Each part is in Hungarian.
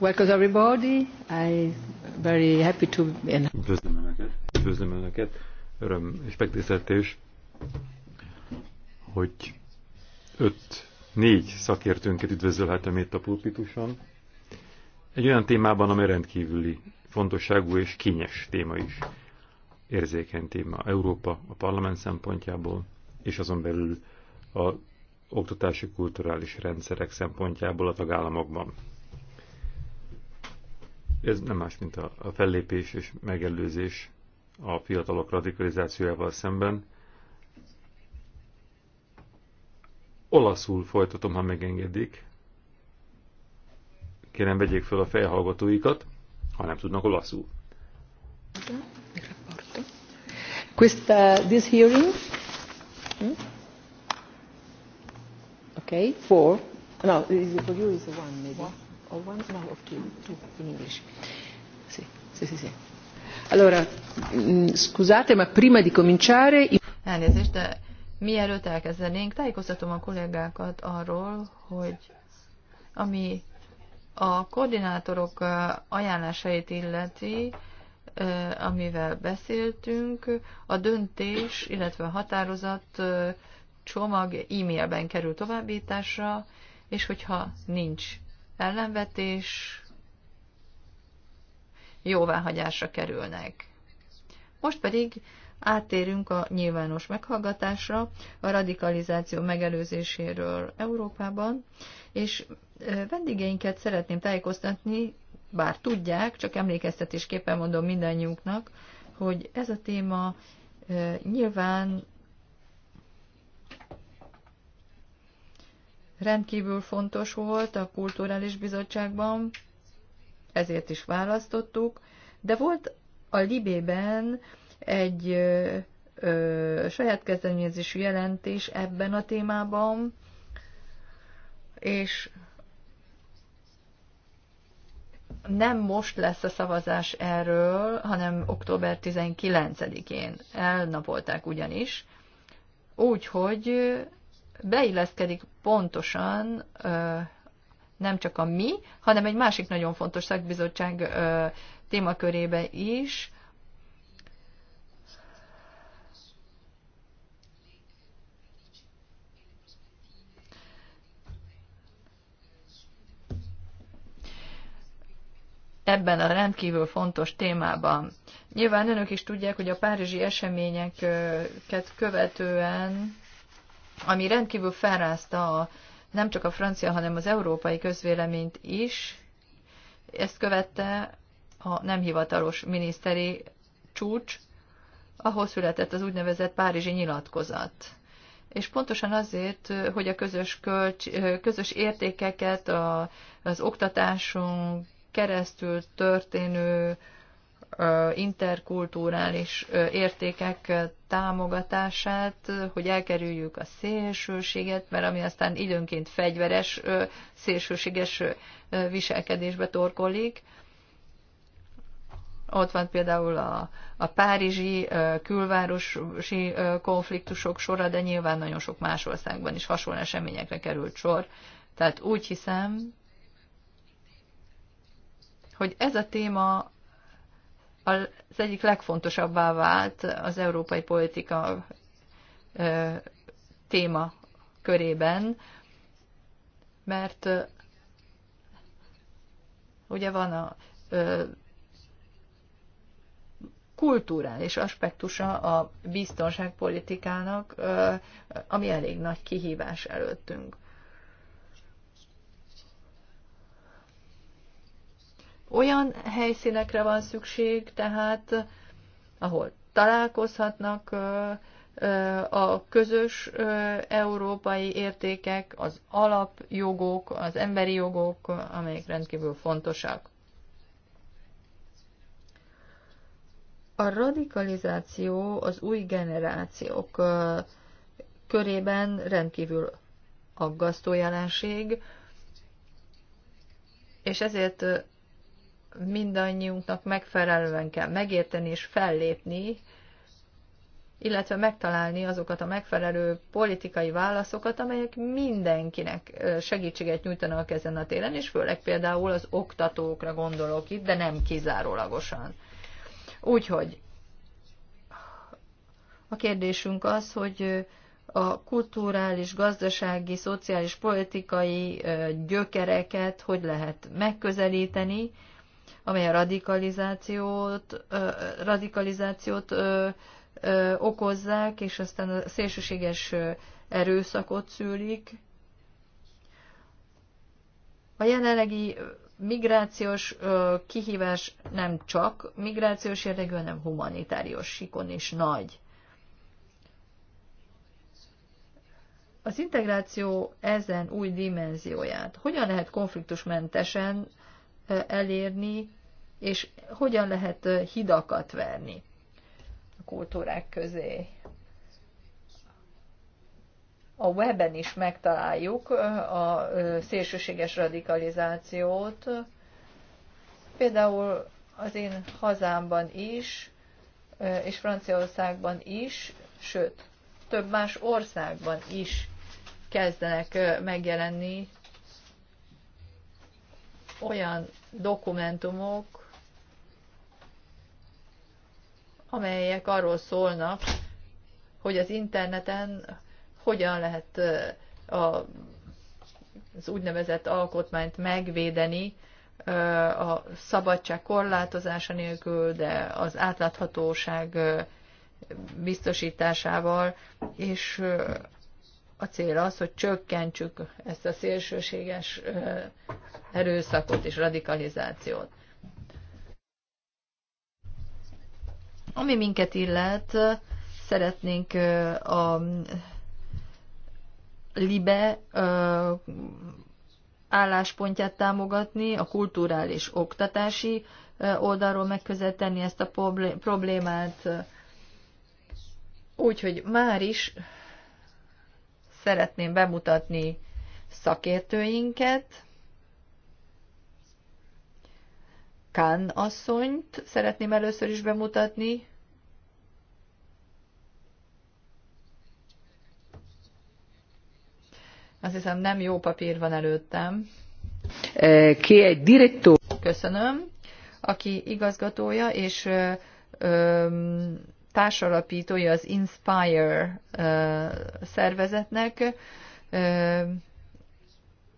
Welcome everybody. I very happy to be in. Üdvözlöm Önöket. Üdvözlöm Önöket. Öröm és megtiszteltés, hogy öt, négy szakértőnket üdvözölhetem itt a pulpituson. Egy olyan témában, amely rendkívüli fontosságú és kényes téma is. Érzékeny téma Európa a parlament szempontjából, és azon belül a oktatási kulturális rendszerek szempontjából a tagállamokban. Ez nem más, mint a, a fellépés és megelőzés a fiatalok radikalizációjával szemben. Olaszul folytatom, ha megengedik. Kérem, vegyék fel a fejhallgatóikat, ha nem tudnak olaszul. Questa, this hearing, hmm? okay, four, no, is it for you is one maybe. One o one, no, of two, in English. Sì, sì, sì, sì. Allora, mh, mm, scusate, ma prima di cominciare... Elnézést, de mielőtt elkezdenénk, tájékoztatom a kollégákat arról, hogy ami a koordinátorok ajánlásait illeti, amivel beszéltünk, a döntés, illetve a határozat csomag e-mailben kerül továbbításra, és hogyha nincs ellenvetés jóváhagyásra kerülnek. Most pedig áttérünk a nyilvános meghallgatásra a radikalizáció megelőzéséről Európában, és vendégeinket szeretném tájékoztatni, bár tudják, csak emlékeztetésképpen mondom mindannyiunknak, hogy ez a téma nyilván rendkívül fontos volt a Kulturális Bizottságban, ezért is választottuk, de volt a Libében egy ö, ö, saját kezdeményezésű jelentés ebben a témában, és nem most lesz a szavazás erről, hanem október 19-én elnapolták ugyanis, úgyhogy beilleszkedik pontosan nem csak a mi, hanem egy másik nagyon fontos szakbizottság témakörébe is, ebben a rendkívül fontos témában. Nyilván önök is tudják, hogy a párizsi eseményeket követően ami rendkívül felrázta a, nem csak a francia, hanem az európai közvéleményt is. Ezt követte a nem hivatalos miniszteri csúcs, ahol született az úgynevezett Párizsi nyilatkozat. És pontosan azért, hogy a közös, kölcs, közös értékeket, a, az oktatáson keresztül történő interkulturális értékek támogatását, hogy elkerüljük a szélsőséget, mert ami aztán időnként fegyveres, szélsőséges viselkedésbe torkolik. Ott van például a, a párizsi külvárosi konfliktusok sora, de nyilván nagyon sok más országban is hasonló eseményekre került sor. Tehát úgy hiszem, hogy ez a téma az egyik legfontosabbá vált az európai politika téma körében, mert ugye van a kulturális aspektusa a biztonságpolitikának, ami elég nagy kihívás előttünk. Olyan helyszínekre van szükség, tehát ahol találkozhatnak a közös európai értékek, az alapjogok, az emberi jogok, amelyek rendkívül fontosak. A radikalizáció az új generációk körében rendkívül aggasztó jelenség, és ezért mindannyiunknak megfelelően kell megérteni és fellépni, illetve megtalálni azokat a megfelelő politikai válaszokat, amelyek mindenkinek segítséget nyújtanak ezen a téren, és főleg például az oktatókra gondolok itt, de nem kizárólagosan. Úgyhogy a kérdésünk az, hogy a kulturális, gazdasági, szociális, politikai gyökereket hogy lehet megközelíteni, amely a radikalizációt, radikalizációt okozzák, és aztán a szélsőséges erőszakot szülik. A jelenlegi migrációs kihívás nem csak migrációs érdekű, hanem humanitárius sikon is nagy. Az integráció ezen új dimenzióját hogyan lehet konfliktusmentesen elérni, és hogyan lehet hidakat verni a kultúrák közé. A weben is megtaláljuk a szélsőséges radikalizációt, például az én hazámban is, és Franciaországban is, sőt, több más országban is kezdenek megjelenni olyan dokumentumok, amelyek arról szólnak, hogy az interneten hogyan lehet a, az úgynevezett alkotmányt megvédeni a szabadság korlátozása nélkül, de az átláthatóság biztosításával, és a cél az, hogy csökkentsük ezt a szélsőséges erőszakot és radikalizációt. Ami minket illet, szeretnénk a libe álláspontját támogatni, a kulturális oktatási oldalról megközelíteni ezt a problémát, úgyhogy már is szeretném bemutatni szakértőinket. Kán asszonyt szeretném először is bemutatni. Azt hiszem nem jó papír van előttem. Ki eh, egy direktor. Köszönöm. Aki igazgatója és ö, ö, társalapítója az Inspire szervezetnek.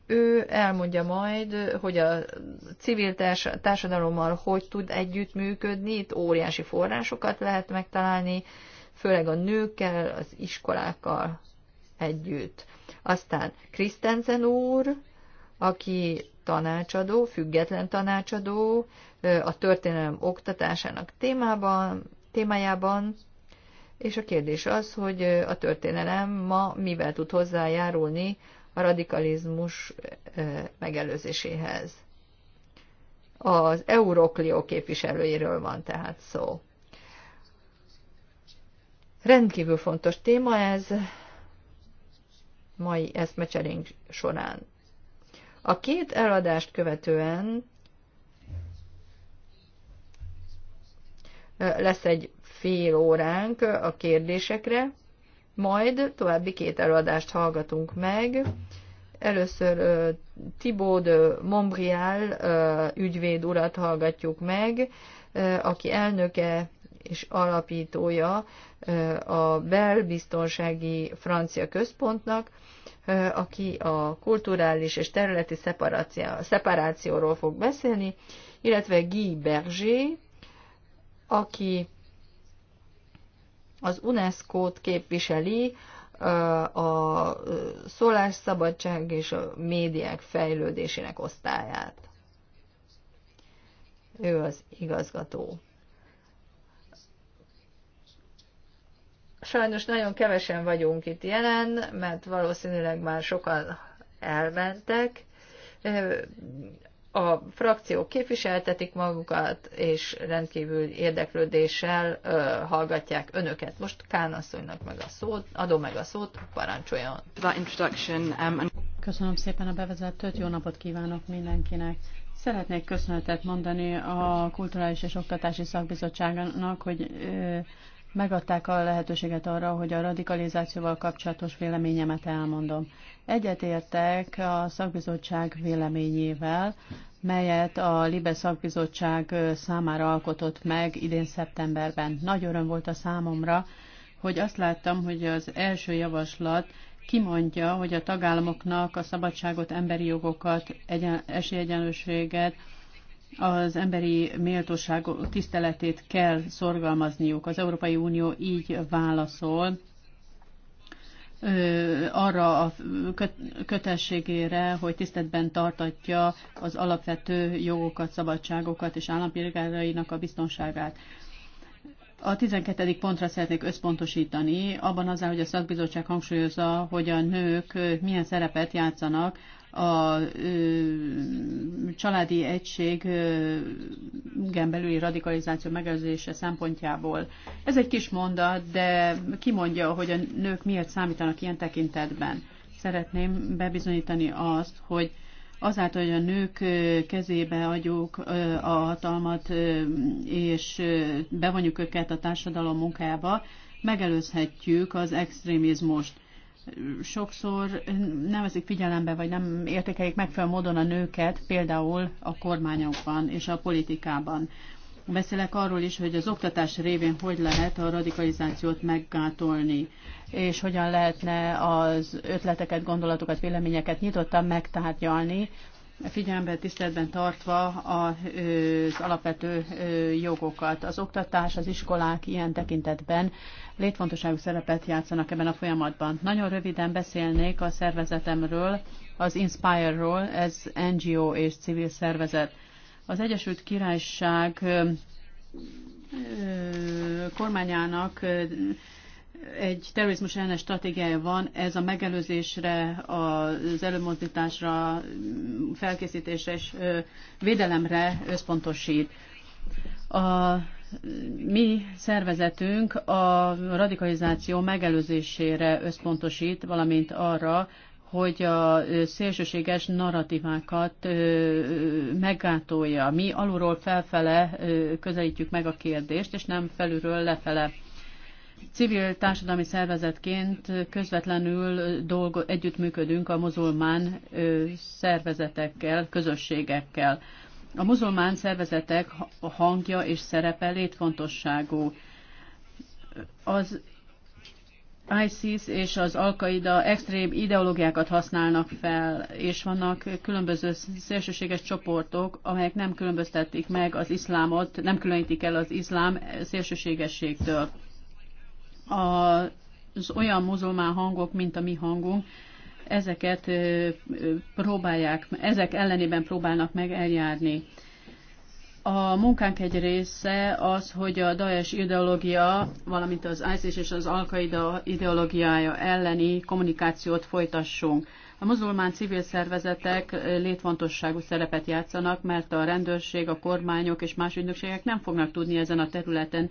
Ő elmondja majd, hogy a civil társadalommal hogy tud együttműködni, itt óriási forrásokat lehet megtalálni, főleg a nőkkel, az iskolákkal együtt. Aztán Krisztensen úr, aki tanácsadó, független tanácsadó a történelem oktatásának témában, témájában, és a kérdés az, hogy a történelem ma mivel tud hozzájárulni a radikalizmus eh, megelőzéséhez. Az Euroklió képviselőjéről van tehát szó. Rendkívül fontos téma ez mai eszmecserénk során. A két eladást követően lesz egy fél óránk a kérdésekre, majd további két előadást hallgatunk meg. Először Thibaut de Montbrial ügyvéd urat hallgatjuk meg, aki elnöke és alapítója a belbiztonsági francia központnak, aki a kulturális és területi szeparációról fog beszélni, illetve Guy Berger, aki az UNESCO-t képviseli, a szólásszabadság és a médiák fejlődésének osztályát. Ő az igazgató. Sajnos nagyon kevesen vagyunk itt jelen, mert valószínűleg már sokan elmentek a frakciók képviseltetik magukat, és rendkívül érdeklődéssel ö, hallgatják önöket. Most Kán asszonynak meg a szót, adom meg a szót, parancsoljon. Um, Köszönöm szépen a bevezetőt, jó napot kívánok mindenkinek. Szeretnék köszönetet mondani a Kulturális és Oktatási Szakbizottságnak, hogy ö, megadták a lehetőséget arra, hogy a radikalizációval kapcsolatos véleményemet elmondom. Egyetértek a szakbizottság véleményével, melyet a Libe szakbizottság számára alkotott meg idén szeptemberben. Nagy öröm volt a számomra, hogy azt láttam, hogy az első javaslat kimondja, hogy a tagállamoknak a szabadságot, emberi jogokat, egyen, esélyegyenlőséget, az emberi méltóság tiszteletét kell szorgalmazniuk. Az Európai Unió így válaszol arra a kötelességére, hogy tisztetben tartatja az alapvető jogokat, szabadságokat és állampolgárainak a biztonságát. A 12. pontra szeretnék összpontosítani, abban azzal, hogy a szakbizottság hangsúlyozza, hogy a nők milyen szerepet játszanak a családi egység belüli radikalizáció megelőzése szempontjából. Ez egy kis mondat, de kimondja, hogy a nők miért számítanak ilyen tekintetben. Szeretném bebizonyítani azt, hogy azáltal, hogy a nők kezébe adjuk a hatalmat, és bevonjuk őket a társadalom munkába, megelőzhetjük az extrémizmust sokszor nem veszik figyelembe, vagy nem értékelik megfelelő módon a nőket, például a kormányokban és a politikában. Beszélek arról is, hogy az oktatás révén hogy lehet a radikalizációt meggátolni, és hogyan lehetne az ötleteket, gondolatokat, véleményeket nyitottan megtárgyalni, figyelembe tiszteletben tartva az alapvető jogokat. Az oktatás, az iskolák ilyen tekintetben létfontosságú szerepet játszanak ebben a folyamatban. Nagyon röviden beszélnék a szervezetemről, az Inspire-ról, ez NGO és civil szervezet. Az Egyesült Királyság kormányának egy terrorizmus ellenes stratégiája van, ez a megelőzésre, az előmozdításra, felkészítésre és védelemre összpontosít. A mi szervezetünk a radikalizáció megelőzésére összpontosít, valamint arra, hogy a szélsőséges narratívákat meggátolja. Mi alulról felfele közelítjük meg a kérdést, és nem felülről lefele civil társadalmi szervezetként közvetlenül dolgo, együttműködünk a muzulmán szervezetekkel, közösségekkel. A muzulmán szervezetek hangja és szerepe létfontosságú. Az ISIS és az Al-Qaida extrém ideológiákat használnak fel, és vannak különböző szélsőséges csoportok, amelyek nem különböztetik meg az iszlámot, nem különítik el az iszlám szélsőségességtől az olyan muzulmán hangok, mint a mi hangunk, ezeket próbálják, ezek ellenében próbálnak meg eljárni. A munkánk egy része az, hogy a Daesh ideológia, valamint az ISIS és az Al-Qaida ideológiája elleni kommunikációt folytassunk. A muzulmán civil szervezetek létfontosságú szerepet játszanak, mert a rendőrség, a kormányok és más ügynökségek nem fognak tudni ezen a területen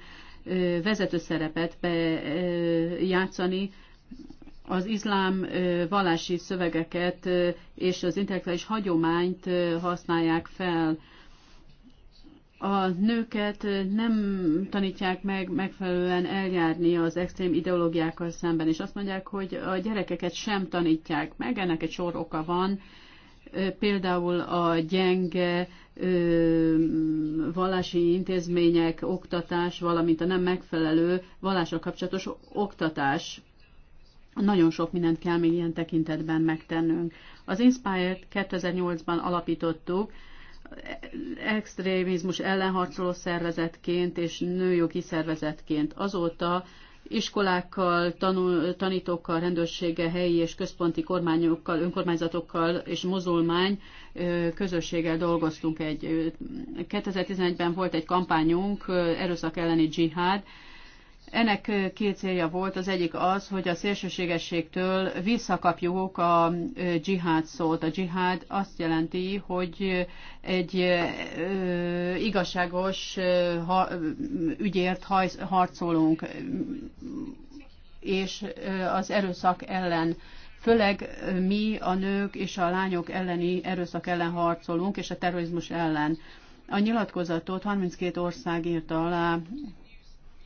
vezető szerepet bejátszani az iszlám vallási szövegeket és az intellektuális hagyományt használják fel. A nőket nem tanítják meg megfelelően eljárni az extrém ideológiákkal szemben, és azt mondják, hogy a gyerekeket sem tanítják meg, ennek egy sor oka van, például a gyenge vallási intézmények, oktatás, valamint a nem megfelelő vallással kapcsolatos oktatás. Nagyon sok mindent kell még ilyen tekintetben megtennünk. Az inspire 2008-ban alapítottuk, extrémizmus ellenharcoló szervezetként és nőjogi szervezetként. Azóta iskolákkal, tanul, tanítókkal, rendőrséggel, helyi és központi kormányokkal, önkormányzatokkal és mozulmány közösséggel dolgoztunk egy. 2011-ben volt egy kampányunk, erőszak elleni dzsihád, ennek két célja volt, az egyik az, hogy a szélsőségességtől visszakapjuk a dzsihád szót. A dzsihád azt jelenti, hogy egy igazságos ügyért harcolunk, és az erőszak ellen főleg mi a nők és a lányok elleni erőszak ellen harcolunk, és a terrorizmus ellen. A nyilatkozatot 32 ország írta alá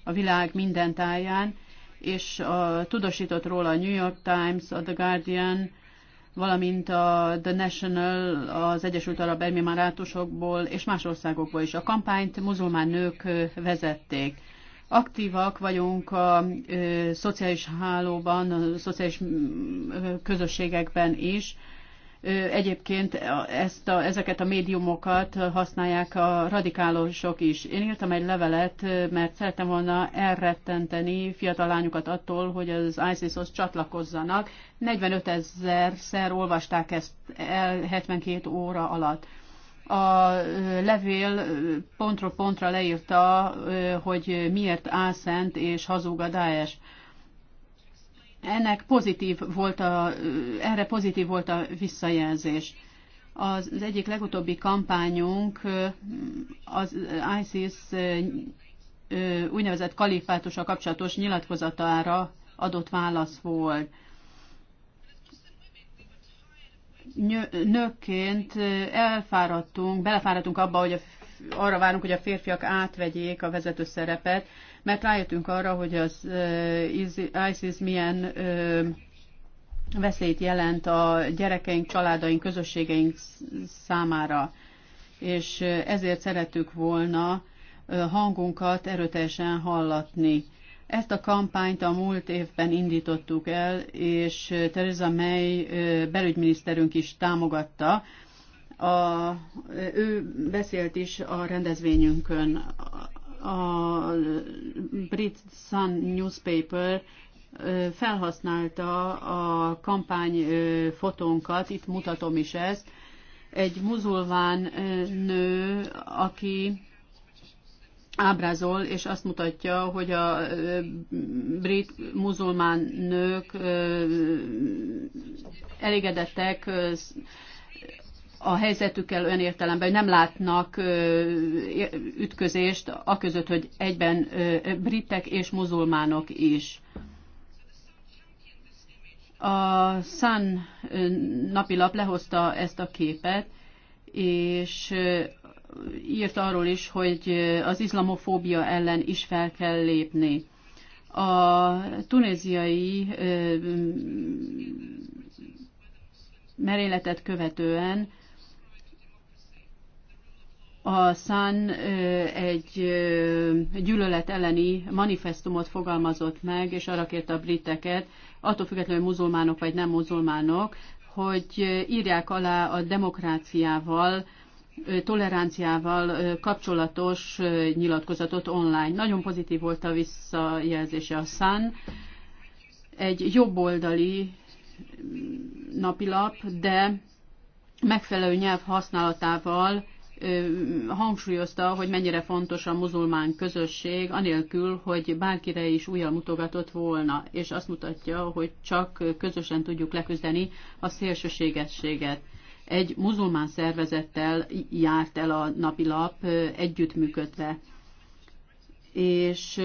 a világ minden táján, és a, tudosított róla a New York Times, a The Guardian, valamint a The National, az Egyesült Arab Emirátusokból és más országokból is. A kampányt muzulmán nők vezették. Aktívak vagyunk a ö, szociális hálóban, a szociális ö, közösségekben is. Ö, Egyébként ezt a, ezeket a médiumokat használják a radikálosok is. Én írtam egy levelet, mert szerettem volna elrettenteni fiatal lányokat attól, hogy az ISIS-hoz csatlakozzanak. 45 000-szer olvasták ezt el 72 óra alatt a levél pontról pontra leírta, hogy miért álszent és hazug a Daesh ennek pozitív volt a, erre pozitív volt a visszajelzés. Az egyik legutóbbi kampányunk az ISIS úgynevezett kalifátusa kapcsolatos nyilatkozatára adott válasz volt. Nőkként elfáradtunk, belefáradtunk abba, hogy a, arra várunk, hogy a férfiak átvegyék a vezető szerepet, mert rájöttünk arra, hogy az ISIS milyen veszélyt jelent a gyerekeink, családaink, közösségeink számára. És ezért szerettük volna hangunkat erőteljesen hallatni. Ezt a kampányt a múlt évben indítottuk el, és Theresa May belügyminiszterünk is támogatta. A, ő beszélt is a rendezvényünkön a brit Sun Newspaper felhasználta a kampány fotónkat, itt mutatom is ezt, egy muzulmán nő, aki ábrázol, és azt mutatja, hogy a brit muzulmán nők elégedettek a helyzetükkel olyan értelemben, hogy nem látnak ütközést, aközött, hogy egyben britek és muzulmánok is. A Sun napilap lehozta ezt a képet, és írt arról is, hogy az izlamofóbia ellen is fel kell lépni. A tunéziai merényletet követően a Sun egy gyűlölet elleni manifestumot fogalmazott meg, és arra kérte a briteket, attól függetlenül muzulmánok vagy nem muzulmánok, hogy írják alá a demokráciával, toleranciával kapcsolatos nyilatkozatot online. Nagyon pozitív volt a visszajelzése a Sun. Egy jobboldali mm, napilap, de megfelelő nyelv használatával hangsúlyozta, hogy mennyire fontos a muzulmán közösség, anélkül, hogy bárkire is újra mutogatott volna, és azt mutatja, hogy csak közösen tudjuk leküzdeni a szélsőségességet. Egy muzulmán szervezettel járt el a napilap együttműködve és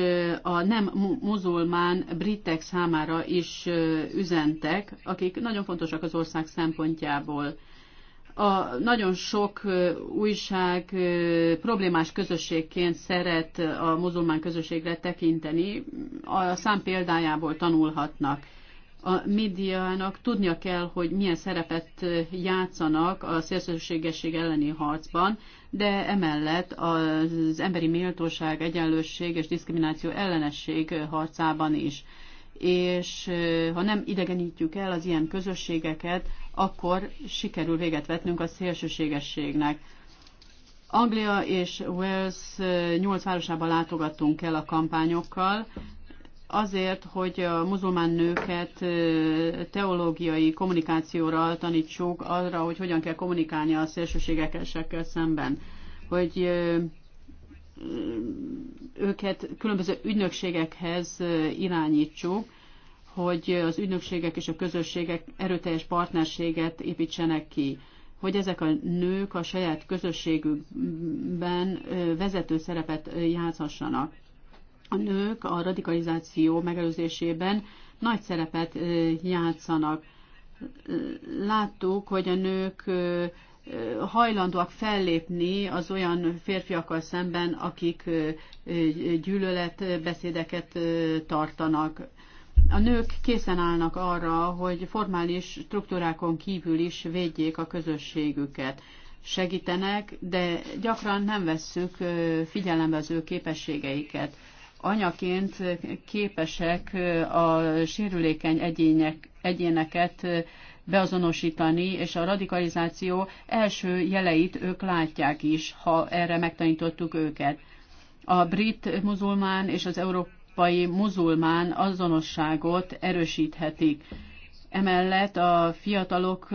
a nem muzulmán britek számára is üzentek, akik nagyon fontosak az ország szempontjából a nagyon sok újság problémás közösségként szeret a muzulmán közösségre tekinteni, a szám példájából tanulhatnak. A médiának tudnia kell, hogy milyen szerepet játszanak a szélsőségesség elleni harcban, de emellett az emberi méltóság, egyenlősség és diszkrimináció ellenesség harcában is és ha nem idegenítjük el az ilyen közösségeket, akkor sikerül véget vetnünk a szélsőségességnek. Anglia és Wales nyolc városában látogattunk el a kampányokkal, azért, hogy a muzulmán nőket teológiai kommunikációra tanítsuk, arra, hogy hogyan kell kommunikálni a szélsőségekkel szemben, hogy őket különböző ügynökségekhez irányítsuk, hogy az ügynökségek és a közösségek erőteljes partnerséget építsenek ki, hogy ezek a nők a saját közösségükben vezető szerepet játszhassanak. A nők a radikalizáció megelőzésében nagy szerepet játszanak. Láttuk, hogy a nők hajlandóak fellépni az olyan férfiakkal szemben, akik gyűlöletbeszédeket tartanak. A nők készen állnak arra, hogy formális struktúrákon kívül is védjék a közösségüket. Segítenek, de gyakran nem vesszük figyelembe az ő képességeiket. Anyaként képesek a sérülékeny egyének, egyéneket beazonosítani, és a radikalizáció első jeleit ők látják is, ha erre megtanítottuk őket. A brit muzulmán és az európai muzulmán azonosságot erősíthetik. Emellett a fiatalok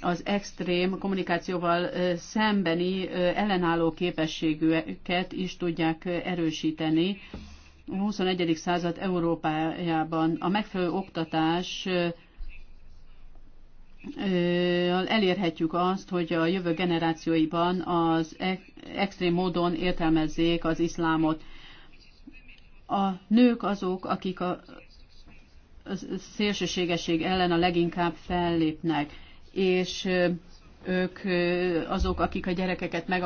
az extrém kommunikációval szembeni ellenálló képességüket is tudják erősíteni. A 21. század Európájában a megfelelő oktatás elérhetjük azt, hogy a jövő generációiban az extrém módon értelmezzék az iszlámot. A nők azok, akik a szélsőségesség ellen a leginkább fellépnek, és ők azok, akik a gyerekeket meg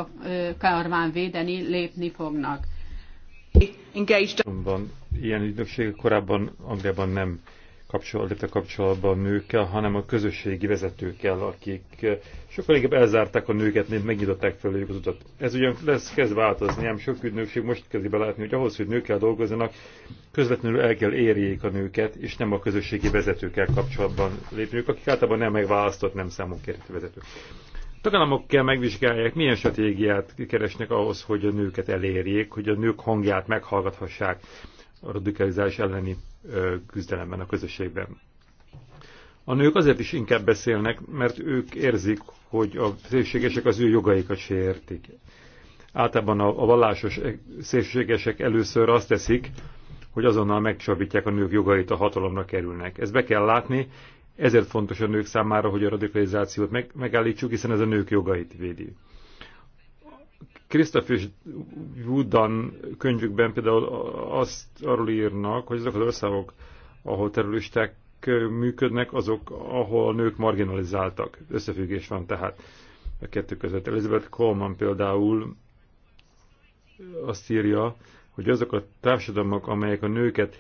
kárván védeni, lépni fognak. Van ilyen ügynökségek korábban Angliában nem kapcsolat, kapcsolatban a nőkkel, hanem a közösségi vezetőkkel, akik eh, sokkal inkább elzárták a nőket, mint megnyitották fel az utat. Ez ugyan lesz, kezd változni, ám sok ügynökség most kezdi belátni, hogy ahhoz, hogy nőkkel dolgozzanak, közvetlenül el kell érjék a nőket, és nem a közösségi vezetőkkel kapcsolatban lépniük, akik általában nem megválasztott, nem számunkért vezetők. tagállamok kell megvizsgálják, milyen stratégiát keresnek ahhoz, hogy a nőket elérjék, hogy a nők hangját meghallgathassák a radikalizálás elleni küzdelemben a közösségben. A nők azért is inkább beszélnek, mert ők érzik, hogy a szélségesek az ő jogaikat sértik. Általában a, a vallásos e, szélségesek először azt teszik, hogy azonnal megcsavítják a nők jogait, a hatalomra kerülnek. Ezt be kell látni, ezért fontos a nők számára, hogy a radikalizációt meg, megállítsuk, hiszen ez a nők jogait védi. Christopher Woodan könyvükben például azt arról írnak, hogy azok az országok, ahol terroristák működnek, azok, ahol a nők marginalizáltak. Összefüggés van tehát a kettő között. Elizabeth Coleman például azt írja, hogy azok a társadalmak, amelyek a nőket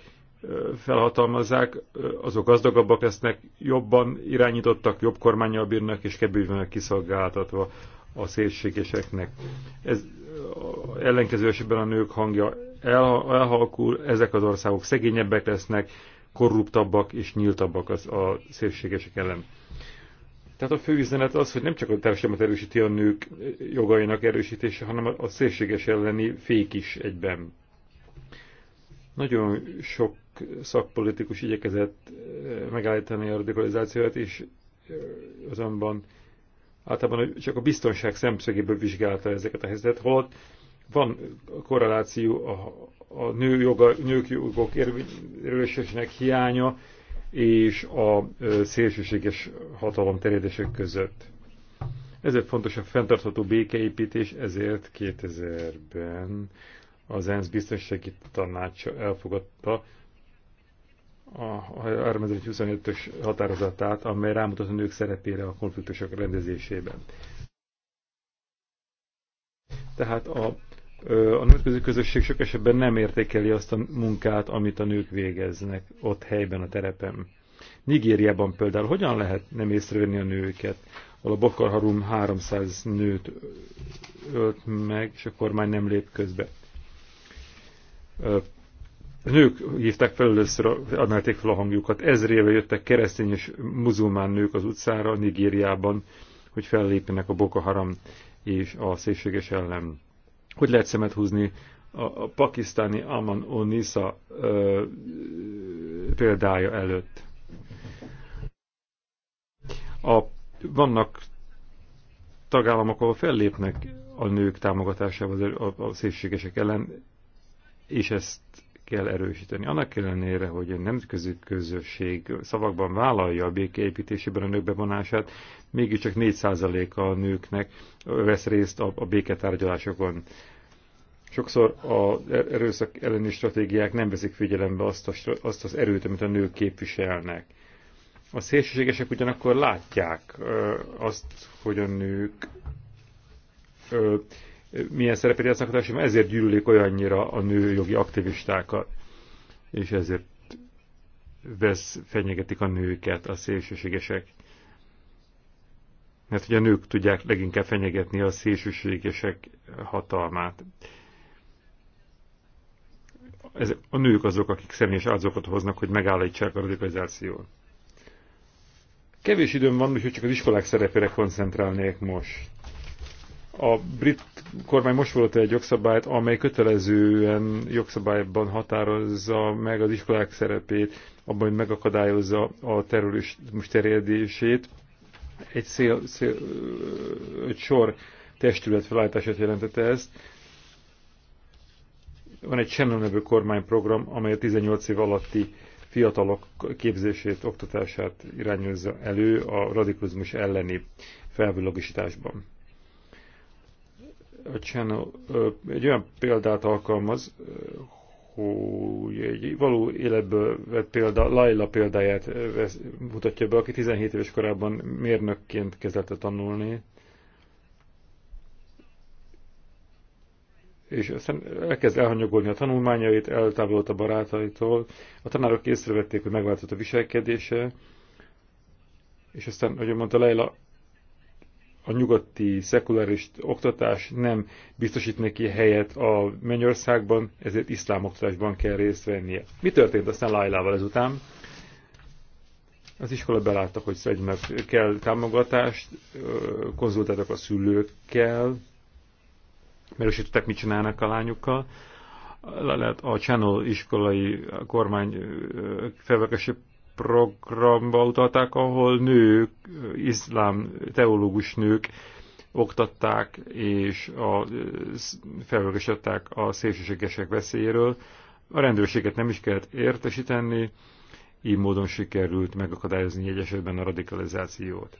felhatalmazzák, azok gazdagabbak lesznek, jobban irányítottak, jobb kormányjal bírnak, és kevésbé kiszolgáltatva a szélségeseknek. Ez ellenkező esetben a nők hangja el, elhalkul, ezek az országok szegényebbek lesznek, korruptabbak és nyíltabbak az, a szélségesek ellen. Tehát a fő üzenet az, hogy nem csak a társadalmat erősíti a nők jogainak erősítése, hanem a szélséges elleni fék is egyben. Nagyon sok szakpolitikus igyekezett eh, megállítani a radikalizációt, és eh, azonban általában csak a biztonság szemszögéből vizsgálta ezeket a helyzetet, holott van korreláció a, a nő joga, nők jogok erősösnek hiánya és a szélsőséges hatalom terjedések között. Ezért fontos a fenntartható békeépítés, ezért 2000-ben az ENSZ biztonsági tanácsa elfogadta a 325-ös határozatát, amely rámutat a nők szerepére a konfliktusok rendezésében. Tehát a, a nemzetközi közösség sok esetben nem értékeli azt a munkát, amit a nők végeznek ott helyben a terepen. Nigériában például hogyan lehet nem észrevenni a nőket? Ahol a Bokar Harum 300 nőt ölt meg, és a kormány nem lép közbe nők hívták fel először, emelték fel a hangjukat, ezrével jöttek keresztény és muzulmán nők az utcára Nigériában, hogy fellépjenek a Boko Haram és a szélséges ellen. Hogy lehet szemet húzni a, a pakisztáni Aman Onisa ö, példája előtt? A, vannak tagállamok, ahol fellépnek a nők támogatásával a, a szélségesek ellen, és ezt kell erősíteni. Annak ellenére, hogy a nemzetközi közösség szavakban vállalja a békeépítésében a nők bevonását, mégiscsak 4%-a a nőknek vesz részt a, a béketárgyalásokon. Sokszor az erőszak elleni stratégiák nem veszik figyelembe azt, a, azt az erőt, amit a nők képviselnek. A szélsőségesek ugyanakkor látják azt, hogy a nők milyen szerepet játszanak a társadalomban, ezért gyűlölik olyannyira a nőjogi aktivistákat, és ezért vesz, fenyegetik a nőket a szélsőségesek. Mert hogy a nők tudják leginkább fenyegetni a szélsőségesek hatalmát. Ez, a nők azok, akik személyes áldozatokat hoznak, hogy megállítsák a radikalizációt. Kevés időm van, úgyhogy csak az iskolák szerepére koncentrálnék most. A brit kormány most volt egy jogszabályt, amely kötelezően jogszabályban határozza meg az iskolák szerepét, abban, hogy megakadályozza a terrorizmus terjedését. Egy, szél, szél, egy sor testület felállítását jelentette ezt. Van egy Shannon nevű kormányprogram, amely a 18 év alatti fiatalok képzését, oktatását irányozza elő a radikalizmus elleni felvilágosításban a Channel egy olyan példát alkalmaz, hogy egy való életből vett példa, Laila példáját mutatja be, aki 17 éves korában mérnökként kezdett tanulni. És aztán elkezd elhanyagolni a tanulmányait, eltávolodott a barátaitól. A tanárok észrevették, hogy megváltozott a viselkedése, és aztán, ahogy mondta Leila, a nyugati szekuláris oktatás nem biztosít neki helyet a Mennyországban, ezért iszlám oktatásban kell részt vennie. Mi történt aztán Lailával ezután? Az iskola belátta, hogy szegynek kell támogatást, konzultáltak a szülőkkel, merősítettek, mit csinálnak a lányokkal. A Channel iskolai kormány felvekesebb programba utalták, ahol nők, iszlám teológus nők oktatták és a, eh, felolgasították a szélsőségesek veszélyéről. A rendőrséget nem is kellett értesíteni, így módon sikerült megakadályozni egy esetben a radikalizációt.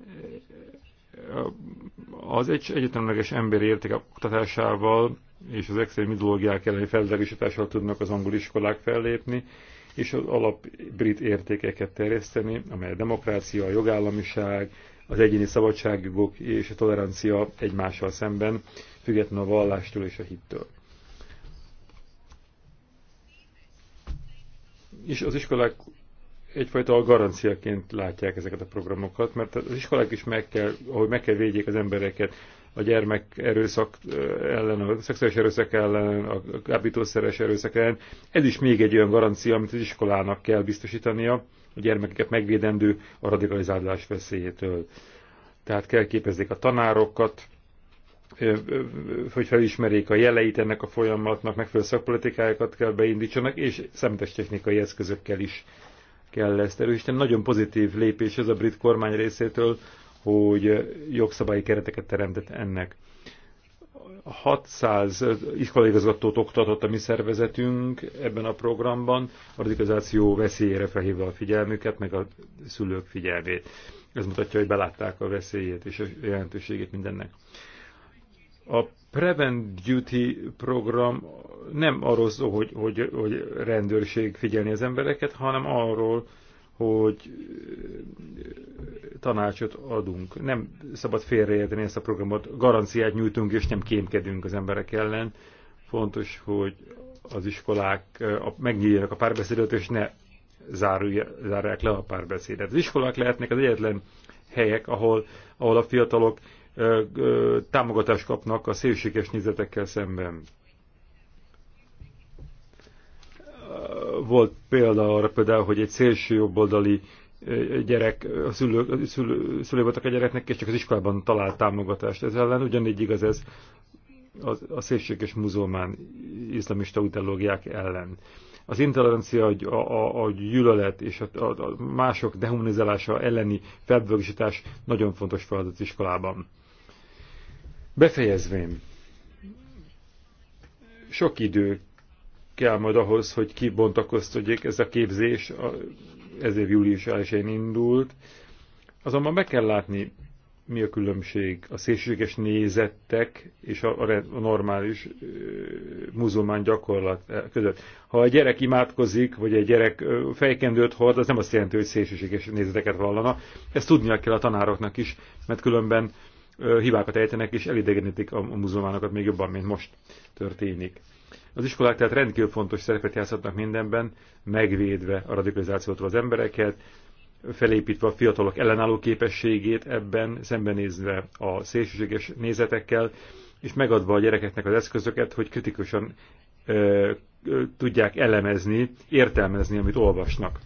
Eh, az egy egyetemleges ember érték oktatásával és az extrém ideológiák elleni felderítéssel tudnak az angol iskolák fellépni, és az alap brit értékeket terjeszteni, amely a demokrácia, a jogállamiság, az egyéni szabadságjogok és a tolerancia egymással szemben, független a vallástól és a hittől. És az iskolák egyfajta garanciaként látják ezeket a programokat, mert az iskolák is meg kell, ahogy meg kell védjék az embereket a gyermek erőszak ellen, a szexuális erőszak ellen, a kábítószeres erőszak ellen. Ez is még egy olyan garancia, amit az iskolának kell biztosítania, a gyermekeket megvédendő a radikalizálás veszélyétől. Tehát kell képezzék a tanárokat, hogy felismerjék a jeleit ennek a folyamatnak, megfelelő szakpolitikájákat kell beindítsanak, és szemtes technikai eszközökkel is kell ezt erősíteni. Nagyon pozitív lépés ez a brit kormány részétől, hogy jogszabályi kereteket teremtett ennek. 600 igazgatót oktatott a mi szervezetünk ebben a programban, a radikalizáció veszélyére felhívva a figyelmüket, meg a szülők figyelmét. Ez mutatja, hogy belátták a veszélyét és a jelentőségét mindennek. A Prevent Duty program nem arról szól, hogy, hogy, hogy rendőrség figyelni az embereket, hanem arról, hogy tanácsot adunk. Nem szabad félreérteni ezt a programot, garanciát nyújtunk, és nem kémkedünk az emberek ellen. Fontos, hogy az iskolák megnyíljanak a párbeszédet, és ne zárják le a párbeszédet. Az iskolák lehetnek az egyetlen helyek, ahol, ahol a fiatalok támogatást kapnak a szélséges nézetekkel szemben. Volt példa arra például, hogy egy szélső jobboldali gyerek, a szülő, szülő, szülő voltak a gyereknek, és csak az iskolában talált támogatást. Ez ellen ugyanígy igaz ez a, a szélséges muzulmán iszlamista ideológiák ellen. Az intolerancia, a, a, a gyűlölet és a, a, a mások dehumanizálása elleni felbőgésítás nagyon fontos feladat az iskolában. Befejezvén, sok idő kell majd ahhoz, hogy kibontakoztodjék ez a képzés, ez év július elsőjén indult. Azonban meg kell látni, mi a különbség a szélsőséges nézettek és a, a, a normális ö, muzulmán gyakorlat között. Ha a gyerek imádkozik, vagy egy gyerek ö, fejkendőt hord, az nem azt jelenti, hogy szélsőséges nézeteket vallana. Ezt tudnia kell a tanároknak is, mert különben ö, hibákat ejtenek és elidegenítik a, a muzulmánokat még jobban, mint most történik. Az iskolák tehát rendkívül fontos szerepet játszhatnak mindenben, megvédve a radikalizációtól az embereket, felépítve a fiatalok ellenálló képességét ebben, szembenézve a szélsőséges nézetekkel, és megadva a gyerekeknek az eszközöket, hogy kritikusan ö, ö, tudják elemezni, értelmezni, amit olvasnak.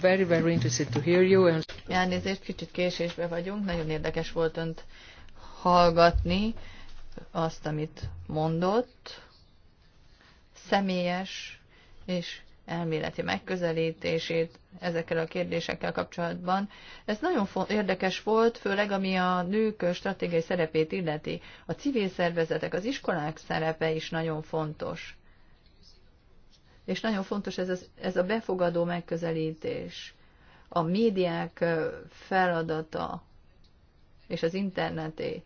Very, very to hear you Elnézést, kicsit késésbe vagyunk, nagyon érdekes volt önt hallgatni azt, amit mondott személyes és elméleti megközelítését ezekkel a kérdésekkel kapcsolatban. Ez nagyon érdekes volt, főleg ami a nők stratégiai szerepét illeti. A civil szervezetek, az iskolák szerepe is nagyon fontos. És nagyon fontos ez, ez a befogadó megközelítés, a médiák feladata és az interneté.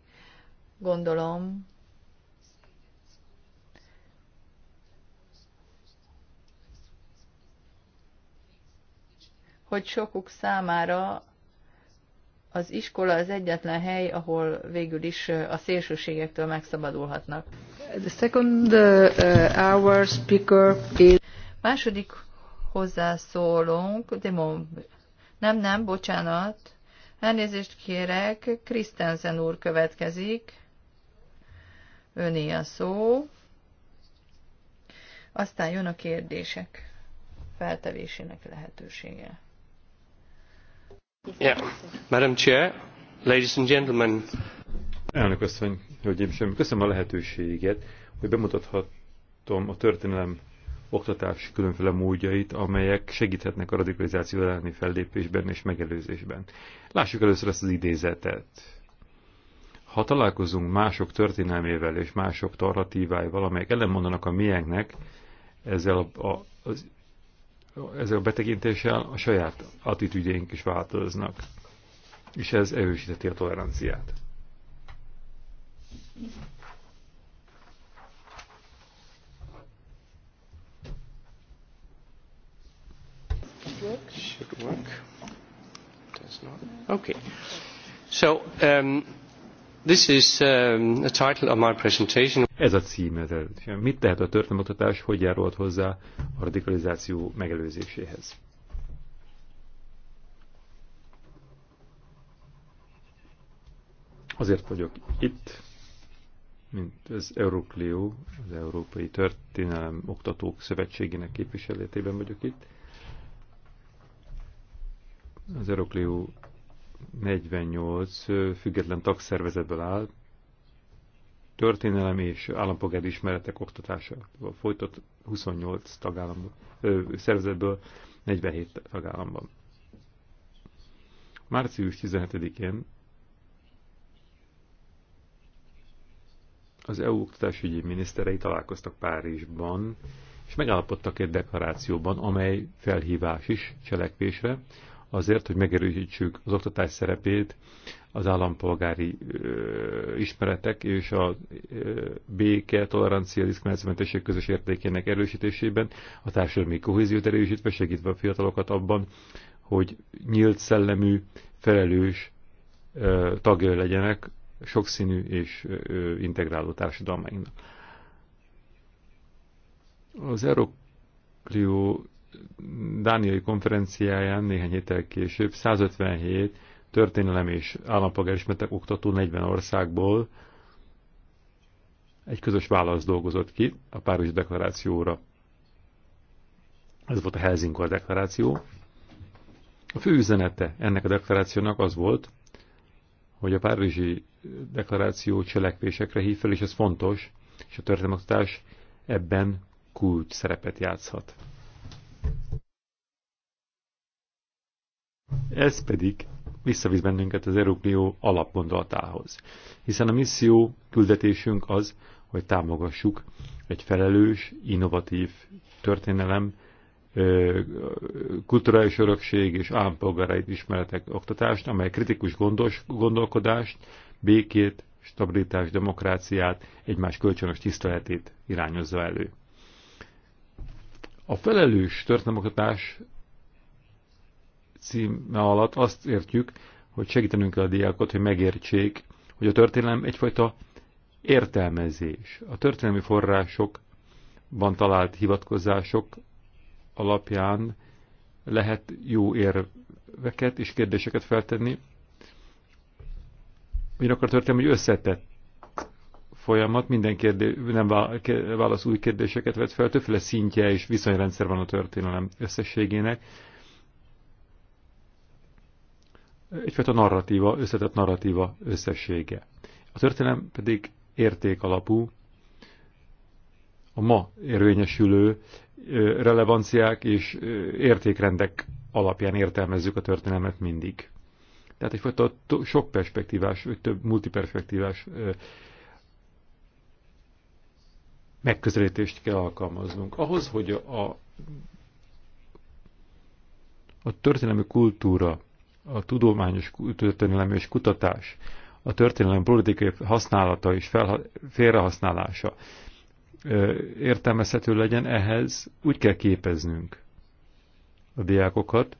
Gondolom, hogy sokuk számára az iskola az egyetlen hely, ahol végül is a szélsőségektől megszabadulhatnak. The second uh, uh our speaker is... Második hozzászólónk, de nem, nem, bocsánat, elnézést kérek, Krisztensen úr következik, öné a szó, aztán jön a kérdések feltevésének lehetősége ladies and gentlemen. Elnök asszony, hölgyeim sem, köszönöm a lehetőséget, hogy bemutathatom a történelem oktatás különféle módjait, amelyek segíthetnek a radikalizáció elleni fellépésben és megelőzésben. Lássuk először ezt az idézetet. Ha találkozunk mások történelmével és mások narratíváival, amelyek mondanak a miénknek, ezzel a, a, az ezzel a betekintéssel a saját attitűdjeink is változnak, és ez erősíteti a toleranciát. Should work. Does not. Okay. So, um, This is a um, title of my presentation. Ez a címe. Mit tehet a történetmutatás, hogy járult hozzá a radikalizáció megelőzéséhez? Azért vagyok itt, mint az Euroclio, az Európai Történelem Oktatók Szövetségének képviseletében vagyok itt. Az Euroclio 48 független tagszervezetből áll, történelem és állampolgári ismeretek oktatásával folytott 28 tagállamban, ö, szervezetből 47 tagállamban. Március 17-én az EU oktatásügyi miniszterei találkoztak Párizsban, és megállapodtak egy deklarációban, amely felhívás is cselekvésre, azért, hogy megerősítsük az oktatás szerepét, az állampolgári ö, ismeretek és a ö, béke, tolerancia, diszkriminációmentesség közös értékének erősítésében, a társadalmi kohéziót erősítve, segítve a fiatalokat abban, hogy nyílt szellemű, felelős ö, tagja legyenek sokszínű és ö, integráló társadalmainknak. Az Euroclio Dániai konferenciáján néhány héttel később 157 történelem és ismertek oktató 40 országból egy közös válasz dolgozott ki a Párizs deklarációra. Ez volt a Helsinkor deklaráció. A fő üzenete ennek a deklarációnak az volt, hogy a Párizsi deklaráció cselekvésekre hív fel, és ez fontos, és a történelmoktatás ebben kult szerepet játszhat. Ez pedig visszavisz bennünket az Európlió alapgondolatához. Hiszen a misszió küldetésünk az, hogy támogassuk egy felelős, innovatív történelem, kulturális örökség és állampolgárait ismeretek oktatást, amely kritikus gondos, gondolkodást, békét, stabilitást, demokráciát, egymás kölcsönös tiszteletét irányozza elő. A felelős történelmoktatás címe alatt azt értjük, hogy segítenünk kell a diákot, hogy megértsék, hogy a történelem egyfajta értelmezés. A történelmi forrásokban talált hivatkozások alapján lehet jó érveket és kérdéseket feltenni. Ugyanakkor történelmi hogy összetett folyamat, minden kérdé, nem válasz új kérdéseket vett fel, többféle szintje és viszonyrendszer van a történelem összességének, egyfajta narratíva, összetett narratíva összessége. A történelem pedig érték alapú, a ma érvényesülő relevanciák és értékrendek alapján értelmezzük a történelmet mindig. Tehát egyfajta sok perspektívás, vagy több multiperspektívás megközelítést kell alkalmaznunk. Ahhoz, hogy a, a történelmi kultúra a tudományos történelem és kutatás, a történelem politikai használata és fel, félrehasználása értelmezhető legyen, ehhez úgy kell képeznünk a diákokat,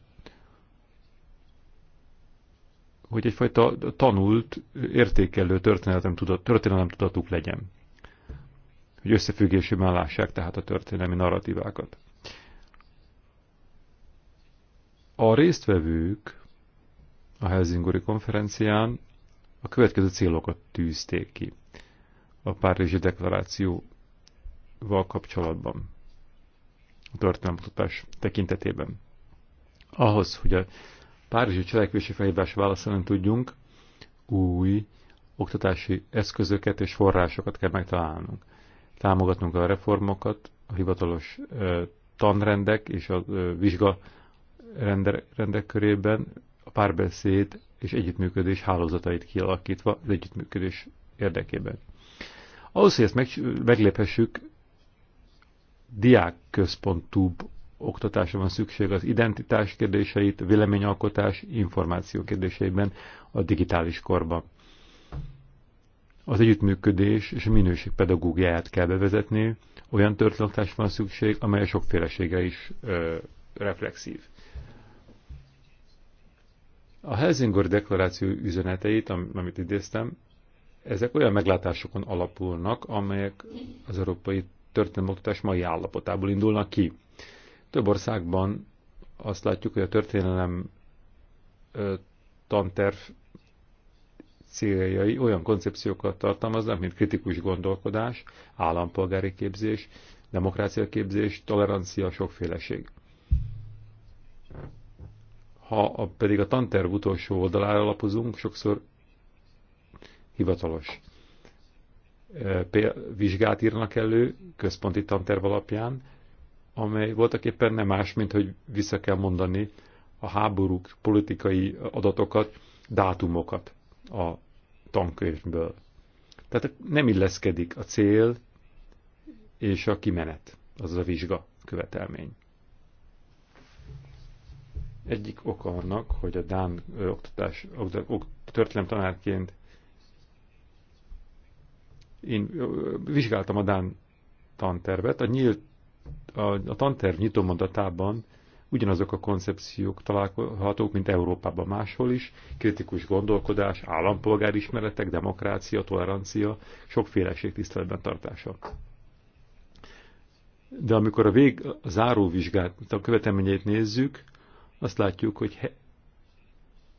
hogy egyfajta tanult, értékelő történelem, tudat, történelem tudatuk legyen. Hogy összefüggésében lássák tehát a történelmi narratívákat. A résztvevők a Helsingori konferencián a következő célokat tűzték ki a Párizsi deklarációval kapcsolatban, a történelmutatás tekintetében. Ahhoz, hogy a Párizsi cselekvési felhívás válaszolni tudjunk, új oktatási eszközöket és forrásokat kell megtalálnunk. Támogatnunk a reformokat, a hivatalos tanrendek és a vizsgarendek körében a párbeszéd és együttműködés hálózatait kialakítva az együttműködés érdekében. Ahhoz, hogy ezt meg, megléphessük, diákközpontúbb oktatásra van szükség az identitás kérdéseit, véleményalkotás, információ kérdéseiben a digitális korban. Az együttműködés és a minőség pedagógiáját kell bevezetni, olyan történetásra van szükség, amely a sokfélesége is ö, reflexív. A Helsingor deklaráció üzeneteit, amit idéztem, ezek olyan meglátásokon alapulnak, amelyek az európai történelmoktatás mai állapotából indulnak ki. Több országban azt látjuk, hogy a történelem tanterv céljai olyan koncepciókat tartalmaznak, mint kritikus gondolkodás, állampolgári képzés, demokrácia képzés, tolerancia, sokféleség. Ha a, pedig a tanterv utolsó oldalára alapozunk, sokszor hivatalos e, vizsgát írnak elő központi tanterv alapján, amely voltak éppen nem más, mint hogy vissza kell mondani a háborúk politikai adatokat, dátumokat a tankönyvből. Tehát nem illeszkedik a cél és a kimenet, az a vizsga követelmény egyik oka annak, hogy a Dán oktatás, történelem tanárként én vizsgáltam a Dán tantervet, a, nyílt, a, a tanterv nyitómondatában ugyanazok a koncepciók találhatók, mint Európában máshol is, kritikus gondolkodás, állampolgárismeretek, demokrácia, tolerancia, sokféleség tiszteletben tartása. De amikor a vég a záróvizsgát, a követelményeit nézzük, azt látjuk, hogy, he,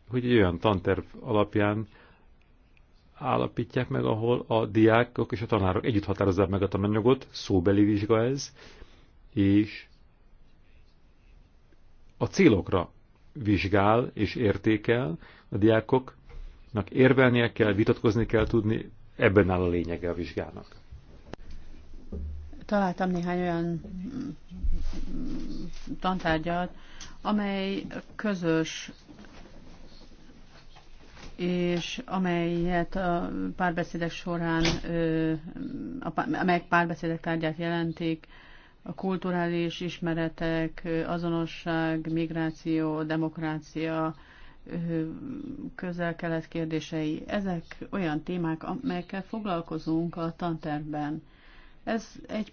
hogy egy olyan tanterv alapján állapítják meg, ahol a diákok és a tanárok együtt határozzák meg a tananyagot, szóbeli vizsga ez, és a célokra vizsgál és értékel a diákoknak, érvelnie kell, vitatkozni kell tudni, ebben áll a lényege a vizsgának találtam néhány olyan tantárgyat, amely közös és amelyet a párbeszédek során, amelyek párbeszédek tárgyát jelentik, a kulturális ismeretek, azonosság, migráció, demokrácia, közel-kelet kérdései, ezek olyan témák, amelyekkel foglalkozunk a tantervben. Ez egy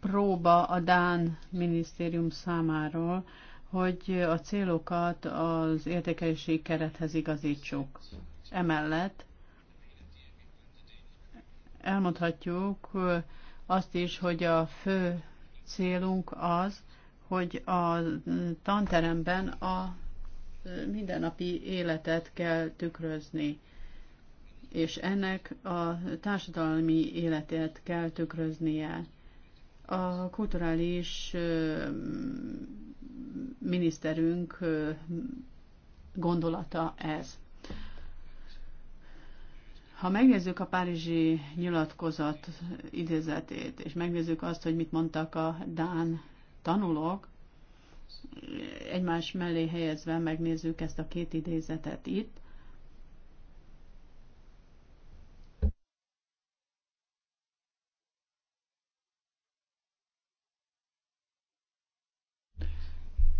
próba a Dán minisztérium számáról, hogy a célokat az értékelési kerethez igazítsuk. Emellett elmondhatjuk azt is, hogy a fő célunk az, hogy a tanteremben a mindennapi életet kell tükrözni és ennek a társadalmi életet kell tükröznie. A kulturális miniszterünk gondolata ez. Ha megnézzük a Párizsi nyilatkozat idézetét, és megnézzük azt, hogy mit mondtak a Dán tanulók, egymás mellé helyezve megnézzük ezt a két idézetet itt,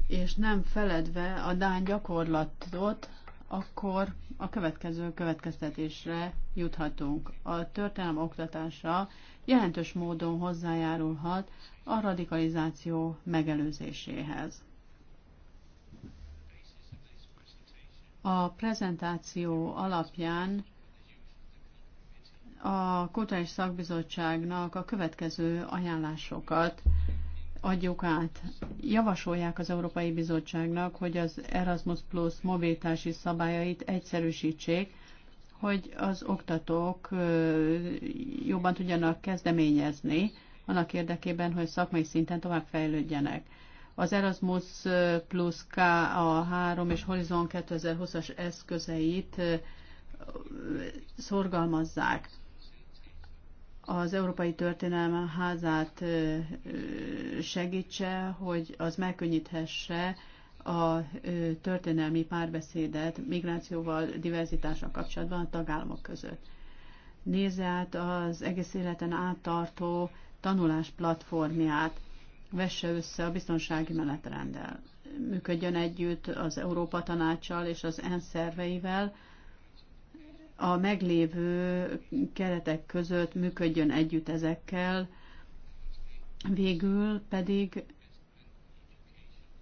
és nem feledve a Dán gyakorlatot, akkor a következő következtetésre juthatunk. A történelem oktatása jelentős módon hozzájárulhat a radikalizáció megelőzéséhez. A prezentáció alapján a Kulturális Szakbizottságnak a következő ajánlásokat adjuk át. Javasolják az Európai Bizottságnak, hogy az Erasmus Plus mobilitási szabályait egyszerűsítsék, hogy az oktatók jobban tudjanak kezdeményezni, annak érdekében, hogy szakmai szinten tovább fejlődjenek. Az Erasmus Plus KA3 és Horizon 2020-as eszközeit szorgalmazzák az Európai Történelem házát segítse, hogy az megkönnyíthesse a történelmi párbeszédet migrációval, diverzitással kapcsolatban a tagállamok között. Nézze át az egész életen áttartó tanulás platformját, vesse össze a biztonsági menetrenddel, működjön együtt az Európa tanácsal és az ENSZ szerveivel, a meglévő keretek között működjön együtt ezekkel, végül pedig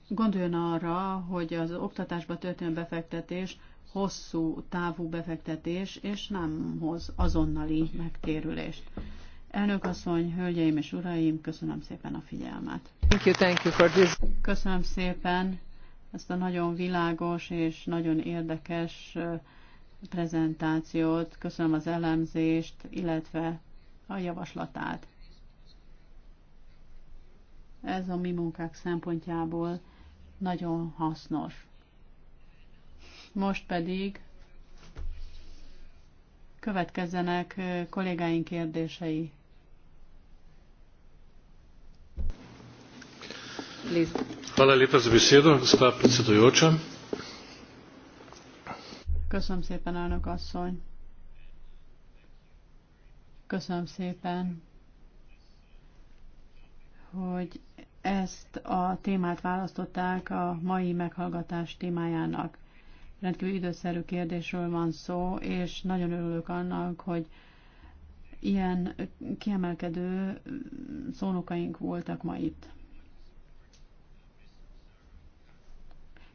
gondoljon arra, hogy az oktatásba történő befektetés hosszú távú befektetés, és nem hoz azonnali megtérülést. Elnök asszony, hölgyeim és uraim, köszönöm szépen a figyelmet. Thank you, thank you for this. Köszönöm szépen ezt a nagyon világos és nagyon érdekes prezentációt, köszönöm az elemzést, illetve a javaslatát. Ez a mi munkák szempontjából nagyon hasznos. Most pedig következzenek kollégáink kérdései. Hvala lepa za besedo, gospod predsedujoča. Köszönöm szépen, elnök asszony. Köszönöm szépen, hogy ezt a témát választották a mai meghallgatás témájának. Rendkívül időszerű kérdésről van szó, és nagyon örülök annak, hogy ilyen kiemelkedő szónokaink voltak ma itt.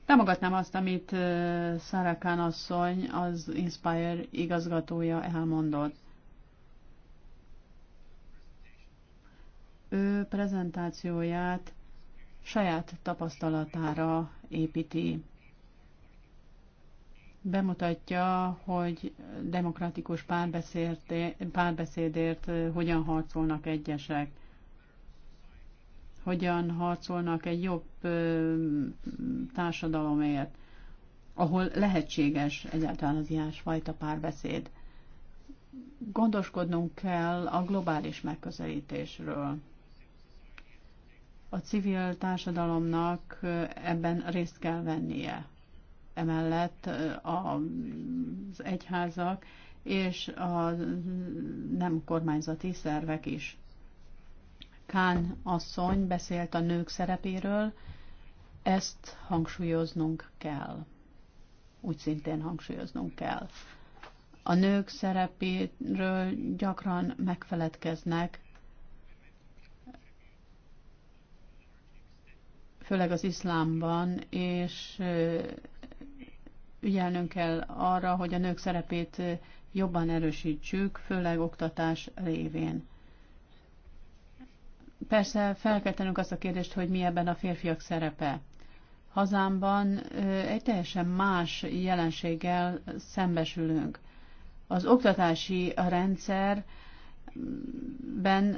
Támogatnám azt, amit Szarakán asszony, az Inspire igazgatója elmondott. Ő prezentációját saját tapasztalatára építi. Bemutatja, hogy demokratikus párbeszédért hogyan harcolnak egyesek hogyan harcolnak egy jobb társadalomért, ahol lehetséges egyáltalán az ilyesfajta párbeszéd. Gondoskodnunk kell a globális megközelítésről. A civil társadalomnak ebben részt kell vennie. Emellett az egyházak és a nem kormányzati szervek is Kán asszony beszélt a nők szerepéről, ezt hangsúlyoznunk kell. Úgy szintén hangsúlyoznunk kell. A nők szerepéről gyakran megfeledkeznek, főleg az iszlámban, és ügyelnünk kell arra, hogy a nők szerepét jobban erősítsük, főleg oktatás révén. Persze fel kell tennünk azt a kérdést, hogy mi ebben a férfiak szerepe. Hazámban egy teljesen más jelenséggel szembesülünk. Az oktatási rendszerben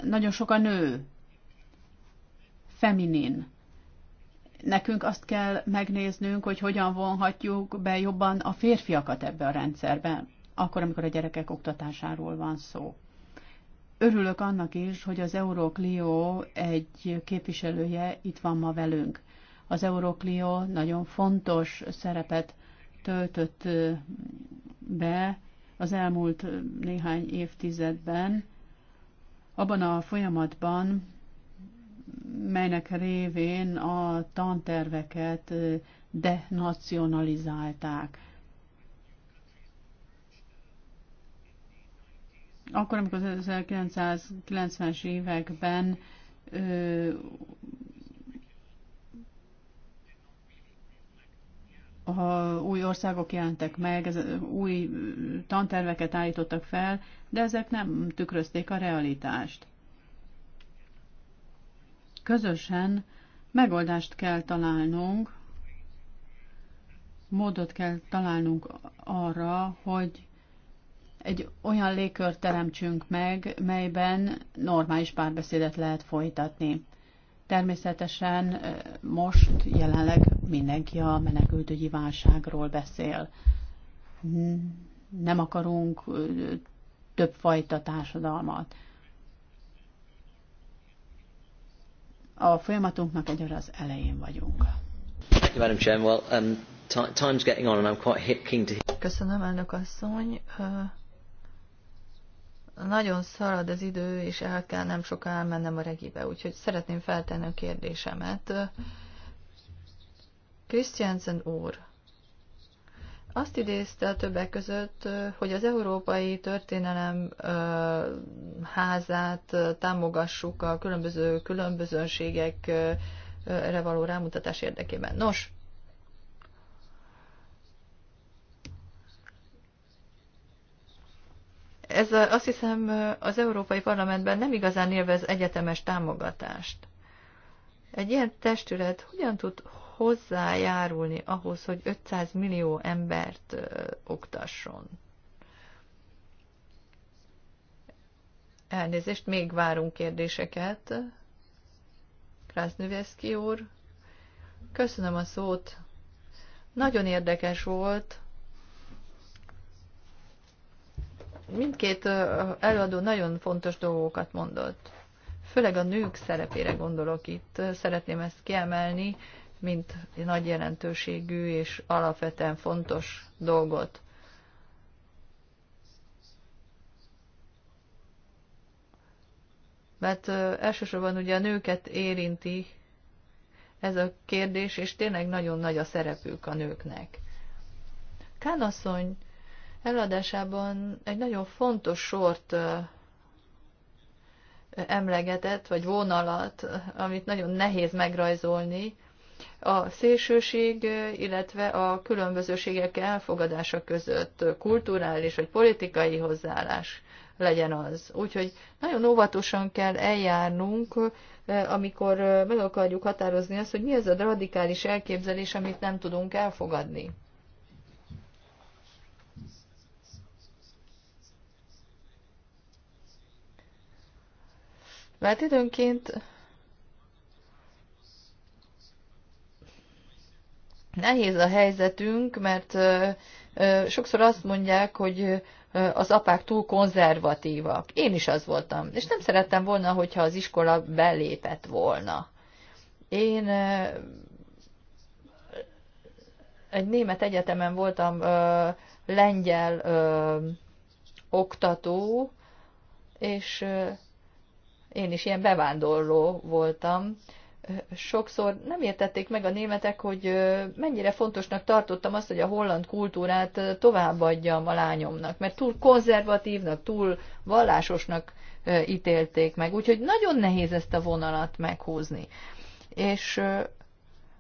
nagyon sok a nő, feminin. Nekünk azt kell megnéznünk, hogy hogyan vonhatjuk be jobban a férfiakat ebbe a rendszerbe, akkor, amikor a gyerekek oktatásáról van szó. Örülök annak is, hogy az Euróklió egy képviselője itt van ma velünk. Az Euróklió nagyon fontos szerepet töltött be az elmúlt néhány évtizedben, abban a folyamatban, melynek révén a tanterveket denacionalizálták Akkor, amikor az 1990-es években ö, a új országok jelentek meg, ez, új tanterveket állítottak fel, de ezek nem tükrözték a realitást. Közösen megoldást kell találnunk, módot kell találnunk arra, hogy egy olyan légkört teremtsünk meg, melyben normális párbeszédet lehet folytatni. Természetesen most jelenleg mindenki a menekültügyi válságról beszél. Nem akarunk többfajta társadalmat. A folyamatunknak egyre az elején vagyunk. Um, Köszönöm, elnök asszony. Uh nagyon szalad az idő, és el kell nem soká elmennem a regibe, úgyhogy szeretném feltenni a kérdésemet. Christiansen úr, azt idézte a többek között, hogy az európai történelem házát támogassuk a különböző különbözőségekre való rámutatás érdekében. Nos, ez azt hiszem az Európai Parlamentben nem igazán élvez egyetemes támogatást. Egy ilyen testület hogyan tud hozzájárulni ahhoz, hogy 500 millió embert oktasson? Elnézést, még várunk kérdéseket. Krásznöveszki úr, köszönöm a szót. Nagyon érdekes volt mindkét előadó nagyon fontos dolgokat mondott. Főleg a nők szerepére gondolok itt. Szeretném ezt kiemelni, mint nagy jelentőségű és alapvetően fontos dolgot. Mert elsősorban ugye a nőket érinti ez a kérdés, és tényleg nagyon nagy a szerepük a nőknek. Kánasszony Előadásában egy nagyon fontos sort emlegetett, vagy vonalat, amit nagyon nehéz megrajzolni, a szélsőség, illetve a különbözőségek elfogadása között kulturális vagy politikai hozzáállás legyen az. Úgyhogy nagyon óvatosan kell eljárnunk, amikor meg akarjuk határozni azt, hogy mi az a radikális elképzelés, amit nem tudunk elfogadni. Mert időnként nehéz a helyzetünk, mert sokszor azt mondják, hogy az apák túl konzervatívak. Én is az voltam, és nem szerettem volna, hogyha az iskola belépett volna. Én egy német egyetemen voltam lengyel oktató, és én is ilyen bevándorló voltam. Sokszor nem értették meg a németek, hogy mennyire fontosnak tartottam azt, hogy a holland kultúrát továbbadjam a lányomnak, mert túl konzervatívnak, túl vallásosnak ítélték meg. Úgyhogy nagyon nehéz ezt a vonalat meghúzni. És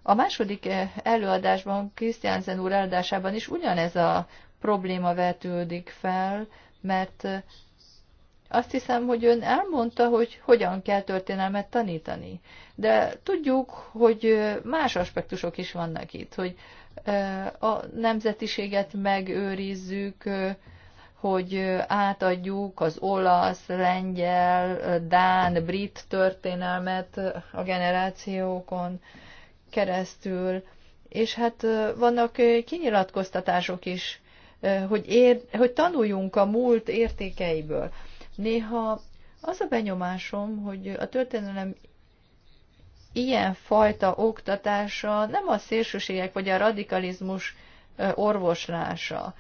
a második előadásban, Krisztiánzen úr előadásában is ugyanez a probléma vetődik fel, mert azt hiszem, hogy ön elmondta, hogy hogyan kell történelmet tanítani. De tudjuk, hogy más aspektusok is vannak itt, hogy a nemzetiséget megőrizzük, hogy átadjuk az olasz, lengyel, dán, brit történelmet a generációkon keresztül. És hát vannak kinyilatkoztatások is, hogy, ér, hogy tanuljunk a múlt értékeiből. Néha az a benyomásom, hogy a történelem ilyen fajta oktatása nem a szélsőségek vagy a radikalizmus orvoslása.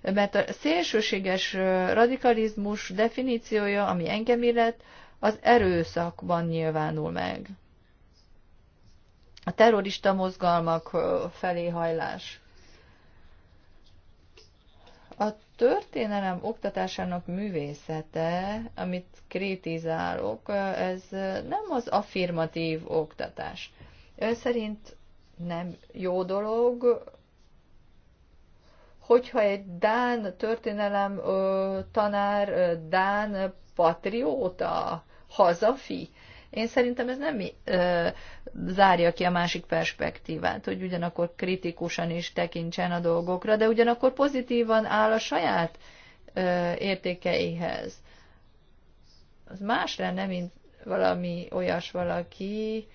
Mert a szélsőséges radikalizmus definíciója, ami engem illet, az erőszakban nyilvánul meg. A terrorista mozgalmak felé hajlás. történelem oktatásának művészete, amit kritizálok, ez nem az affirmatív oktatás. Ön szerint nem jó dolog, hogyha egy Dán történelem tanár, Dán patrióta, hazafi, én szerintem ez nem ö, zárja ki a másik perspektívát, hogy ugyanakkor kritikusan is tekintsen a dolgokra, de ugyanakkor pozitívan áll a saját ö, értékeihez. Az más lenne, mint valami olyas valaki,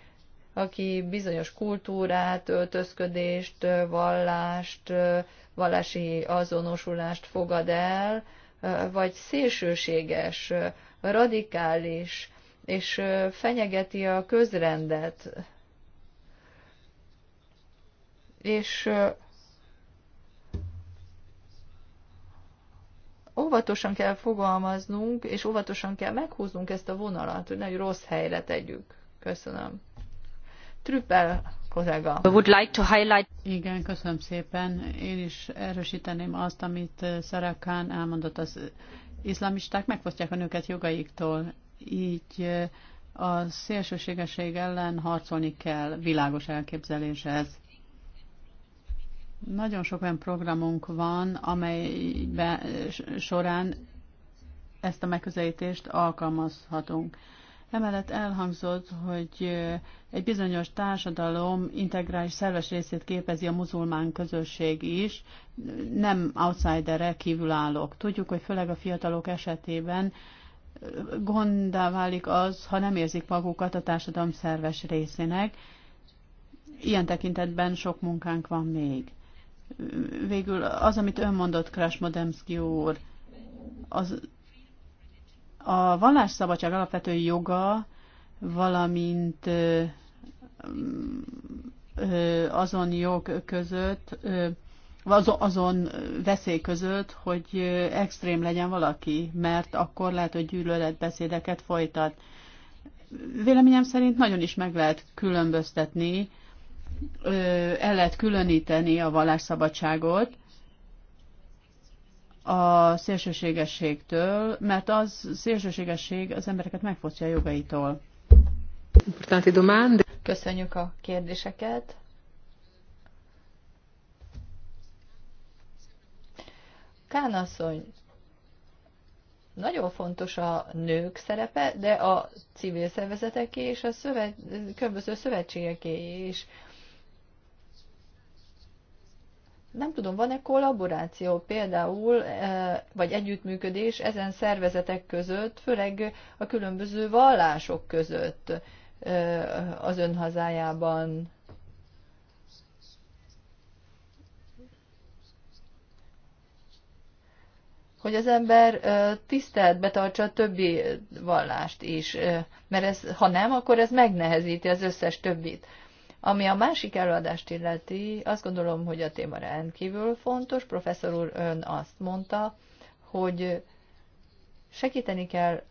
aki bizonyos kultúrát, öltözködést, vallást, vallási azonosulást fogad el, vagy szélsőséges, radikális, és fenyegeti a közrendet. És óvatosan kell fogalmaznunk, és óvatosan kell meghúznunk ezt a vonalat, hogy nagy rossz helyre tegyük. Köszönöm. Trüppel kollega. Would like to highlight... Igen, köszönöm szépen. Én is erősíteném azt, amit Szarakán elmondott. Az iszlamisták megfosztják a nőket jogaiktól így a szélsőségeség ellen harcolni kell, világos elképzelés ez. Nagyon sok olyan programunk van, amelyben során ezt a megközelítést alkalmazhatunk. Emellett elhangzott, hogy egy bizonyos társadalom integrális szerves részét képezi a muzulmán közösség is, nem outsiderek, kívülállók. Tudjuk, hogy főleg a fiatalok esetében gondá válik az, ha nem érzik magukat a társadalom szerves részének. Ilyen tekintetben sok munkánk van még. Végül az, amit ön mondott, Krasmodemszki úr, az a vallásszabadság alapvető joga, valamint azon jog között, azon veszély között, hogy extrém legyen valaki, mert akkor lehet, hogy gyűlöletbeszédeket folytat. Véleményem szerint nagyon is meg lehet különböztetni, el lehet különíteni a vallásszabadságot a szélsőségességtől, mert az szélsőségesség az embereket megfosztja a jogaitól. Köszönjük a kérdéseket. Kánasszony, nagyon fontos a nők szerepe, de a civil szervezeteké és a szövet, különböző szövetségeké is. Nem tudom, van-e kollaboráció például, eh, vagy együttműködés ezen szervezetek között, főleg a különböző vallások között eh, az ön hazájában? hogy az ember tisztelt betartsa a többi vallást is, mert ez, ha nem, akkor ez megnehezíti az összes többit. Ami a másik előadást illeti, azt gondolom, hogy a téma rendkívül fontos. Professzor úr ön azt mondta, hogy segíteni kell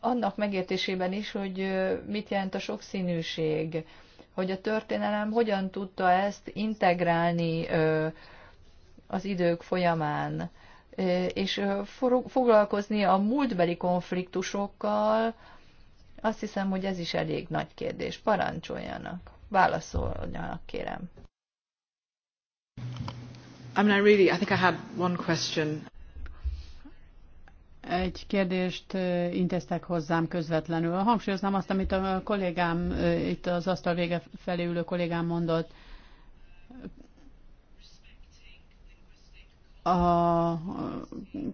annak megértésében is, hogy mit jelent a sokszínűség, hogy a történelem hogyan tudta ezt integrálni az idők folyamán, és foglalkozni a múltbeli konfliktusokkal, azt hiszem, hogy ez is elég nagy kérdés. Parancsoljanak, válaszoljanak, kérem. I mean, I really, I think I had one question. Egy kérdést intéztek hozzám közvetlenül. Hangsúlyoznám azt, amit a kollégám, itt az asztal vége felé ülő kollégám mondott. a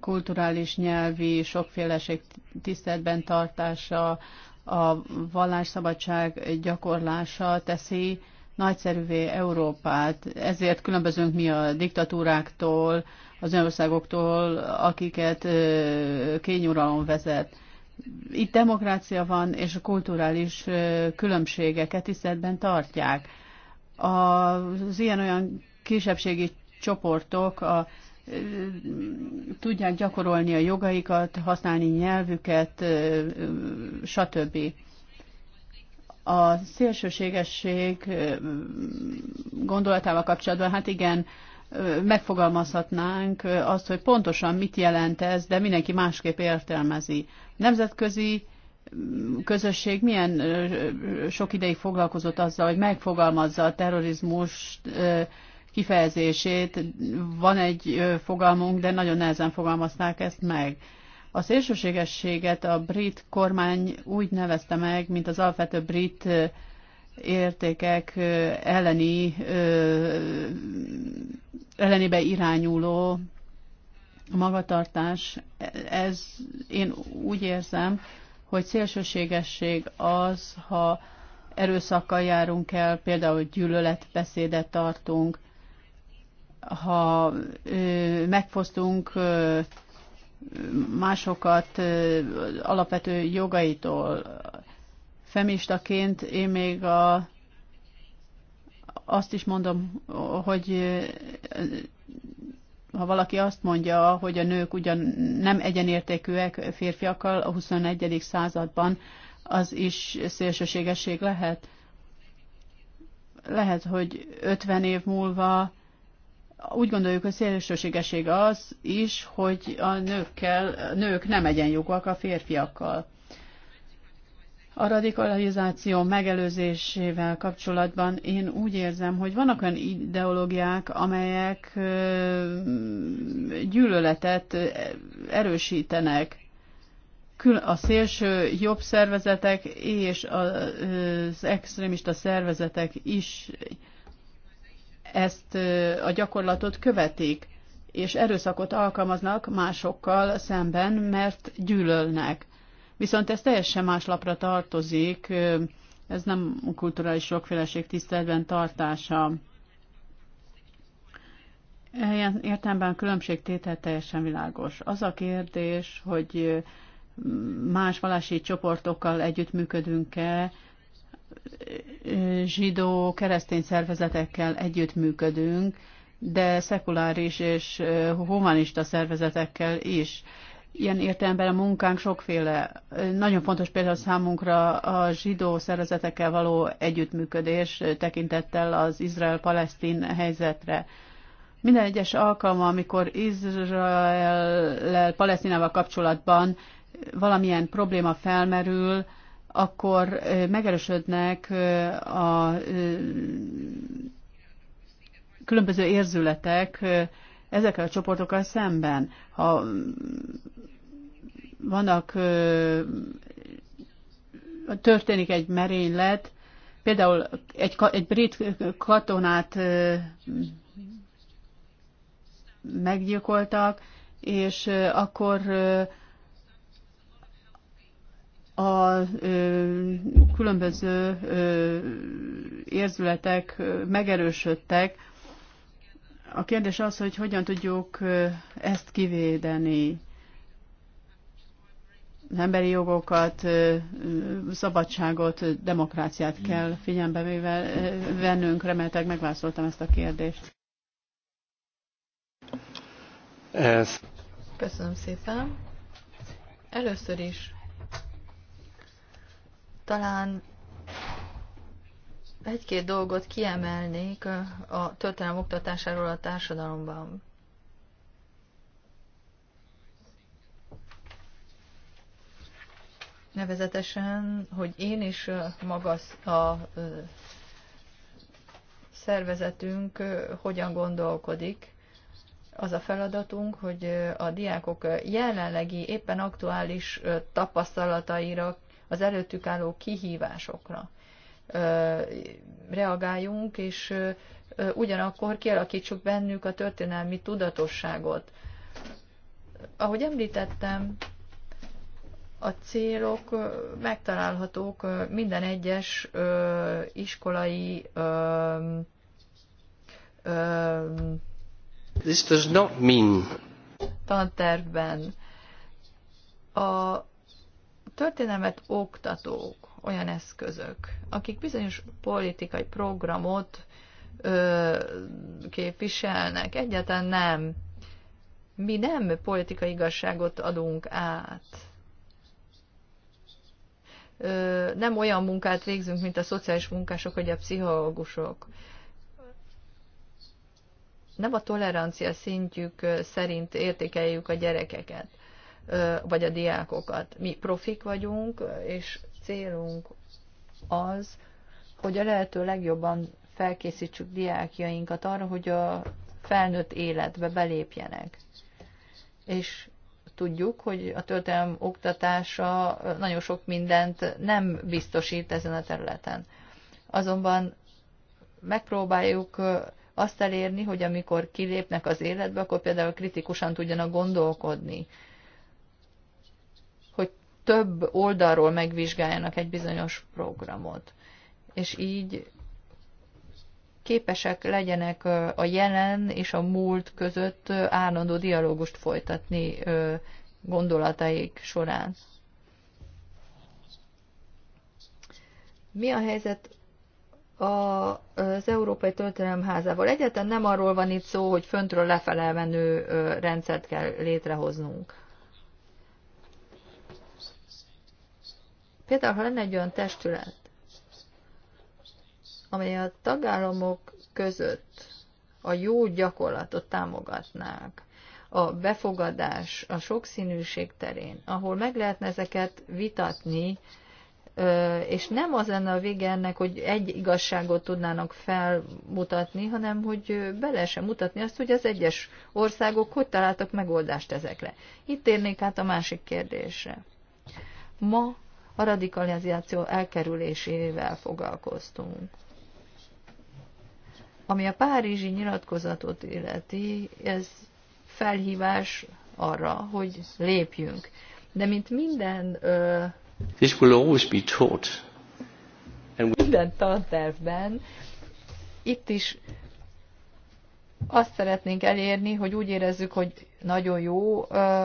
kulturális nyelvi sokféleség tiszteletben tartása, a vallásszabadság gyakorlása teszi nagyszerűvé Európát. Ezért különbözünk mi a diktatúráktól, az országoktól, akiket kényuralom vezet. Itt demokrácia van, és a kulturális különbségeket tiszteletben tartják. Az ilyen-olyan kisebbségi csoportok a tudják gyakorolni a jogaikat, használni nyelvüket, stb. A szélsőségesség gondolatával kapcsolatban, hát igen, megfogalmazhatnánk azt, hogy pontosan mit jelent ez, de mindenki másképp értelmezi. Nemzetközi közösség milyen sok ideig foglalkozott azzal, hogy megfogalmazza a terrorizmust, kifejezését, van egy fogalmunk, de nagyon nehezen fogalmazták ezt meg. A szélsőségességet a brit kormány úgy nevezte meg, mint az alapvető brit értékek elleni, ellenébe irányuló magatartás. Ez én úgy érzem, hogy szélsőségesség az, ha erőszakkal járunk el, például gyűlöletbeszédet tartunk, ha megfosztunk másokat alapvető jogaitól, feministaként én még a, azt is mondom, hogy ha valaki azt mondja, hogy a nők ugyan nem egyenértékűek férfiakkal a 21. században, az is szélsőségesség lehet. Lehet, hogy 50 év múlva úgy gondoljuk, hogy szélsőségeség az is, hogy a nőkkel, a nők nem egyenjogúak a férfiakkal. A radikalizáció megelőzésével kapcsolatban én úgy érzem, hogy vannak olyan ideológiák, amelyek gyűlöletet erősítenek. A szélső jobb szervezetek és az extrémista szervezetek is ezt a gyakorlatot követik, és erőszakot alkalmaznak másokkal szemben, mert gyűlölnek. Viszont ez teljesen más lapra tartozik, ez nem kulturális sokféleség tiszteletben tartása. Ilyen értelemben különbségtétel teljesen világos. Az a kérdés, hogy más valási csoportokkal együttműködünk-e, zsidó keresztény szervezetekkel együttműködünk, de szekuláris és humanista szervezetekkel is. Ilyen értelemben a munkánk sokféle. Nagyon fontos például számunkra a zsidó szervezetekkel való együttműködés tekintettel az Izrael-Palesztin helyzetre. Minden egyes alkalma, amikor Izrael-Palesztinával kapcsolatban valamilyen probléma felmerül, akkor megerősödnek a különböző érzületek ezekkel a csoportokkal szemben. Ha vannak, történik egy merénylet, például egy, egy brit katonát meggyilkoltak, és akkor a ö, különböző ö, érzületek megerősödtek. A kérdés az, hogy hogyan tudjuk ezt kivédeni. Emberi jogokat, szabadságot, demokráciát kell figyelembe vennünk. Reméltek megválaszoltam ezt a kérdést. Ez. Köszönöm szépen. Először is talán egy-két dolgot kiemelnék a történelem oktatásáról a társadalomban. Nevezetesen, hogy én is maga a szervezetünk hogyan gondolkodik. Az a feladatunk, hogy a diákok jelenlegi, éppen aktuális tapasztalataira az előttük álló kihívásokra reagáljunk, és ugyanakkor kialakítsuk bennük a történelmi tudatosságot. Ahogy említettem, a célok megtalálhatók minden egyes iskolai This does not mean. tantervben. A történelmet oktatók olyan eszközök, akik bizonyos politikai programot ö, képviselnek. Egyáltalán nem. Mi nem politikai igazságot adunk át. Ö, nem olyan munkát végzünk, mint a szociális munkások vagy a pszichológusok. Nem a tolerancia szintjük szerint értékeljük a gyerekeket vagy a diákokat. Mi profik vagyunk, és célunk az, hogy a lehető legjobban felkészítsük diákjainkat arra, hogy a felnőtt életbe belépjenek. És tudjuk, hogy a történelem oktatása nagyon sok mindent nem biztosít ezen a területen. Azonban megpróbáljuk azt elérni, hogy amikor kilépnek az életbe, akkor például kritikusan tudjanak gondolkodni több oldalról megvizsgáljanak egy bizonyos programot. És így képesek legyenek a jelen és a múlt között állandó dialógust folytatni gondolataik során. Mi a helyzet a, az Európai Történelemházával? Egyáltalán nem arról van itt szó, hogy föntről lefele menő rendszert kell létrehoznunk. Például, ha lenne egy olyan testület, amely a tagállamok között a jó gyakorlatot támogatnák, a befogadás, a sokszínűség terén, ahol meg lehetne ezeket vitatni, és nem az lenne a vége ennek, hogy egy igazságot tudnának felmutatni, hanem hogy be lehessen mutatni azt, hogy az egyes országok hogy találtak megoldást ezekre. Itt érnék át a másik kérdésre. Ma a radikalizáció elkerülésével foglalkoztunk. Ami a párizsi nyilatkozatot illeti, ez felhívás arra, hogy lépjünk. De mint minden... uh, Minden tantervben itt is azt szeretnénk elérni, hogy úgy érezzük, hogy nagyon jó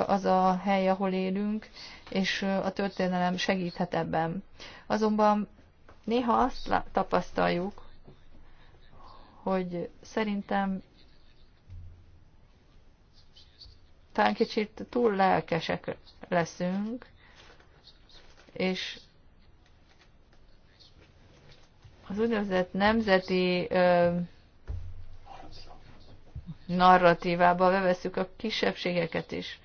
az a hely, ahol élünk, és a történelem segíthet ebben. Azonban néha azt tapasztaljuk, hogy szerintem talán kicsit túl lelkesek leszünk, és az úgynevezett nemzeti ö, narratívába veveszük a kisebbségeket is.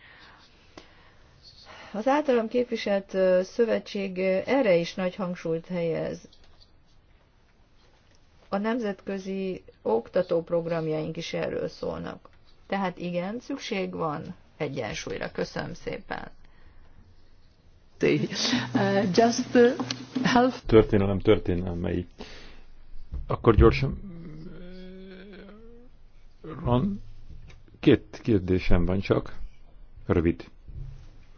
Az általam képviselt szövetség erre is nagy hangsúlyt helyez. A nemzetközi oktatóprogramjaink is erről szólnak. Tehát igen, szükség van egyensúlyra. Köszönöm szépen. Uh, just uh, Történelem történelmei. Akkor gyorsan. Ron, két kérdésem van csak. Rövid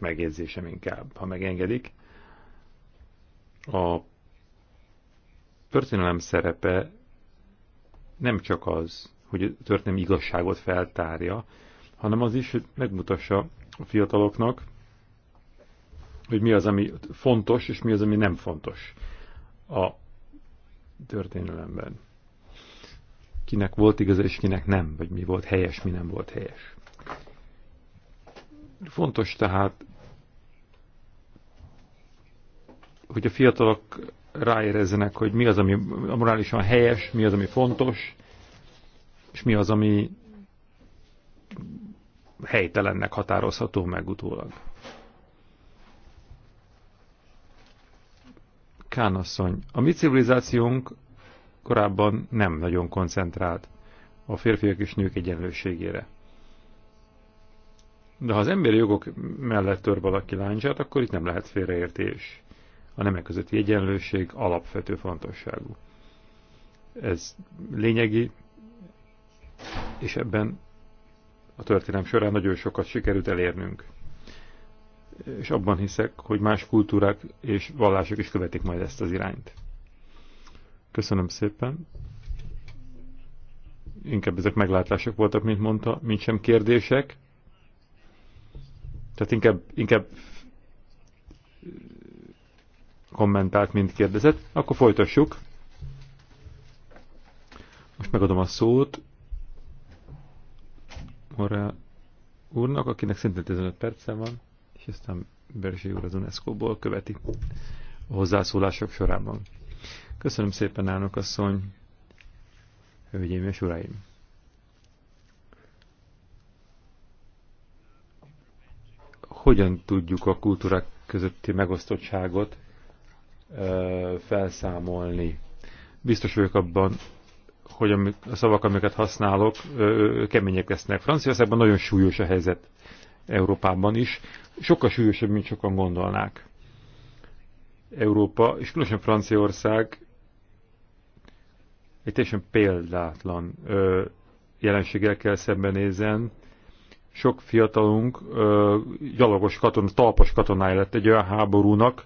megjegyzésem inkább, ha megengedik. A történelem szerepe nem csak az, hogy a történelem igazságot feltárja, hanem az is, hogy megmutassa a fiataloknak, hogy mi az, ami fontos, és mi az, ami nem fontos a történelemben. Kinek volt igaza, és kinek nem, vagy mi volt helyes, mi nem volt helyes. Fontos tehát hogy a fiatalok ráérezzenek, hogy mi az, ami morálisan helyes, mi az, ami fontos, és mi az, ami helytelennek határozható meg utólag. Kánasszony, a mi civilizációnk korábban nem nagyon koncentrált a férfiak és nők egyenlőségére. De ha az emberi jogok mellett tör valaki lányzsát, akkor itt nem lehet félreértés a nemek közötti egyenlőség alapvető fontosságú. Ez lényegi, és ebben a történelem során nagyon sokat sikerült elérnünk. És abban hiszek, hogy más kultúrák és vallások is követik majd ezt az irányt. Köszönöm szépen. Inkább ezek meglátások voltak, mint mondta, mint sem kérdések. Tehát inkább, inkább kommentált, mint kérdezett. Akkor folytassuk. Most megadom a szót Morá úrnak, akinek szintén 15 perce van, és aztán Berzsé úr az UNESCO-ból követi a hozzászólások sorában. Köszönöm szépen, állnok asszony, hölgyeim és uraim! Hogyan tudjuk a kultúrák közötti megosztottságot felszámolni. Biztos vagyok abban, hogy a szavak, amiket használok, kemények lesznek. Franciaországban nagyon súlyos a helyzet, Európában is. Sokkal súlyosabb, mint sokan gondolnák. Európa, és különösen Franciaország egy teljesen példátlan ö, jelenséggel kell szembenézzen. Sok fiatalunk ö, gyalogos katona, talpas katonája lett egy olyan háborúnak,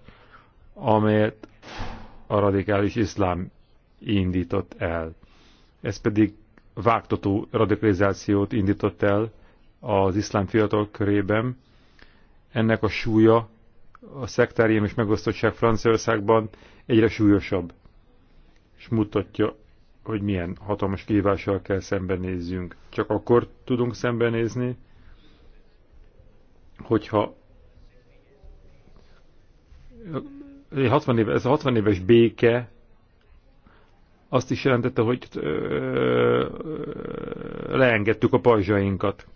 amelyet a radikális iszlám indított el. Ez pedig vágtató radikalizációt indított el az iszlám fiatal körében. Ennek a súlya a szektárium és megosztottság Franciaországban egyre súlyosabb, és mutatja, hogy milyen hatalmas kihívással kell szembenézzünk. Csak akkor tudunk szembenézni, hogyha 60 éve, ez a 60 éves béke azt is jelentette, hogy ö, ö, leengedtük a pajzsainkat.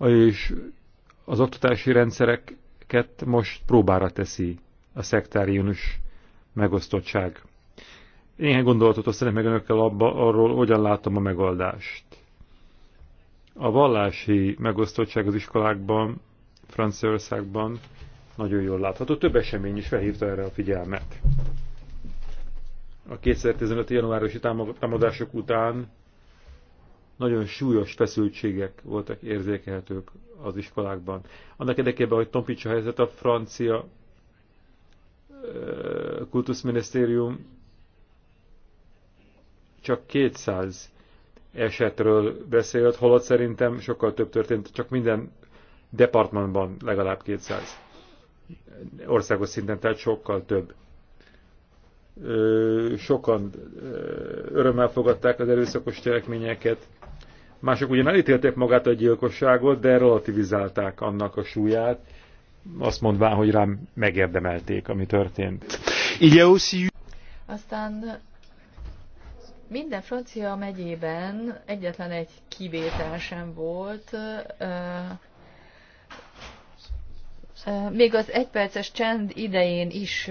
És az oktatási rendszereket most próbára teszi a szektáriunus megosztottság. Néhány gondolatot osztanék meg önökkel abba, arról, hogyan látom a megoldást. A vallási megosztottság az iskolákban, Franciaországban nagyon jól látható. Több esemény is felhívta erre a figyelmet. A 2015. januárosi támadások után nagyon súlyos feszültségek voltak érzékelhetők az iskolákban. Annak érdekében, hogy Tompics a helyzet, a francia kultuszminisztérium csak 200 esetről beszélt, holott szerintem sokkal több történt, csak minden departmanban legalább 200 országos szinten, tehát sokkal több. Sokan örömmel fogadták az erőszakos cselekményeket, mások ugyan elítélték magát a gyilkosságot, de relativizálták annak a súlyát, azt mondván, hogy rám megérdemelték, ami történt. Aztán minden francia megyében egyetlen egy kivétel sem volt, még az egyperces csend idején is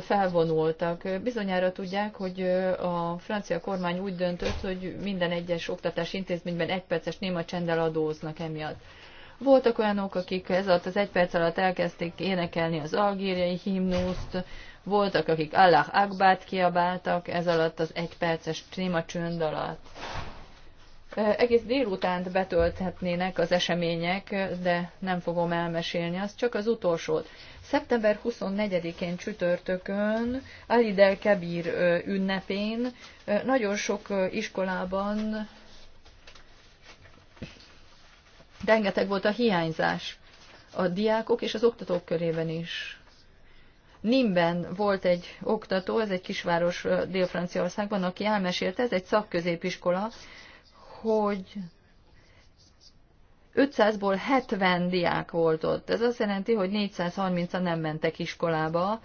felvonultak. Bizonyára tudják, hogy a francia kormány úgy döntött, hogy minden egyes oktatási intézményben egyperces néma csenddel adóznak emiatt. Voltak olyanok, akik ez alatt az egy perc alatt elkezdték énekelni az algériai himnuszt, voltak, akik Allah Akbát kiabáltak ez alatt az egy perces alatt. Egész délutánt betölthetnének az események, de nem fogom elmesélni, azt, csak az utolsót. Szeptember 24-én csütörtökön, Alidel Kebir ünnepén nagyon sok iskolában rengeteg volt a hiányzás a diákok és az oktatók körében is. Nimben volt egy oktató, ez egy kisváros Dél-Franciaországban, aki elmesélte, ez egy szakközépiskola, hogy 500-ból 70 diák volt ott. Ez azt jelenti, hogy 430-an nem mentek iskolába,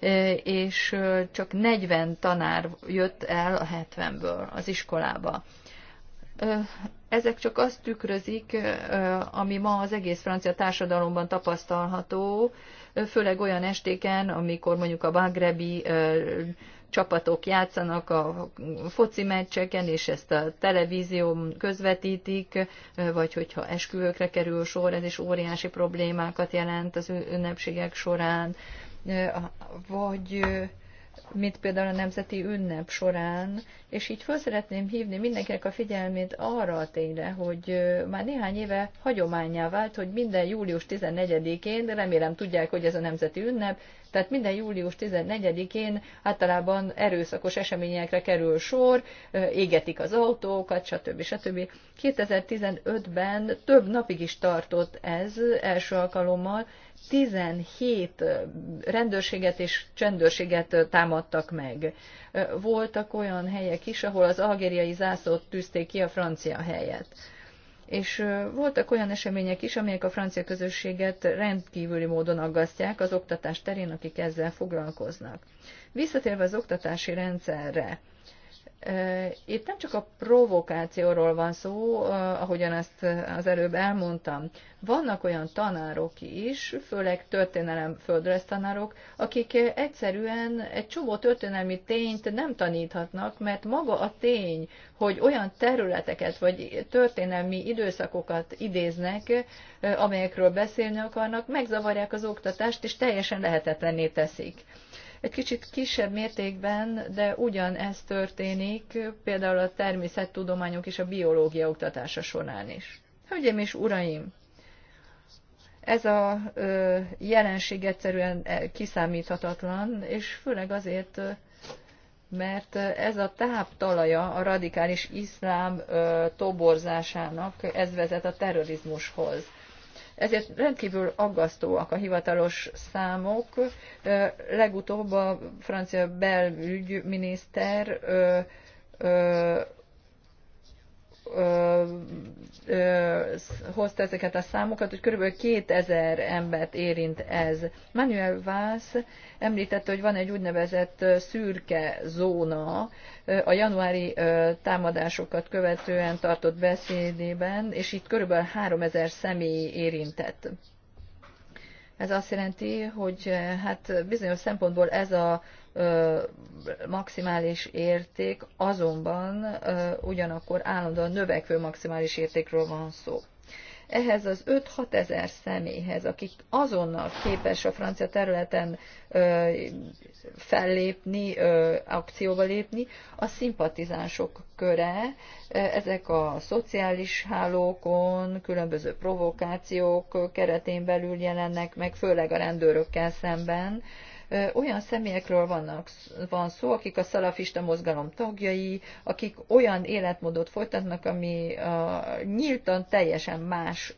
e, és csak 40 tanár jött el a 70-ből az iskolába. Ezek csak azt tükrözik, ami ma az egész francia társadalomban tapasztalható, főleg olyan estéken, amikor mondjuk a bagrebi csapatok játszanak a foci meccseken, és ezt a televízió közvetítik, vagy hogyha esküvőkre kerül sor, ez is óriási problémákat jelent az ünnepségek során, vagy mint például a Nemzeti Ünnep során, és így föl szeretném hívni mindenkinek a figyelmét arra a tényre, hogy már néhány éve hagyományá vált, hogy minden július 14-én, de remélem tudják, hogy ez a Nemzeti Ünnep, tehát minden július 14-én általában erőszakos eseményekre kerül sor, égetik az autókat, stb. stb. 2015-ben több napig is tartott ez első alkalommal, 17 rendőrséget és csendőrséget támadtak meg. Voltak olyan helyek is, ahol az algériai zászlót tűzték ki a francia helyet. És voltak olyan események is, amelyek a francia közösséget rendkívüli módon aggasztják az oktatás terén, akik ezzel foglalkoznak. Visszatérve az oktatási rendszerre, itt nem csak a provokációról van szó, ahogyan ezt az előbb elmondtam. Vannak olyan tanárok is, főleg történelem földrajz tanárok, akik egyszerűen egy csomó történelmi tényt nem taníthatnak, mert maga a tény, hogy olyan területeket vagy történelmi időszakokat idéznek, amelyekről beszélni akarnak, megzavarják az oktatást, és teljesen lehetetlenné teszik egy kicsit kisebb mértékben, de ugyanez történik például a természettudományok és a biológia oktatása során is. Hölgyeim és uraim, ez a jelenség egyszerűen e, kiszámíthatatlan, és főleg azért, mert ez a táptalaja a radikális iszlám toborzásának, ez vezet a terrorizmushoz. Ezért rendkívül aggasztóak a hivatalos számok. Legutóbb a francia belügyminiszter hozta ezeket a számokat, hogy kb. 2000 embert érint ez. Manuel Vász említette, hogy van egy úgynevezett szürke zóna a januári támadásokat követően tartott beszédében, és itt kb. 3000 személy érintett. Ez azt jelenti, hogy eh, hát bizonyos szempontból ez a ö, maximális érték, azonban ö, ugyanakkor állandóan növekvő maximális értékről van szó ehhez az 5-6 ezer személyhez, akik azonnal képes a francia területen ö, fellépni, ö, akcióba lépni, a szimpatizánsok köre, ezek a szociális hálókon, különböző provokációk keretén belül jelennek meg, főleg a rendőrökkel szemben, olyan személyekről vannak, van szó, akik a szalafista mozgalom tagjai, akik olyan életmódot folytatnak, ami a, nyíltan teljesen más,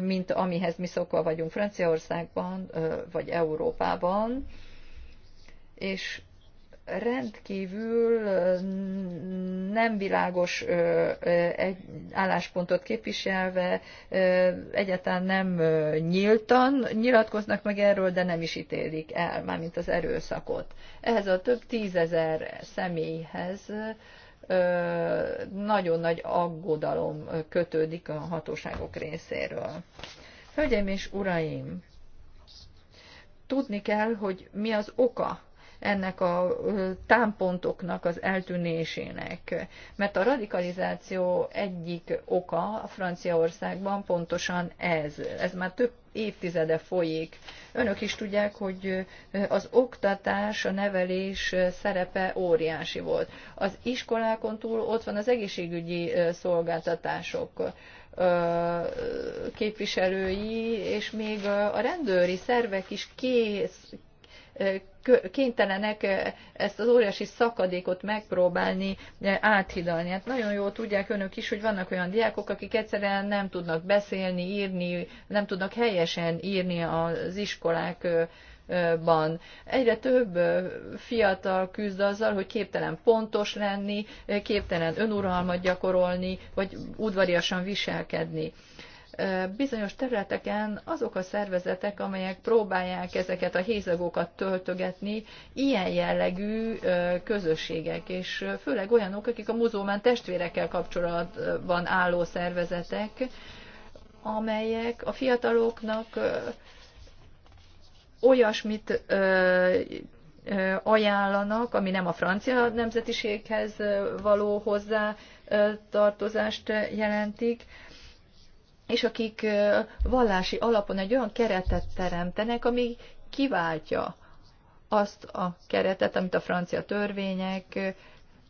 mint amihez mi szokva vagyunk Franciaországban vagy Európában. És rendkívül nem világos álláspontot képviselve, egyáltalán nem nyíltan nyilatkoznak meg erről, de nem is ítélik el, mármint az erőszakot. Ehhez a több tízezer személyhez nagyon nagy aggodalom kötődik a hatóságok részéről. Hölgyeim és uraim, tudni kell, hogy mi az oka ennek a támpontoknak az eltűnésének. Mert a radikalizáció egyik oka a Franciaországban pontosan ez. Ez már több évtizede folyik. Önök is tudják, hogy az oktatás, a nevelés szerepe óriási volt. Az iskolákon túl ott van az egészségügyi szolgáltatások képviselői, és még a rendőri szervek is kész, kénytelenek ezt az óriási szakadékot megpróbálni áthidalni. Hát nagyon jól tudják önök is, hogy vannak olyan diákok, akik egyszerűen nem tudnak beszélni, írni, nem tudnak helyesen írni az iskolák Ban. Egyre több fiatal küzd azzal, hogy képtelen pontos lenni, képtelen önuralmat gyakorolni, vagy udvariasan viselkedni bizonyos területeken azok a szervezetek, amelyek próbálják ezeket a hézagokat töltögetni, ilyen jellegű közösségek, és főleg olyanok, akik a muzulmán testvérekkel kapcsolatban álló szervezetek, amelyek a fiataloknak olyasmit ajánlanak, ami nem a francia nemzetiséghez való hozzá tartozást jelentik, és akik vallási alapon egy olyan keretet teremtenek, ami kiváltja azt a keretet, amit a francia törvények,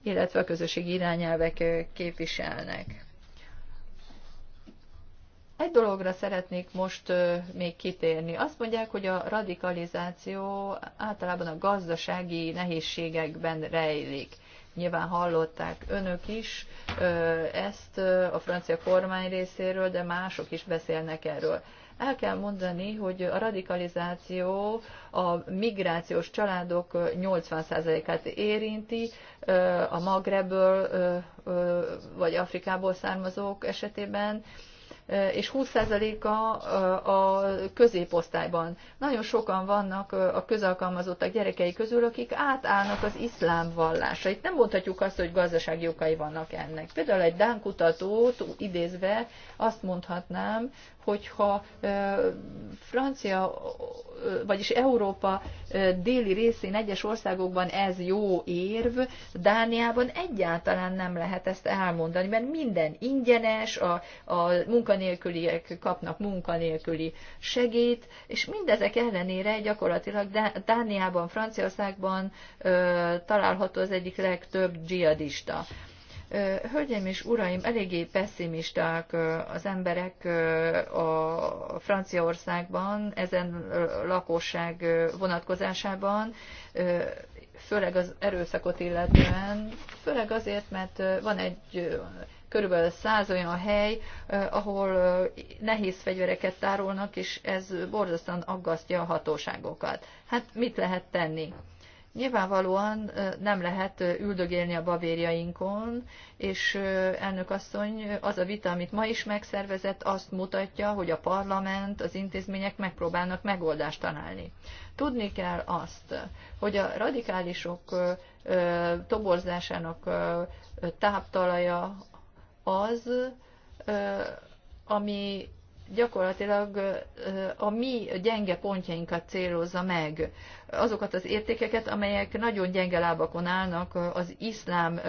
illetve a közösségi irányelvek képviselnek. Egy dologra szeretnék most még kitérni. Azt mondják, hogy a radikalizáció általában a gazdasági nehézségekben rejlik nyilván hallották önök is ezt a francia kormány részéről, de mások is beszélnek erről. El kell mondani, hogy a radikalizáció a migrációs családok 80%-át érinti, a magrebből vagy Afrikából származók esetében és 20%-a a középosztályban. Nagyon sokan vannak a közalkalmazottak gyerekei közül, akik átállnak az iszlám vallásra. Itt nem mondhatjuk azt, hogy gazdasági okai vannak ennek. Például egy Dán kutatót idézve azt mondhatnám, hogyha Francia, vagyis Európa déli részén egyes országokban ez jó érv, Dániában egyáltalán nem lehet ezt elmondani, mert minden ingyenes, a, a munkanélküliek kapnak munkanélküli segít, és mindezek ellenére gyakorlatilag Dániában, Franciaországban található az egyik legtöbb dzsihadista. Hölgyeim és uraim, eléggé pessimisták az emberek a Franciaországban, ezen lakosság vonatkozásában, főleg az erőszakot illetően, főleg azért, mert van egy körülbelül száz olyan hely, ahol nehéz fegyvereket tárolnak, és ez borzasztóan aggasztja a hatóságokat. Hát mit lehet tenni? Nyilvánvalóan nem lehet üldögélni a babérjainkon, és elnök asszony, az a vita, amit ma is megszervezett, azt mutatja, hogy a parlament, az intézmények megpróbálnak megoldást találni. Tudni kell azt, hogy a radikálisok toborzásának táptalaja az, ami gyakorlatilag a mi gyenge pontjainkat célozza meg. Azokat az értékeket, amelyek nagyon gyenge lábakon állnak az iszlám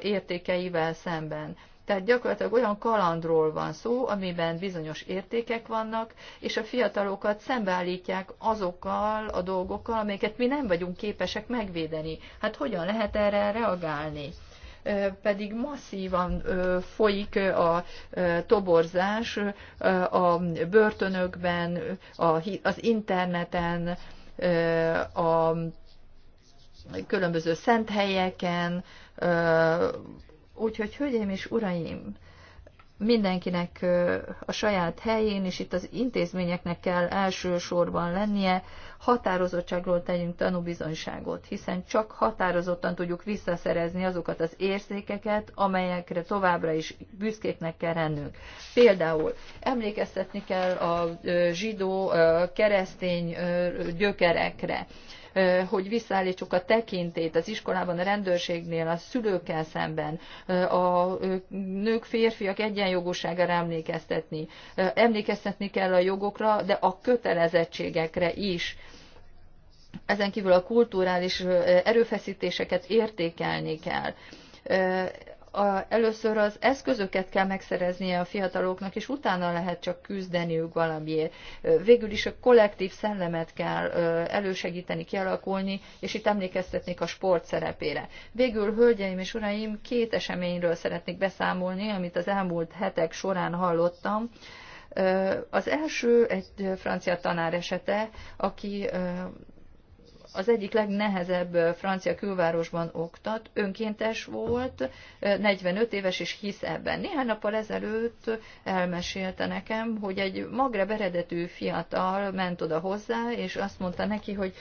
értékeivel szemben. Tehát gyakorlatilag olyan kalandról van szó, amiben bizonyos értékek vannak, és a fiatalokat szembeállítják azokkal a dolgokkal, amelyeket mi nem vagyunk képesek megvédeni. Hát hogyan lehet erre reagálni? pedig masszívan folyik a toborzás a börtönökben, az interneten, a különböző szent helyeken. Úgyhogy, hölgyeim és uraim, mindenkinek a saját helyén, és itt az intézményeknek kell elsősorban lennie, határozottságról tegyünk tanúbizonyságot, hiszen csak határozottan tudjuk visszaszerezni azokat az érzékeket, amelyekre továbbra is büszkéknek kell lennünk. Például emlékeztetni kell a zsidó keresztény gyökerekre hogy visszaállítsuk a tekintét az iskolában, a rendőrségnél, a szülőkkel szemben, a nők, férfiak egyenjogúságára emlékeztetni. Emlékeztetni kell a jogokra, de a kötelezettségekre is. Ezen kívül a kulturális erőfeszítéseket értékelni kell a, először az eszközöket kell megszereznie a fiataloknak, és utána lehet csak küzdeniük valamiért. Végül is a kollektív szellemet kell elősegíteni, kialakulni, és itt emlékeztetnék a sport szerepére. Végül, hölgyeim és uraim, két eseményről szeretnék beszámolni, amit az elmúlt hetek során hallottam. Az első egy francia tanár esete, aki az egyik legnehezebb francia külvárosban oktat, önkéntes volt, 45 éves, és hisz ebben. Néhány nappal ezelőtt elmesélte nekem, hogy egy magreb eredetű fiatal ment oda hozzá, és azt mondta neki, hogy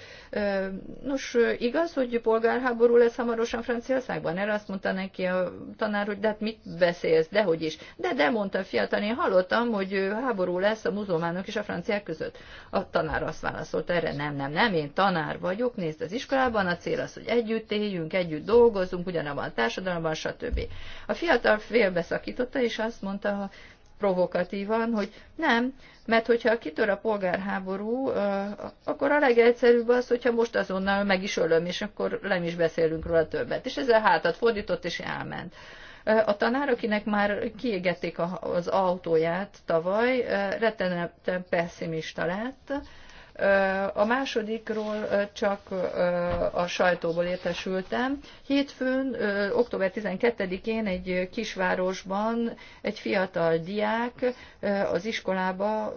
nos, igaz, hogy polgárháború lesz hamarosan Franciaországban? Erre azt mondta neki a tanár, hogy de hát mit beszélsz, dehogy is. De, de mondta a fiatal, én hallottam, hogy háború lesz a muzulmánok és a franciák között. A tanár azt válaszolta, erre nem, nem, nem, én tanár vagy, vagyok, nézd az iskolában, a cél az, hogy együtt éljünk, együtt dolgozunk, ugyanabban a társadalomban, stb. A fiatal félbeszakította, és azt mondta, ha provokatívan, hogy nem, mert hogyha kitör a polgárháború, akkor a legegyszerűbb az, hogyha most azonnal meg is ölöm, és akkor nem is beszélünk róla többet. És ezzel hátat fordított, és elment. A tanár, akinek már kiégették az autóját tavaly, rettenetesen pessimista lett, a másodikról csak a sajtóból értesültem. Hétfőn, október 12-én egy kisvárosban egy fiatal diák az iskolába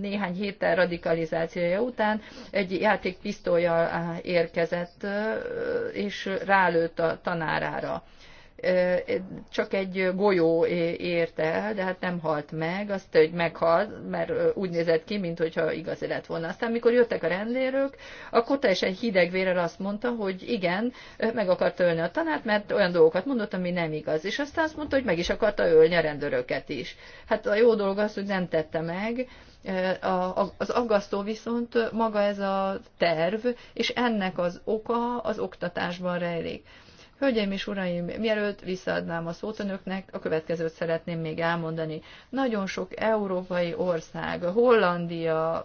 néhány héttel radikalizációja után egy játékpisztolyjal érkezett, és rálőtt a tanárára csak egy golyó érte el, de hát nem halt meg, azt, hogy meghalt, mert úgy nézett ki, mintha igazi lett volna. Aztán, mikor jöttek a rendőrök, akkor teljesen hideg vérrel azt mondta, hogy igen, meg akarta ölni a tanát, mert olyan dolgokat mondott, ami nem igaz. És aztán azt mondta, hogy meg is akarta ölni a rendőröket is. Hát a jó dolog az, hogy nem tette meg, az aggasztó viszont maga ez a terv, és ennek az oka az oktatásban rejlik Hölgyeim és uraim, mielőtt visszaadnám a szót önöknek, a következőt szeretném még elmondani. Nagyon sok európai ország, Hollandia,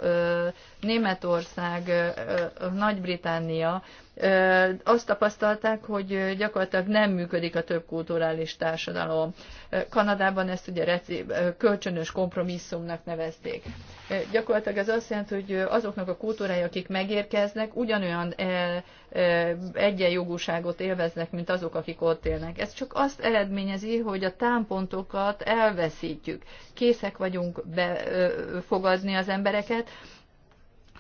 Németország, Nagy-Britannia azt tapasztalták, hogy gyakorlatilag nem működik a több kulturális társadalom. Kanadában ezt ugye reci, kölcsönös kompromisszumnak nevezték. Gyakorlatilag ez azt jelenti, hogy azoknak a kultúrája, akik megérkeznek, ugyanolyan egyenjogúságot élveznek, mint azok, akik ott élnek. Ez csak azt eredményezi, hogy a támpontokat elveszítjük. Készek vagyunk befogadni az embereket,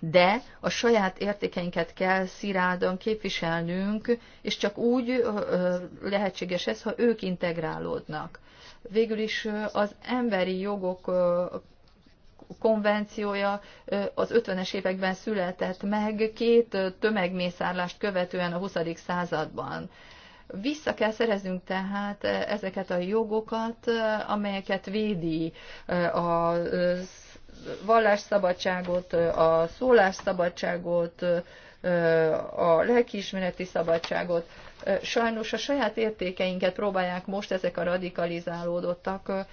de a saját értékeinket kell szirádon képviselnünk, és csak úgy lehetséges ez, ha ők integrálódnak. Végül is az emberi jogok konvenciója az 50-es években született meg, két tömegmészárlást követően a 20. században. Vissza kell szereznünk tehát ezeket a jogokat, amelyeket védi az vallásszabadságot, a szólásszabadságot, a lelkiismereti szabadságot. Sajnos a saját értékeinket próbálják most ezek a radikalizálódottak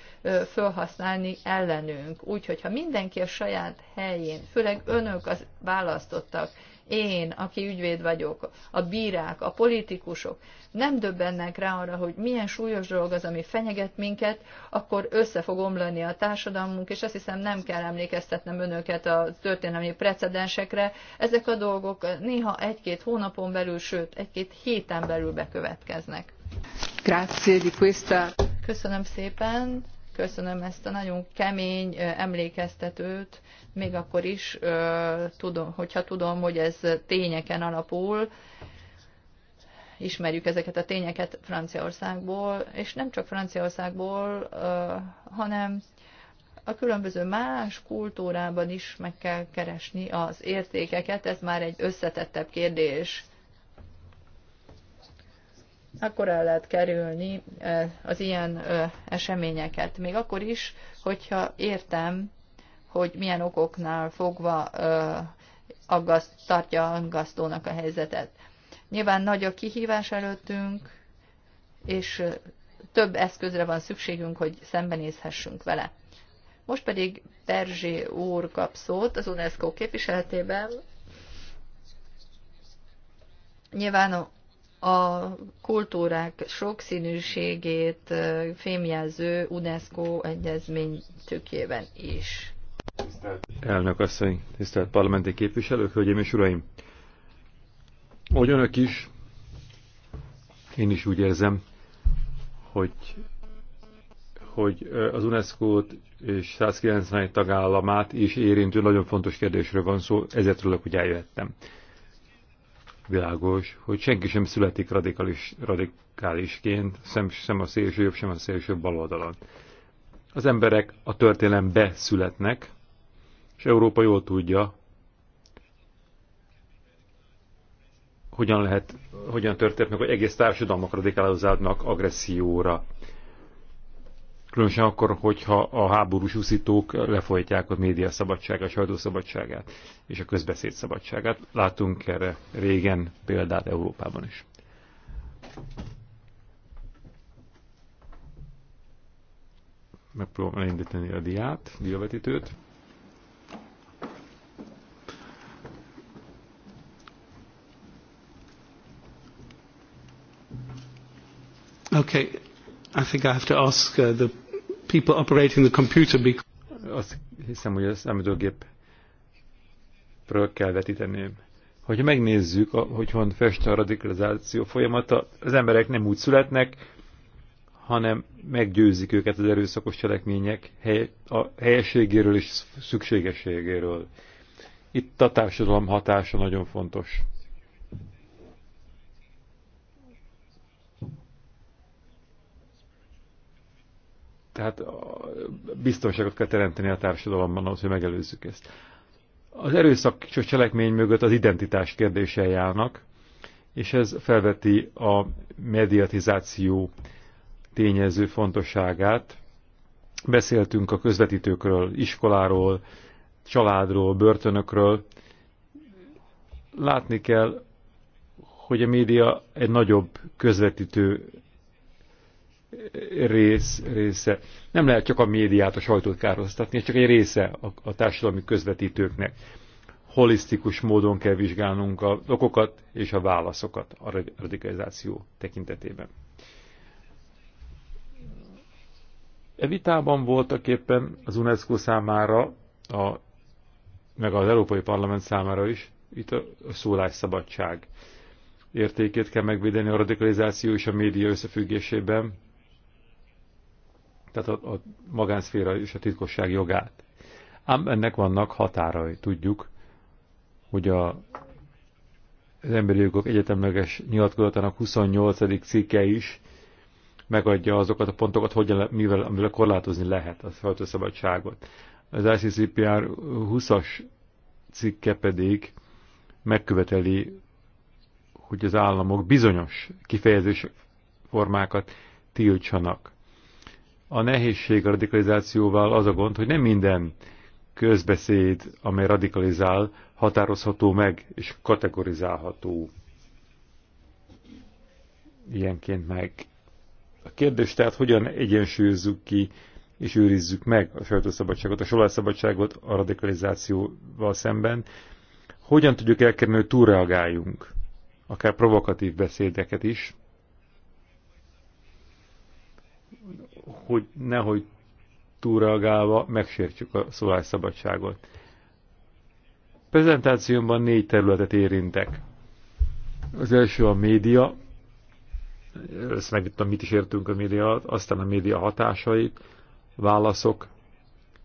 felhasználni ellenünk. Úgyhogy ha mindenki a saját helyén, főleg önök az választottak, én, aki ügyvéd vagyok, a bírák, a politikusok nem döbbennek rá arra, hogy milyen súlyos dolog az, ami fenyeget minket, akkor össze fog omlani a társadalmunk, és azt hiszem nem kell emlékeztetnem önöket a történelmi precedensekre. Ezek a dolgok néha egy-két hónapon belül, sőt egy-két héten belül bekövetkeznek. Grazie di questa. Köszönöm szépen, köszönöm ezt a nagyon kemény emlékeztetőt még akkor is, tudom, hogyha tudom, hogy ez tényeken alapul, ismerjük ezeket a tényeket Franciaországból, és nem csak Franciaországból, hanem a különböző más kultúrában is meg kell keresni az értékeket, ez már egy összetettebb kérdés. Akkor el lehet kerülni az ilyen eseményeket, még akkor is, hogyha értem, hogy milyen okoknál fogva aggaszt, tartja aggasztónak a helyzetet. Nyilván nagy a kihívás előttünk, és több eszközre van szükségünk, hogy szembenézhessünk vele. Most pedig Perzsé úr kap szót az UNESCO képviseletében. Nyilván a kultúrák sokszínűségét fémjelző UNESCO egyezmény tükében is. Tisztelt elnök asszony, tisztelt parlamenti képviselők, hölgyeim és uraim! Ahogy önök is, én is úgy érzem, hogy, hogy az UNESCO-t és 191 tagállamát is érintő nagyon fontos kérdésről van szó, ezért örülök, hogy eljöttem. Világos, hogy senki sem születik radikális, radikálisként, sem, sem a szélső jobb, sem a szélső bal oldalon. Az emberek a történelembe születnek, és Európa jól tudja, hogyan lehet, hogyan meg, hogy egész társadalmak radikálozódnak agresszióra. Különösen akkor, hogyha a háborús úszítók lefolytják a média szabadságát, a sajtószabadságát és a közbeszéd szabadságát. Látunk erre régen példát Európában is. Megpróbálom elindítani a diát, diavetítőt. Okay, I think I have to ask uh, the people operating the computer because... Azt hiszem, hogy a számítógépről kell vetíteném. Hogyha megnézzük, hogy van fest a radikalizáció folyamata, az emberek nem úgy születnek, hanem meggyőzik őket az erőszakos cselekmények a helyességéről és szükségességéről. Itt a társadalom hatása nagyon fontos. Tehát biztonságot kell teremteni a társadalomban ahhoz, hogy megelőzzük ezt. Az erőszak cselekmény mögött az identitás kérdései járnak, és ez felveti a mediatizáció tényező fontosságát. Beszéltünk a közvetítőkről, iskoláról, családról, börtönökről. Látni kell, hogy a média egy nagyobb közvetítő rész, része. Nem lehet csak a médiát, a sajtót károztatni, csak egy része a, a társadalmi közvetítőknek. Holisztikus módon kell vizsgálnunk a okokat és a válaszokat a radikalizáció tekintetében. E vitában voltak éppen az UNESCO számára, a, meg az Európai Parlament számára is, itt a szólásszabadság értékét kell megvédeni a radikalizáció és a média összefüggésében, tehát a, a magánszféra és a titkosság jogát. Ám ennek vannak határai, tudjuk, hogy a, az Emberi Jogok Egyetemleges nyilatkozatának 28. cikke is megadja azokat a pontokat, hogyan, mivel, amivel korlátozni lehet a szabadságot. Az ICCPR 20-as cikke pedig megköveteli, hogy az államok bizonyos kifejezés formákat tiltsanak a nehézség a radikalizációval az a gond, hogy nem minden közbeszéd, amely radikalizál, határozható meg és kategorizálható ilyenként meg. A kérdés tehát, hogyan egyensúlyozzuk ki és őrizzük meg a sajtószabadságot, a szólásszabadságot a radikalizációval szemben, hogyan tudjuk elkerülni, hogy túlreagáljunk, akár provokatív beszédeket is, hogy nehogy túlreagálva megsértjük a szólásszabadságot. Prezentációmban négy területet érintek. Az első a média, ezt megvittem, mit is értünk a média, aztán a média hatásait, válaszok,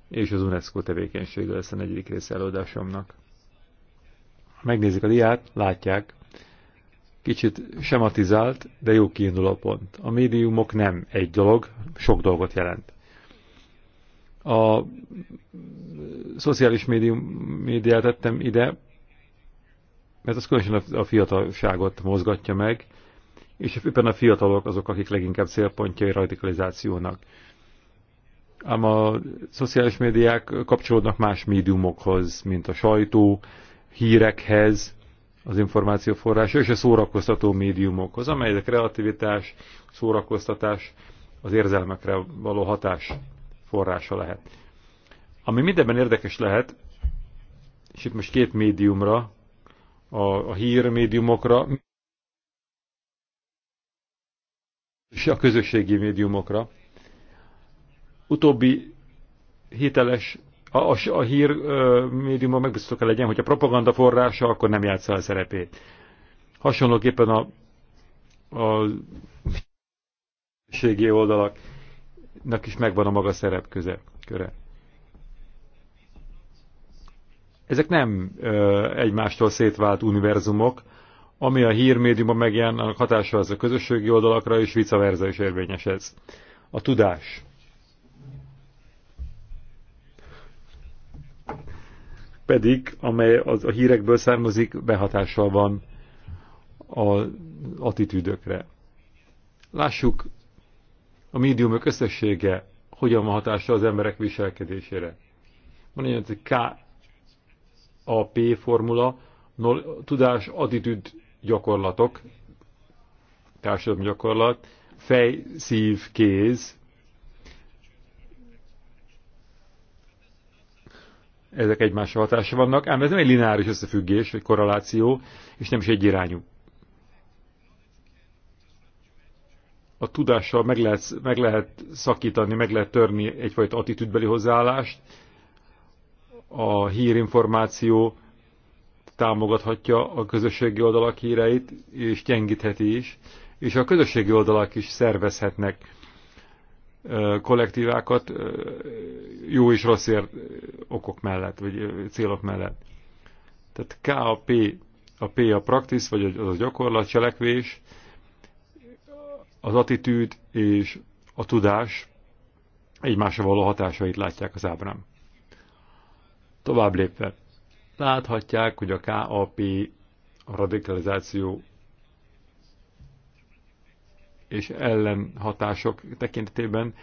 és az UNESCO tevékenysége lesz a negyedik része előadásomnak. Megnézik a diát, látják, kicsit sematizált, de jó kiinduló pont. A médiumok nem egy dolog, sok dolgot jelent. A szociális médium, médiát tettem ide, mert az különösen a fiatalságot mozgatja meg, és éppen a fiatalok azok, akik leginkább célpontjai radikalizációnak. Ám a szociális médiák kapcsolódnak más médiumokhoz, mint a sajtó, hírekhez, az információforrása és a szórakoztató médiumokhoz, amely a kreativitás, szórakoztatás, az érzelmekre való hatás forrása lehet. Ami mindenben érdekes lehet, és itt most két médiumra, a, a hír médiumokra, és a közösségi médiumokra. Utóbbi hiteles a, a, a hír ö, médiumban megbiztosítók kell legyen, hogy a propaganda forrása, akkor nem játssza a szerepét. Hasonlóképpen a, a ségi oldalaknak is megvan a maga szerep köze, köre. Ezek nem ö, egymástól szétvált univerzumok, ami a hírmédiumban megjelen, annak hatása az a közösségi oldalakra, és vice versa is érvényes ez. A tudás pedig, amely az, a hírekből származik, behatással van az attitűdökre. Lássuk a médiumok összessége hogyan van hatással az emberek viselkedésére. Van egy KAP formula, tudás, attitűd, gyakorlatok, társadalmi gyakorlat, fej, szív, kéz, ezek egymásra hatása vannak, ám ez nem egy lineáris összefüggés, egy korreláció, és nem is egy irányú. A tudással meg lehet, meg lehet szakítani, meg lehet törni egyfajta attitűdbeli hozzáállást, a hírinformáció támogathatja a közösségi oldalak híreit, és gyengítheti is, és a közösségi oldalak is szervezhetnek kollektívákat jó és rossz ér okok mellett, vagy célok mellett. Tehát K a P, a P a praktisz, vagy az a gyakorlat, cselekvés, az attitűd és a tudás egymásra való hatásait látják az ábrán. Tovább lépve, láthatják, hogy a KAP a radikalizáció és ellenhatások tekintetében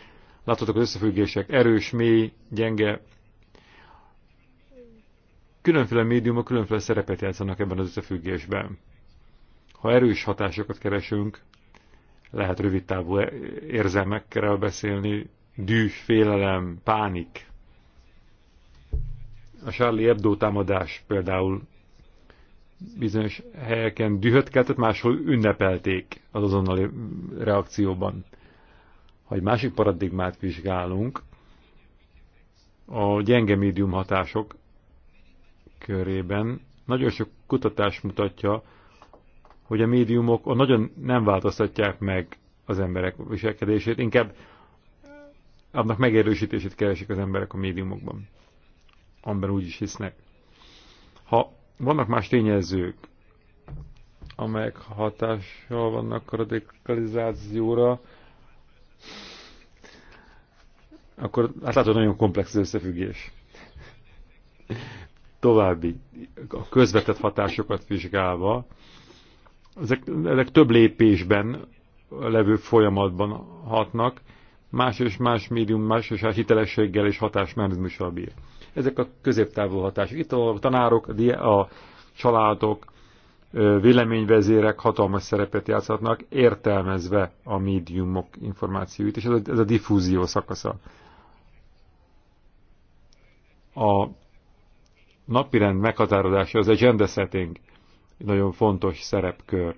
Láthatok az összefüggések, erős, mély, gyenge. Különféle médiumok különféle szerepet játszanak ebben az összefüggésben. Ha erős hatásokat keresünk, lehet rövid távú érzelmekkel beszélni, dűs, félelem, pánik. A Charlie Hebdo támadás például bizonyos helyeken dühöt keltett, máshol ünnepelték az azonnali reakcióban. Ha egy másik paradigmát vizsgálunk, a gyenge médium hatások körében nagyon sok kutatás mutatja, hogy a médiumok nagyon nem változtatják meg az emberek viselkedését, inkább annak megerősítését keresik az emberek a médiumokban. amiben úgy is hisznek. Ha vannak más tényezők, amelyek hatással vannak a radikalizációra, akkor hát látod, nagyon komplex az összefüggés. További, a közvetett hatásokat vizsgálva, ezek, ezek több lépésben levő folyamatban hatnak, más és más médium, más és más hitelességgel és hatásmechanizmussal bír. Ezek a középtávú hatások. Itt a tanárok, a családok, véleményvezérek hatalmas szerepet játszhatnak, értelmezve a médiumok információit, és ez a, ez a diffúzió szakasza. A napirend meghatározása, az agenda setting nagyon fontos szerepkör.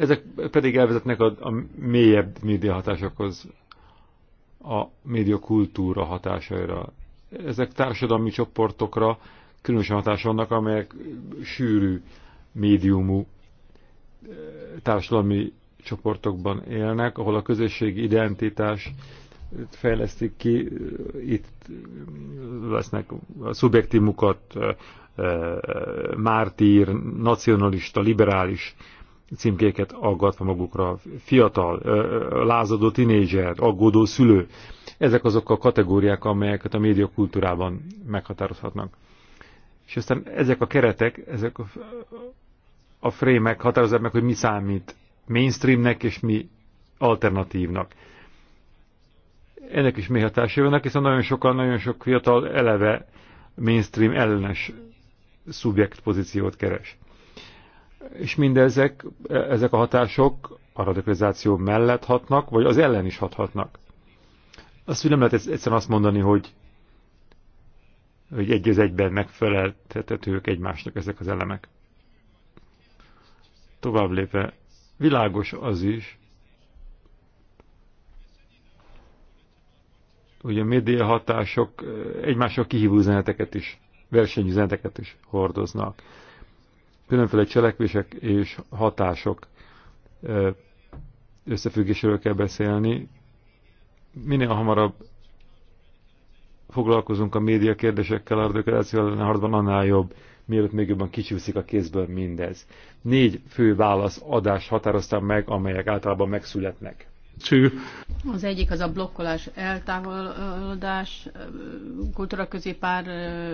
ezek pedig elvezetnek a, a mélyebb média hatásokhoz, a médiakultúra hatásaira. Ezek társadalmi csoportokra különösen hatás vannak, amelyek sűrű médiumú eh, társadalmi csoportokban élnek, ahol a közösség identitás fejlesztik ki, eh, itt lesznek a szubjektívukat, eh, mártír, nacionalista, liberális címkéket aggatva magukra, fiatal, lázadó tinédzser, aggódó szülő. Ezek azok a kategóriák, amelyeket a médiakultúrában meghatározhatnak. És aztán ezek a keretek, ezek a, a frémek határozzák meg, hogy mi számít mainstreamnek és mi alternatívnak. Ennek is mély hatása vannak, hiszen nagyon sokan, nagyon sok fiatal eleve mainstream ellenes szubjekt pozíciót keres és mindezek, ezek a hatások a radikalizáció mellett hatnak, vagy az ellen is hathatnak. Azt, hogy nem lehet egyszerűen azt mondani, hogy, hogy egy az egyben megfeleltethetők egymásnak ezek az elemek. Tovább lépve, világos az is, hogy a média hatások egymással kihívó üzeneteket is, versenyüzeneteket is hordoznak különféle cselekvések és hatások összefüggéséről kell beszélni. Minél hamarabb foglalkozunk a média kérdésekkel, a radiokeráció ellen harcban, annál jobb, mielőtt még jobban kicsúszik a kézből mindez. Négy fő válasz adás határoztam meg, amelyek általában megszületnek. Az egyik az a blokkolás, eltávolodás, kultúra középár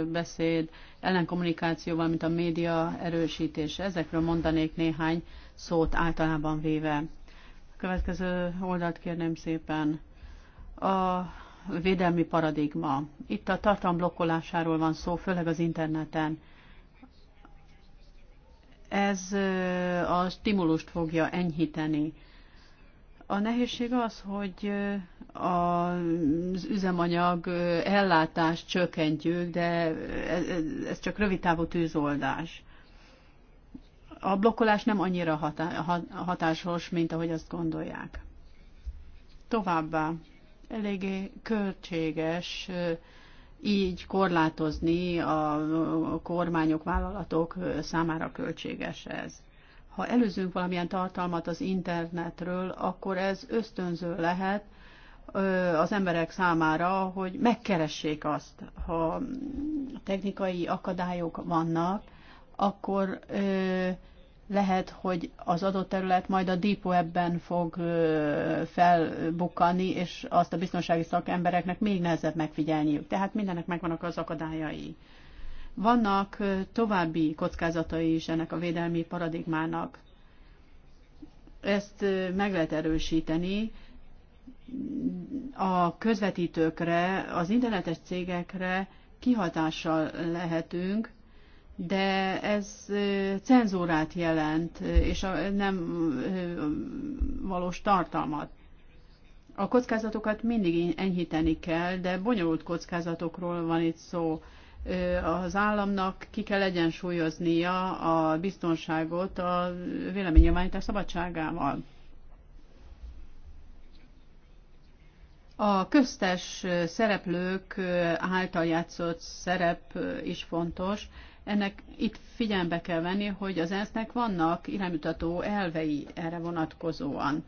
beszéd, ellenkommunikáció, valamint a média erősítése. Ezekről mondanék néhány szót általában véve. A következő oldalt kérném szépen. A védelmi paradigma. Itt a tartalom blokkolásáról van szó, főleg az interneten. Ez a stimulust fogja enyhíteni a nehézség az, hogy az üzemanyag ellátást csökkentjük, de ez csak rövid távú tűzoldás. A blokkolás nem annyira hatásos, mint ahogy azt gondolják. Továbbá eléggé költséges így korlátozni a kormányok, vállalatok számára költséges ez. Ha előzünk valamilyen tartalmat az internetről, akkor ez ösztönző lehet az emberek számára, hogy megkeressék azt. Ha technikai akadályok vannak, akkor lehet, hogy az adott terület majd a Deep Webben fog felbukkani, és azt a biztonsági szakembereknek még nehezebb megfigyelniük. Tehát mindennek megvannak az akadályai. Vannak további kockázatai is ennek a védelmi paradigmának. Ezt meg lehet erősíteni a közvetítőkre, az internetes cégekre kihatással lehetünk, de ez cenzúrát jelent, és nem valós tartalmat. A kockázatokat mindig enyhíteni kell, de bonyolult kockázatokról van itt szó az államnak ki kell egyensúlyoznia a biztonságot a véleménynyilvánítás szabadságával. A köztes szereplők által játszott szerep is fontos. Ennek itt figyelembe kell venni, hogy az ensz vannak iránymutató elvei erre vonatkozóan.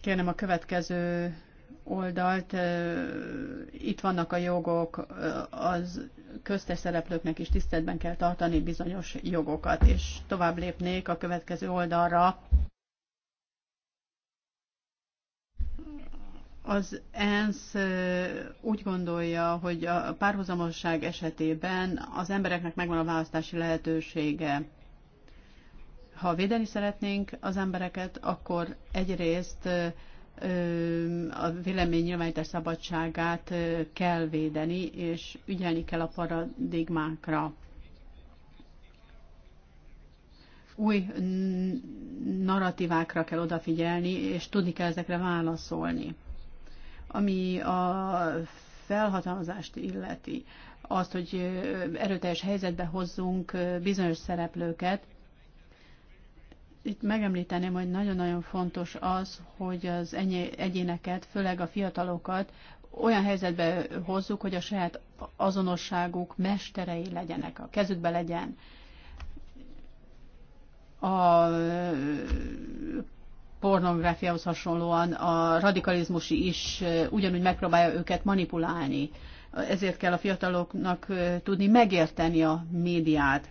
Kérem a következő oldalt, itt vannak a jogok, az köztes szereplőknek is tiszteletben kell tartani bizonyos jogokat, és tovább lépnék a következő oldalra. Az ENSZ úgy gondolja, hogy a párhuzamosság esetében az embereknek megvan a választási lehetősége. Ha védeni szeretnénk az embereket, akkor egyrészt a véleménynyilvánítás szabadságát kell védeni, és ügyelni kell a paradigmákra. Új narratívákra kell odafigyelni, és tudni kell ezekre válaszolni. Ami a felhatalmazást illeti, azt, hogy erőteljes helyzetbe hozzunk bizonyos szereplőket, itt megemlíteném, hogy nagyon-nagyon fontos az, hogy az egyéneket, főleg a fiatalokat olyan helyzetbe hozzuk, hogy a saját azonosságuk mesterei legyenek, a kezükbe legyen. A pornográfiához hasonlóan a radikalizmus is ugyanúgy megpróbálja őket manipulálni. Ezért kell a fiataloknak tudni megérteni a médiát.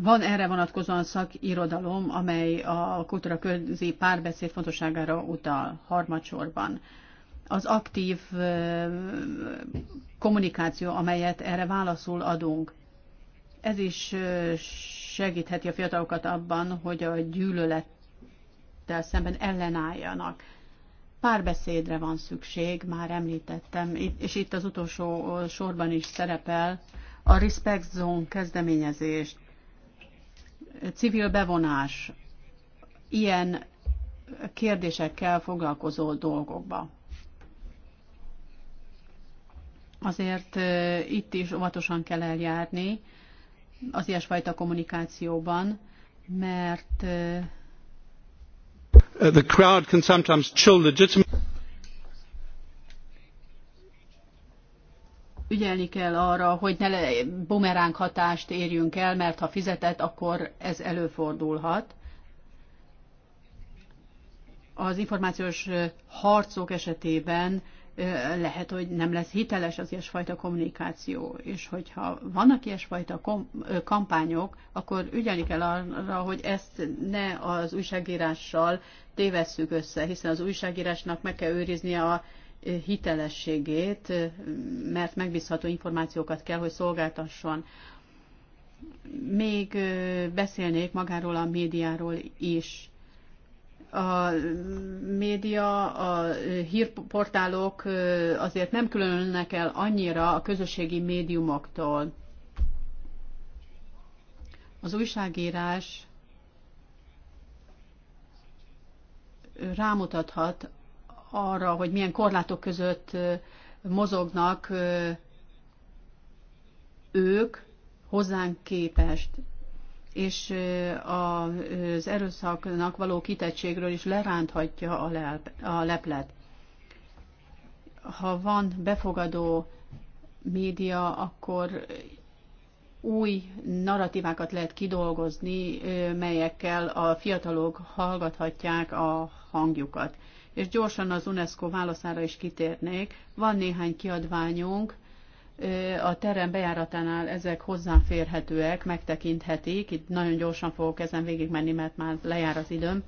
Van erre vonatkozóan szakirodalom, amely a kultúra közé párbeszéd fontosságára utal harmadsorban. Az aktív kommunikáció, amelyet erre válaszul adunk, ez is segítheti a fiatalokat abban, hogy a gyűlölettel szemben ellenálljanak. Párbeszédre van szükség, már említettem, és itt az utolsó sorban is szerepel a Respect Zone kezdeményezést civil bevonás ilyen kérdésekkel foglalkozó dolgokba. Azért itt is óvatosan kell eljárni az ilyesfajta kommunikációban, mert uh, the crowd can sometimes chill legitimate ügyelni kell arra, hogy ne bumeránk hatást érjünk el, mert ha fizetett, akkor ez előfordulhat. Az információs harcok esetében lehet, hogy nem lesz hiteles az ilyesfajta kommunikáció, és hogyha vannak ilyesfajta kom- kampányok, akkor ügyelni kell arra, hogy ezt ne az újságírással tévesszük össze, hiszen az újságírásnak meg kell őriznie a hitelességét, mert megbízható információkat kell, hogy szolgáltasson. Még beszélnék magáról a médiáról is. A média, a hírportálok azért nem különülnek el annyira a közösségi médiumoktól. Az újságírás rámutathat arra, hogy milyen korlátok között mozognak ők hozzánk képest, és az erőszaknak való kitettségről is leránthatja a leplet. Ha van befogadó média, akkor új narratívákat lehet kidolgozni, melyekkel a fiatalok hallgathatják a hangjukat és gyorsan az UNESCO válaszára is kitérnék. Van néhány kiadványunk, a terem bejáratánál ezek hozzáférhetőek, megtekinthetik. Itt nagyon gyorsan fogok ezen végigmenni, mert már lejár az időm.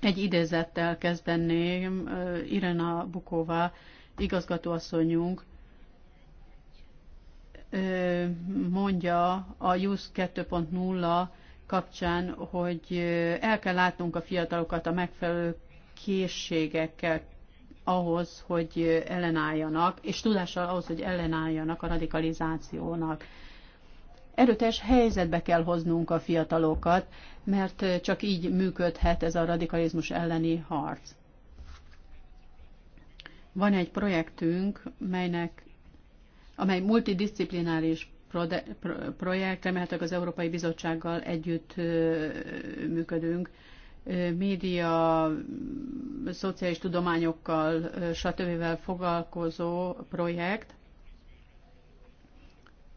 Egy idézettel kezdeném Irena Bukova, igazgatóasszonyunk, mondja a JUSZ kapcsán, hogy el kell látnunk a fiatalokat a megfelelő készségekkel ahhoz, hogy ellenálljanak, és tudással ahhoz, hogy ellenálljanak a radikalizációnak. Erőteljes helyzetbe kell hoznunk a fiatalokat, mert csak így működhet ez a radikalizmus elleni harc. Van egy projektünk, melynek, amely multidisciplináris projekt, remélhetőleg az Európai Bizottsággal együtt működünk, média, szociális tudományokkal, stb. foglalkozó projekt.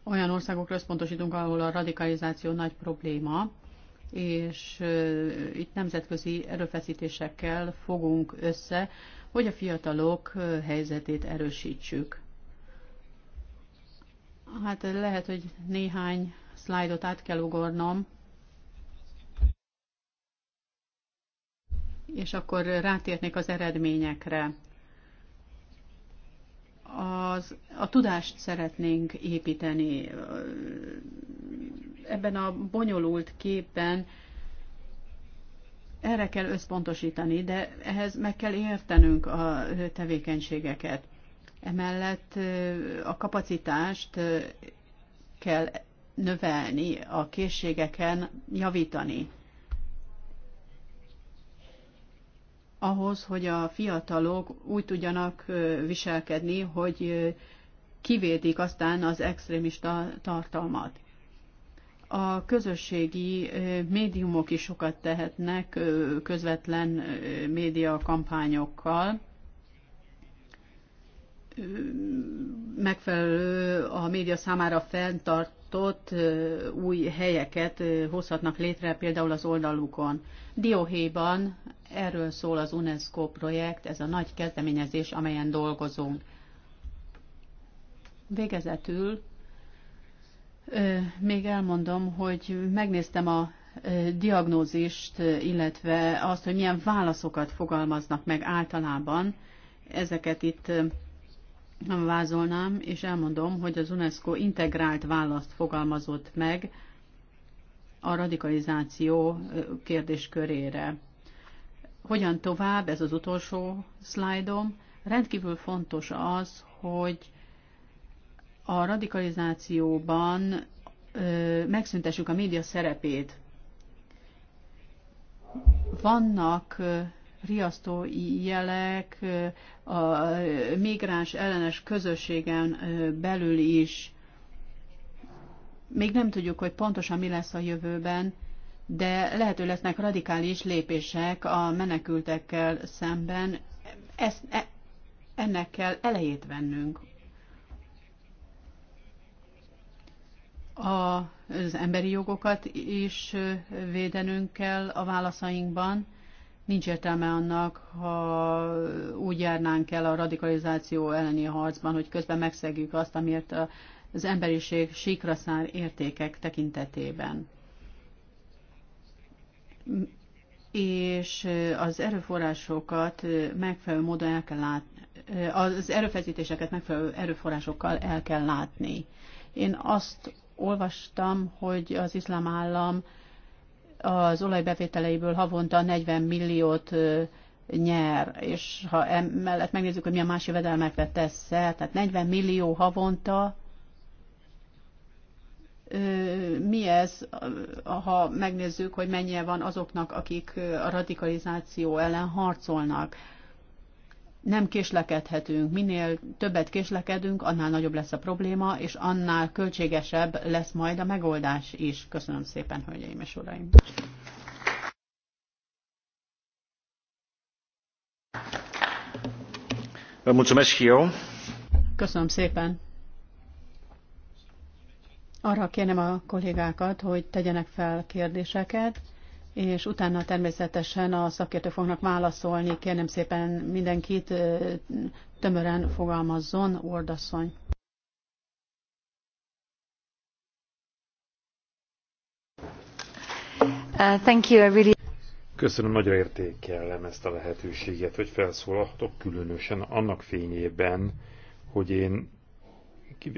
Olyan országokra összpontosítunk, ahol a radikalizáció nagy probléma, és itt nemzetközi erőfeszítésekkel fogunk össze, hogy a fiatalok helyzetét erősítsük. Hát lehet, hogy néhány szlájdot át kell ugornom, és akkor rátérnék az eredményekre. Az, a tudást szeretnénk építeni. Ebben a bonyolult képben erre kell összpontosítani, de ehhez meg kell értenünk a tevékenységeket. Emellett a kapacitást kell növelni, a készségeken javítani. Ahhoz, hogy a fiatalok úgy tudjanak viselkedni, hogy kivédik aztán az extrémista tartalmat. A közösségi médiumok is sokat tehetnek közvetlen média kampányokkal, megfelelő a média számára fenntartott új helyeket hozhatnak létre, például az oldalukon. Dióhéjban erről szól az UNESCO projekt, ez a nagy kezdeményezés, amelyen dolgozunk. Végezetül még elmondom, hogy megnéztem a diagnózist, illetve azt, hogy milyen válaszokat fogalmaznak meg általában. Ezeket itt vázolnám, és elmondom, hogy az UNESCO integrált választ fogalmazott meg a radikalizáció kérdéskörére. Hogyan tovább, ez az utolsó szlájdom, rendkívül fontos az, hogy a radikalizációban megszüntessük a média szerepét. Vannak riasztó jelek a migráns ellenes közösségen belül is. Még nem tudjuk, hogy pontosan mi lesz a jövőben, de lehető lesznek radikális lépések a menekültekkel szemben. Ezt, e, ennek kell elejét vennünk. A, az emberi jogokat is védenünk kell a válaszainkban Nincs értelme annak, ha úgy járnánk el a radikalizáció elleni harcban, hogy közben megszegjük azt, amiért az emberiség síkra száll értékek tekintetében. És az erőforrásokat megfelelő módon el kell látni, az erőfeszítéseket megfelelő erőforrásokkal el kell látni. Én azt olvastam, hogy az iszlám állam az olajbevételeiből havonta 40 milliót nyer, és ha emellett megnézzük, hogy milyen más jövedelmekre tesz el, tehát 40 millió havonta, mi ez, ha megnézzük, hogy mennyi van azoknak, akik a radikalizáció ellen harcolnak nem késlekedhetünk. Minél többet késlekedünk, annál nagyobb lesz a probléma, és annál költségesebb lesz majd a megoldás is. Köszönöm szépen, hölgyeim és uraim! Köszönöm szépen! Arra kérem a kollégákat, hogy tegyenek fel kérdéseket és utána természetesen a szakértő fognak válaszolni. Kérném szépen mindenkit tömören fogalmazzon, ordasszony. Uh, thank you, really... Köszönöm, nagyra értékelem ezt a lehetőséget, hogy felszólaltok különösen annak fényében, hogy én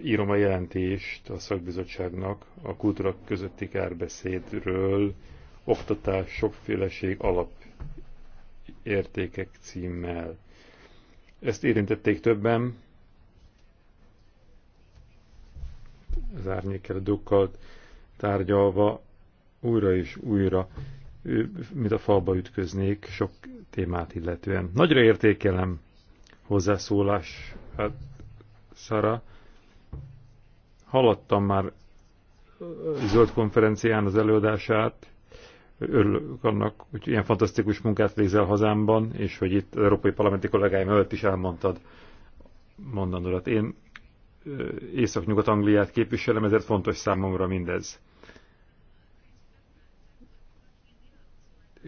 írom a jelentést a szakbizottságnak a kultúrak közötti kárbeszédről, oktatás sokféleség értékek címmel. Ezt érintették többen, az dukkalt tárgyalva újra és újra, mint a falba ütköznék sok témát illetően. Nagyra értékelem hozzászólás, hát Szara, hallottam már zöld konferencián az előadását, örülök annak, hogy ilyen fantasztikus munkát végzel hazámban, és hogy itt európai parlamenti kollégáim előtt is elmondtad mondanodat. Én Észak-Nyugat-Angliát képviselem, ezért fontos számomra mindez.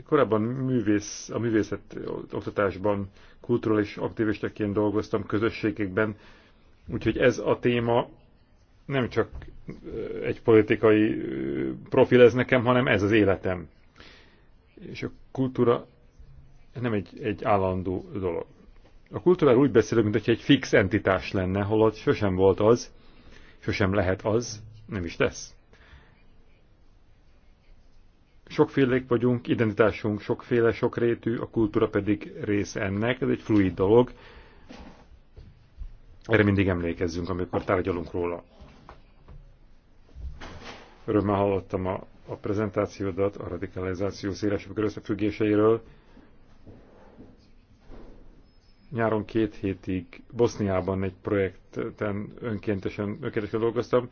Korábban művész, a művészet oktatásban kulturális aktivistaként dolgoztam közösségekben, úgyhogy ez a téma nem csak egy politikai profil ez nekem, hanem ez az életem és a kultúra nem egy, egy állandó dolog. A kultúráról úgy beszélünk, mint hogy egy fix entitás lenne, holott sosem volt az, sosem lehet az, nem is lesz. Sokfélék vagyunk, identitásunk sokféle, sokrétű, a kultúra pedig rész ennek, ez egy fluid dolog. Erre mindig emlékezzünk, amikor tárgyalunk róla. Örömmel hallottam a a prezentációdat a radikalizáció szélesebb összefüggéseiről. Nyáron két hétig Boszniában egy projekten önkéntesen, önkéntesen dolgoztam.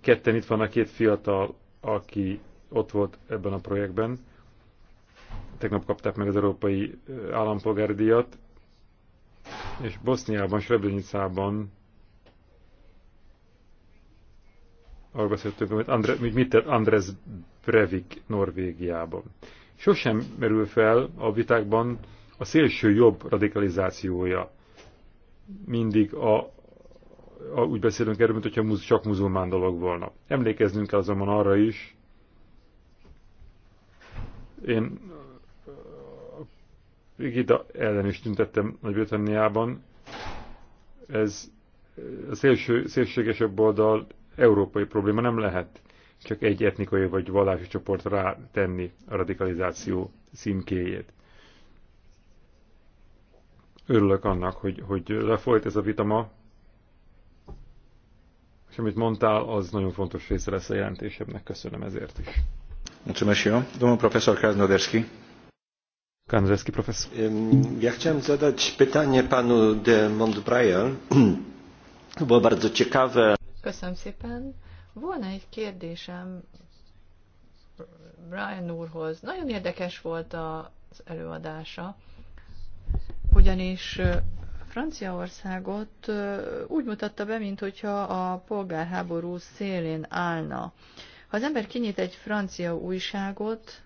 Ketten itt van a két fiatal, aki ott volt ebben a projektben. Tegnap kapták meg az Európai Állampolgári Díjat, és Boszniában, Srebrenicában arra beszéltünk, amit Andre, mit tett Andres Brevik Norvégiában. Sosem merül fel a vitákban a szélső jobb radikalizációja. Mindig a, a, úgy beszélünk erről, mint hogyha muz, csak muzulmán dolog volna. Emlékeznünk kell azonban arra is, én uh, Rigida ellen is tüntettem Nagy-Britanniában. Ez a szélső, szélségesebb oldal európai probléma nem lehet csak egy etnikai vagy vallási csoportra rátenni a radikalizáció címkéjét. Örülök annak, hogy, hogy lefolyt ez a vita ma, és amit mondtál, az nagyon fontos része lesz a jelentésemnek. Köszönöm ezért is. Mulțumesc eu. Domnul profesor Krasnoderski. Krasnoderski profesor. Ja chciałem zadać pytanie panu de Montbrial. To było bardzo ciekawe. Köszönöm szépen. Volna egy kérdésem Brian úrhoz. Nagyon érdekes volt az előadása, ugyanis Franciaországot úgy mutatta be, mintha a polgárháború szélén állna. Ha az ember kinyit egy francia újságot,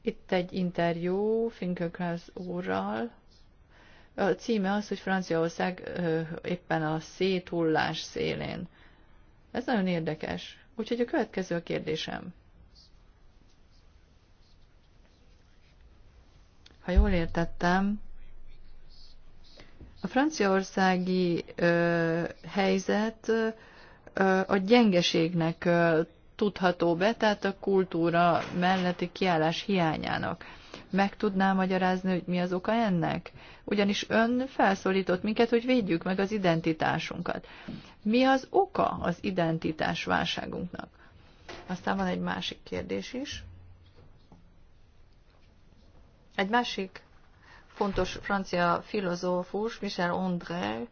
itt egy interjú Finkelkraus úrral, a címe az, hogy Franciaország éppen a széthullás szélén. Ez nagyon érdekes. Úgyhogy a következő a kérdésem. Ha jól értettem, a franciaországi ö, helyzet ö, a gyengeségnek ö, tudható be, tehát a kultúra melletti kiállás hiányának. Meg tudná magyarázni, hogy mi az oka ennek? Ugyanis ön felszólított minket, hogy védjük meg az identitásunkat. Mi az oka az identitás válságunknak? Aztán van egy másik kérdés is. Egy másik fontos francia filozófus, Michel André,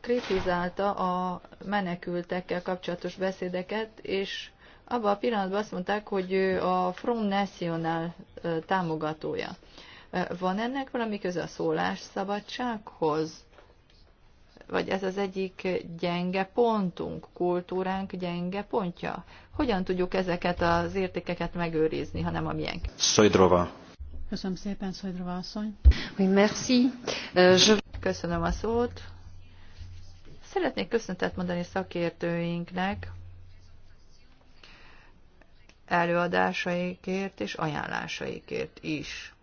kritizálta a menekültekkel kapcsolatos beszédeket, és abban a pillanatban azt mondták, hogy ő a Front National támogatója. Van ennek valami köze a szólásszabadsághoz? Vagy ez az egyik gyenge pontunk, kultúránk gyenge pontja? Hogyan tudjuk ezeket az értékeket megőrizni, ha nem a miénk? Szojdrova. Köszönöm szépen, Szojdrova asszony. merci. Euh, Köszönöm a szót. Szeretnék köszöntet mondani szakértőinknek előadásaikért és ajánlásaikért is.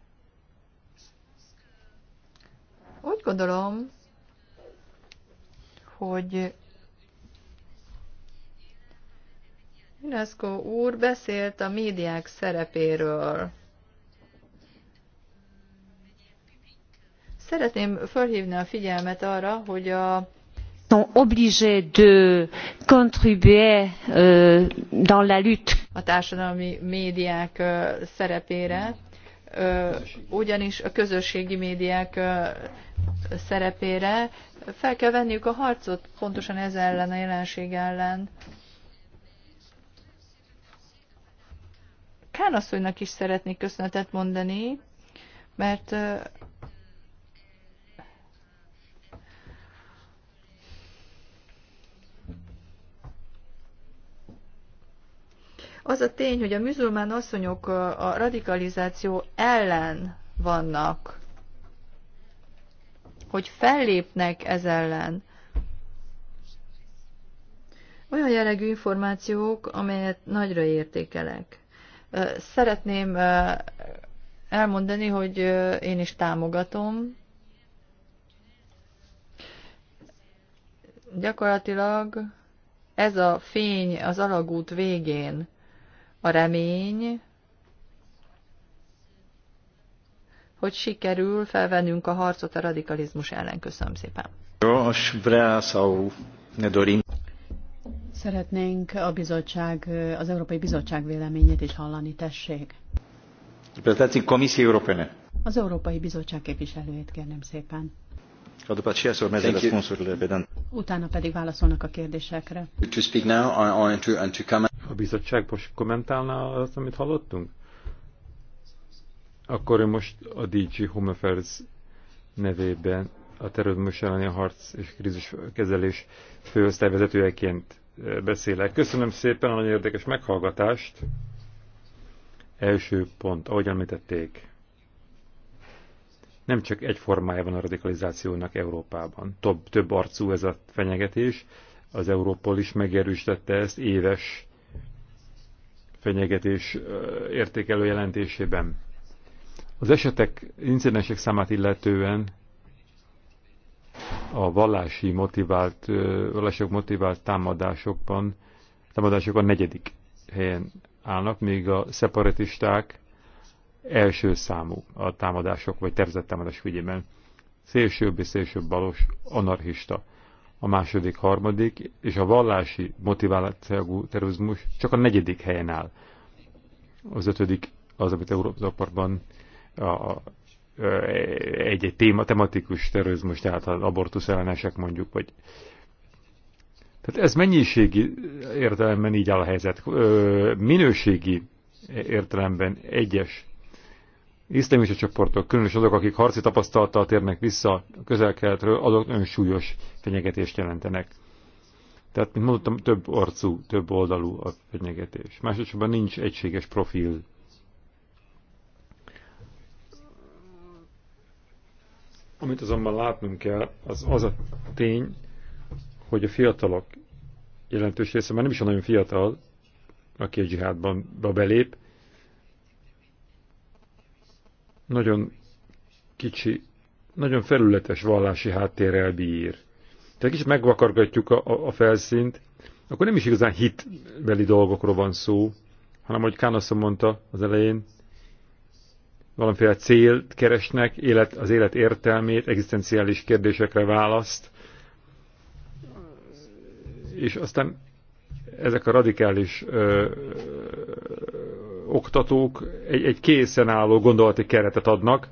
Úgy gondolom, hogy UNESCO úr beszélt a médiák szerepéről. Szeretném felhívni a figyelmet arra, hogy a sont obligés de contribuer euh, dans la lutte. A társadalmi médiák szerepére, ugyanis a közösségi médiák szerepére fel kell venniük a harcot pontosan ez ellen a jelenség ellen. Kán asszonynak is szeretnék köszönetet mondani, mert Az a tény, hogy a műzulmán asszonyok a radikalizáció ellen vannak, hogy fellépnek ez ellen. Olyan jellegű információk, amelyet nagyra értékelek. Szeretném elmondani, hogy én is támogatom. Gyakorlatilag ez a fény az alagút végén a remény, hogy sikerül felvennünk a harcot a radikalizmus ellen. Köszönöm szépen. Szeretnénk a bizottság, az Európai Bizottság véleményét is hallani, tessék. Az Európai Bizottság képviselőjét kérném szépen. Utána pedig válaszolnak a kérdésekre. To speak now and to, and to come a bizottság most kommentálná azt, amit hallottunk? Akkor ő most a DG Home Affairs nevében a terrorizmus elleni harc és krízis kezelés főosztályvezetőjeként eh, beszélek. Köszönöm szépen a nagyon érdekes meghallgatást. Első pont, ahogy említették, nem csak egy formája van a radikalizációnak Európában. Több, több arcú ez a fenyegetés. Az Európol is megerősítette ezt éves fenyegetés értékelő jelentésében. Az esetek, incidensek számát illetően a vallási motivált, vallások motivált támadásokban, támadások a negyedik helyen állnak, még a szeparatisták első számú a támadások, vagy tervezett támadás ügyében. Szélsőbb és szélsőbb balos anarchista a második, harmadik, és a vallási motiváció terrorizmus csak a negyedik helyen áll. Az ötödik az, amit Európa-Zaparban egy-egy téma, tematikus terrorizmus, tehát az abortusz ellenesek mondjuk, vagy tehát ez mennyiségi értelemben így áll a helyzet. Minőségi értelemben egyes iszlamista csoportok, különös azok, akik harci tapasztalattal térnek vissza a közelkeletről, azok nagyon súlyos fenyegetést jelentenek. Tehát, mint mondottam, több arcú, több oldalú a fenyegetés. Másodszorban nincs egységes profil. Amit azonban látnunk kell, az az a tény, hogy a fiatalok jelentős része már nem is a nagyon fiatal, aki a dzsihádban belép, nagyon kicsi, nagyon felületes vallási háttérrel bír. Tehát kicsit megvakargatjuk a, a, a felszínt, akkor nem is igazán hitbeli dolgokról van szó, hanem, hogy Kánoszon mondta az elején, valamiféle célt keresnek, élet, az élet értelmét, egzisztenciális kérdésekre választ, és aztán ezek a radikális ö, oktatók egy, egy készen álló gondolati keretet adnak,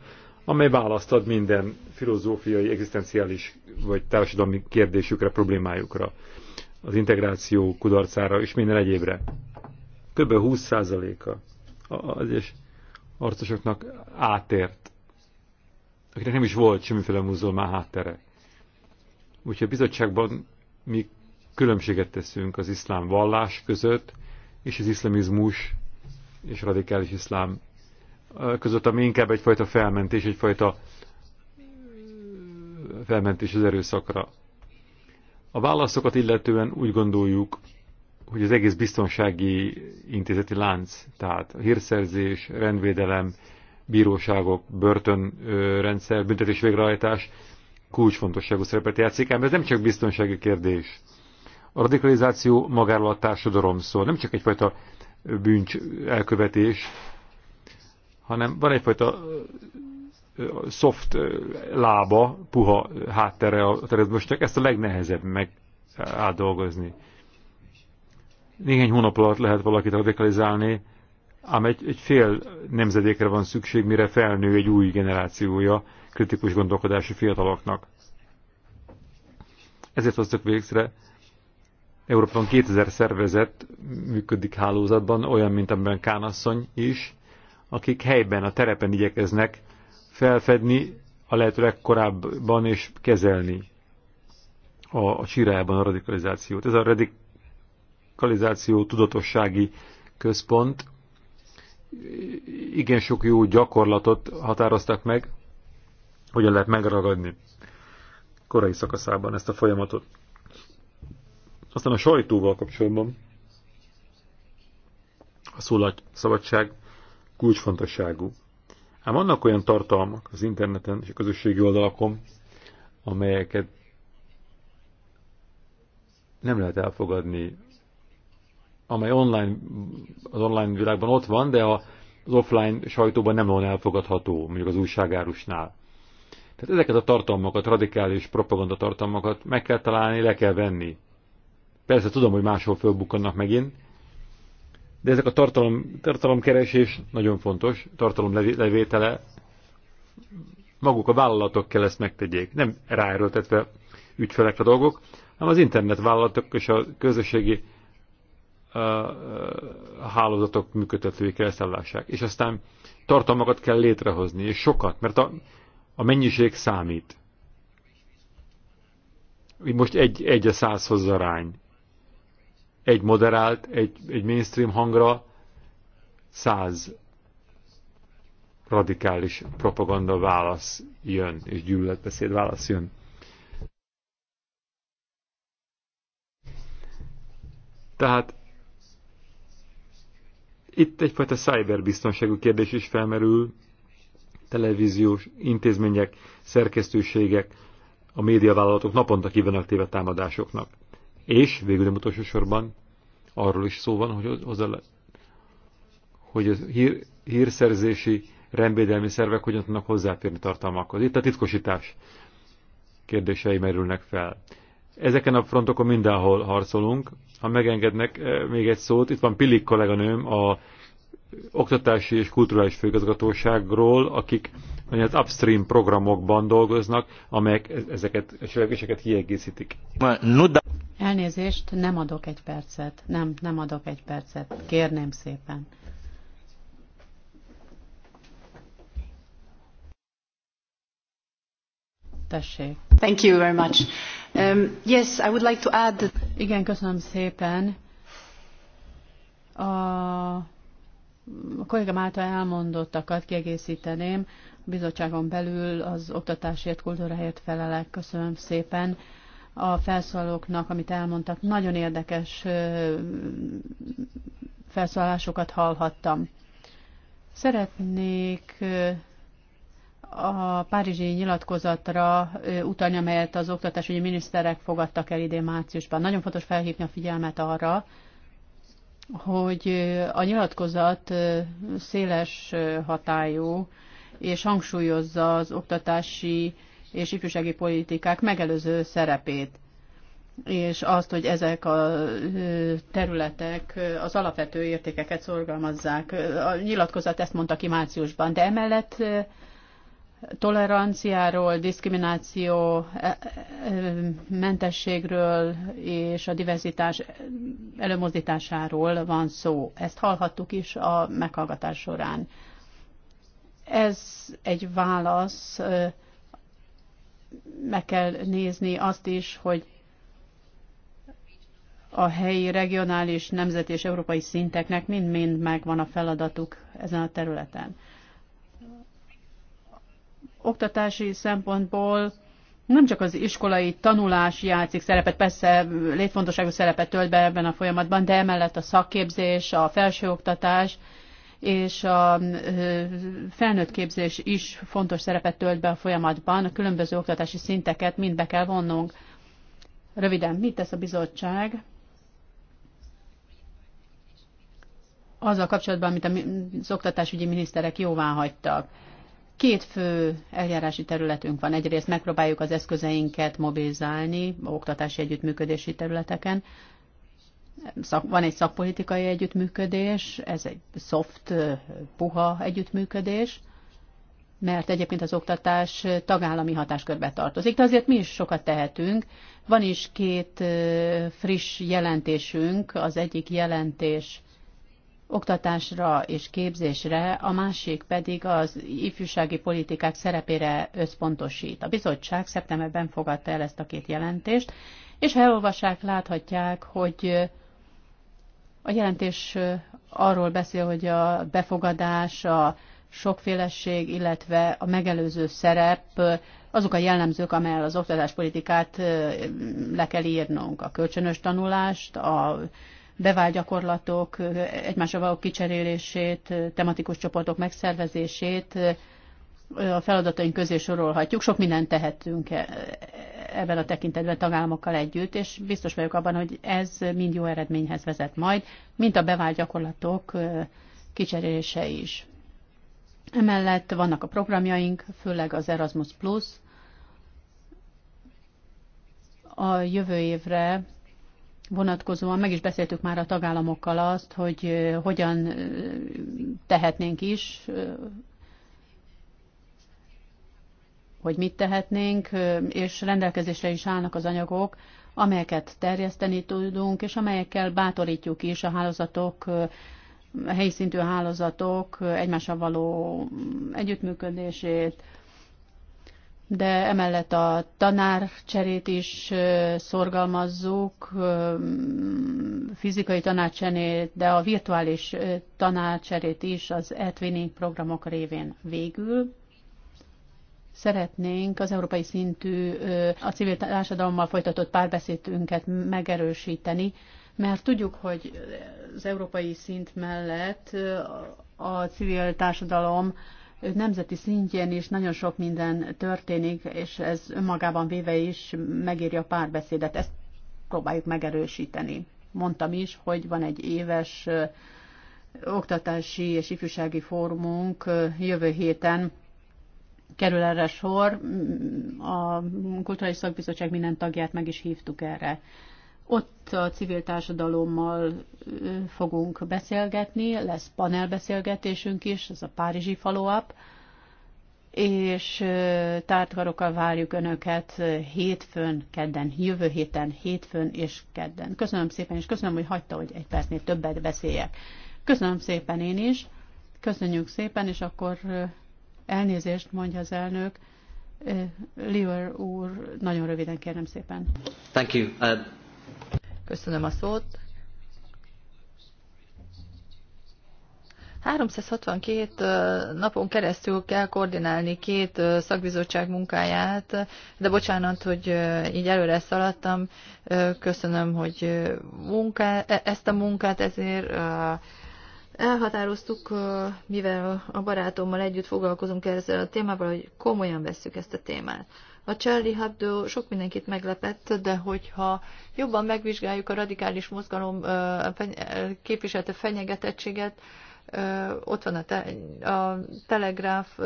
amely választ ad minden filozófiai, egzisztenciális vagy társadalmi kérdésükre, problémájukra, az integráció kudarcára és minden egyébre. Kb. 20%-a az és arcosoknak átért, akinek nem is volt semmiféle muzulmán háttere. Úgyhogy a bizottságban mi különbséget teszünk az iszlám vallás között és az iszlamizmus és radikális iszlám között, ami inkább egyfajta felmentés, egyfajta felmentés az erőszakra. A válaszokat illetően úgy gondoljuk, hogy az egész biztonsági intézeti lánc, tehát hírszerzés, rendvédelem, bíróságok, börtönrendszer, büntetés végrehajtás kulcsfontosságú szerepet játszik, ám ez nem csak biztonsági kérdés. A radikalizáció magáról a társadalom szól, nem csak egyfajta bűncs elkövetés, hanem van egyfajta soft lába, puha háttere a terezmösnek, ezt a legnehezebb meg átdolgozni. Néhány hónap alatt lehet valakit radikalizálni, ám egy, egy fél nemzedékre van szükség, mire felnő egy új generációja kritikus gondolkodási fiataloknak. Ezért hoztak végzre Európában 2000 szervezet működik hálózatban, olyan, mint amiben Kánasszony is, akik helyben, a terepen igyekeznek felfedni a lehető legkorábban és kezelni a, a csirájában a radikalizációt. Ez a radikalizáció tudatossági központ igen sok jó gyakorlatot határoztak meg, hogyan lehet megragadni korai szakaszában ezt a folyamatot. Aztán a sajtóval kapcsolatban a szabadság kulcsfontosságú. Ám vannak olyan tartalmak az interneten és a közösségi oldalakon, amelyeket nem lehet elfogadni, amely online, az online világban ott van, de az offline sajtóban nem olyan elfogadható, mondjuk az újságárusnál. Tehát ezeket a tartalmakat, radikális propaganda tartalmakat meg kell találni, le kell venni Persze tudom, hogy máshol fölbukkannak megint, de ezek a tartalom, tartalomkeresés nagyon fontos, tartalom levétele. Maguk a vállalatok kell ezt megtegyék, nem ráerőltetve ügyfelek a dolgok, hanem az internetvállalatok és a közösségi uh, hálózatok működtetői kell ezt ellássák. És aztán tartalmakat kell létrehozni, és sokat, mert a, a mennyiség számít. most egy, egy a száz hozzarány, egy moderált, egy, egy mainstream hangra száz radikális propaganda válasz jön, és gyűlöletbeszéd válasz jön. Tehát itt egyfajta cyberbiztonságú kérdés is felmerül, televíziós intézmények, szerkesztőségek, a médiavállalatok naponta kivenek téve támadásoknak. És végül nem utolsó sorban arról is szó van, hogy, hozzá hogy a hír, hírszerzési rendvédelmi szervek hogyan tudnak hozzáférni tartalmakhoz. Itt a titkosítás kérdései merülnek fel. Ezeken a frontokon mindenhol harcolunk. Ha megengednek eh, még egy szót, itt van Pilik kolléganőm a Oktatási és Kulturális Főigazgatóságról, akik az upstream programokban dolgoznak, amelyek e- ezeket a cselekvéseket kiegészítik. Elnézést, nem adok egy percet. Nem, nem adok egy percet. Kérném szépen. Tessék. Thank you very much. Um, yes, I would like to add... Igen, köszönöm szépen. A a kollégám által elmondottakat kiegészíteném bizottságon belül az oktatásért, kultúráért felelek. Köszönöm szépen a felszólalóknak, amit elmondtak. Nagyon érdekes felszólalásokat hallhattam. Szeretnék a párizsi nyilatkozatra utalni, amelyet az oktatásügyi miniszterek fogadtak el idén márciusban. Nagyon fontos felhívni a figyelmet arra, hogy a nyilatkozat széles hatályú, és hangsúlyozza az oktatási és ifjúsági politikák megelőző szerepét, és azt, hogy ezek a területek az alapvető értékeket szorgalmazzák. A nyilatkozat ezt mondta ki márciusban, de emellett toleranciáról, diszkrimináció, e, e, mentességről és a diverzitás előmozdításáról van szó. Ezt hallhattuk is a meghallgatás során. Ez egy válasz, meg kell nézni azt is, hogy a helyi, regionális, nemzeti és európai szinteknek mind-mind megvan a feladatuk ezen a területen. Oktatási szempontból nem csak az iskolai tanulás játszik szerepet, persze létfontosságú szerepet tölt be ebben a folyamatban, de emellett a szakképzés, a felsőoktatás, és a felnőtt képzés is fontos szerepet tölt be a folyamatban, a különböző oktatási szinteket mind be kell vonnunk. Röviden, mit tesz a bizottság? Azzal kapcsolatban, amit az oktatásügyi miniszterek jóvá hagytak. Két fő eljárási területünk van. Egyrészt megpróbáljuk az eszközeinket mobilizálni oktatási együttműködési területeken, szak, van egy szakpolitikai együttműködés, ez egy soft, puha együttműködés, mert egyébként az oktatás tagállami hatáskörbe tartozik, de azért mi is sokat tehetünk. Van is két friss jelentésünk, az egyik jelentés oktatásra és képzésre, a másik pedig az ifjúsági politikák szerepére összpontosít. A bizottság szeptemberben fogadta el ezt a két jelentést, és ha elolvassák, láthatják, hogy a jelentés arról beszél, hogy a befogadás, a sokféleség, illetve a megelőző szerep azok a jellemzők, amelyel az oktatáspolitikát le kell írnunk. A kölcsönös tanulást, a bevált gyakorlatok egymásra való kicserélését, tematikus csoportok megszervezését a feladataink közé sorolhatjuk. Sok mindent tehetünk e, ebben a tekintetben tagállamokkal együtt, és biztos vagyok abban, hogy ez mind jó eredményhez vezet majd, mint a bevált gyakorlatok kicserélése is. Emellett vannak a programjaink, főleg az Erasmus Plus. A jövő évre vonatkozóan meg is beszéltük már a tagállamokkal azt, hogy hogyan tehetnénk is hogy mit tehetnénk, és rendelkezésre is állnak az anyagok, amelyeket terjeszteni tudunk, és amelyekkel bátorítjuk is a hálózatok, a helyi szintű hálózatok egymással való együttműködését, de emellett a tanárcserét is szorgalmazzuk, fizikai tanárcserét, de a virtuális tanárcserét is az e programok révén végül Szeretnénk az európai szintű a civil társadalommal folytatott párbeszédünket megerősíteni, mert tudjuk, hogy az európai szint mellett a civil társadalom nemzeti szintjén is nagyon sok minden történik, és ez önmagában véve is megéri a párbeszédet. Ezt próbáljuk megerősíteni. Mondtam is, hogy van egy éves oktatási és ifjúsági fórumunk jövő héten kerül erre sor. Mm, a Kulturális Szakbizottság minden tagját meg is hívtuk erre. Ott a civil társadalommal fogunk beszélgetni, lesz panelbeszélgetésünk is, ez a Párizsi follow-up, és tártkarokkal várjuk Önöket hétfőn, kedden, jövő héten, hétfőn és kedden. Köszönöm szépen, és köszönöm, hogy hagyta, hogy egy percnél többet beszéljek. Köszönöm szépen én is, köszönjük szépen, és akkor Elnézést, mondja az elnök. Eh, Liver úr, nagyon röviden kérem szépen. Thank you. Uh... Köszönöm a szót. 362 eh, napon keresztül kell koordinálni két eh, szakbizottság munkáját, de bocsánat, hogy így előre szaladtam. Köszönöm, hogy munká, e-, ezt a munkát ezért Elhatároztuk, mivel a barátommal együtt foglalkozunk ezzel a témával, hogy komolyan vesszük ezt a témát. A Charlie Hebdo sok mindenkit meglepett, de hogyha jobban megvizsgáljuk a radikális mozgalom képviselte fenyegetettséget, ott van a, te, a telegráf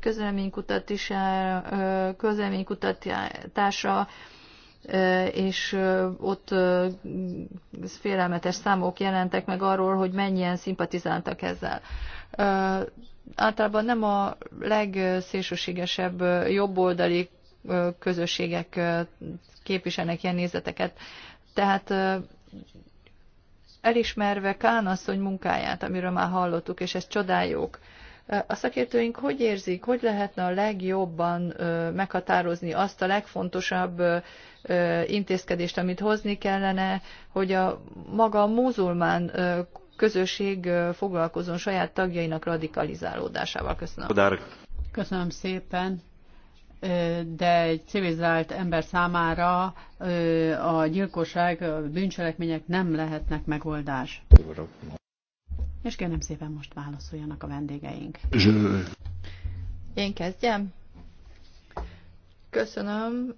közleménykutatása, és ott félelmetes számok jelentek meg arról, hogy mennyien szimpatizáltak ezzel. Általában nem a legszélsőségesebb jobboldali közösségek képviselnek ilyen nézeteket. Tehát elismerve Kán asszony munkáját, amiről már hallottuk, és ezt csodáljuk, a szakértőink hogy érzik, hogy lehetne a legjobban meghatározni azt a legfontosabb intézkedést, amit hozni kellene, hogy a maga a muzulmán közösség foglalkozon saját tagjainak radikalizálódásával. Köszönöm. Köszönöm szépen de egy civilizált ember számára a gyilkosság, a bűncselekmények nem lehetnek megoldás és kérem szépen most válaszoljanak a vendégeink. Én kezdjem? Köszönöm.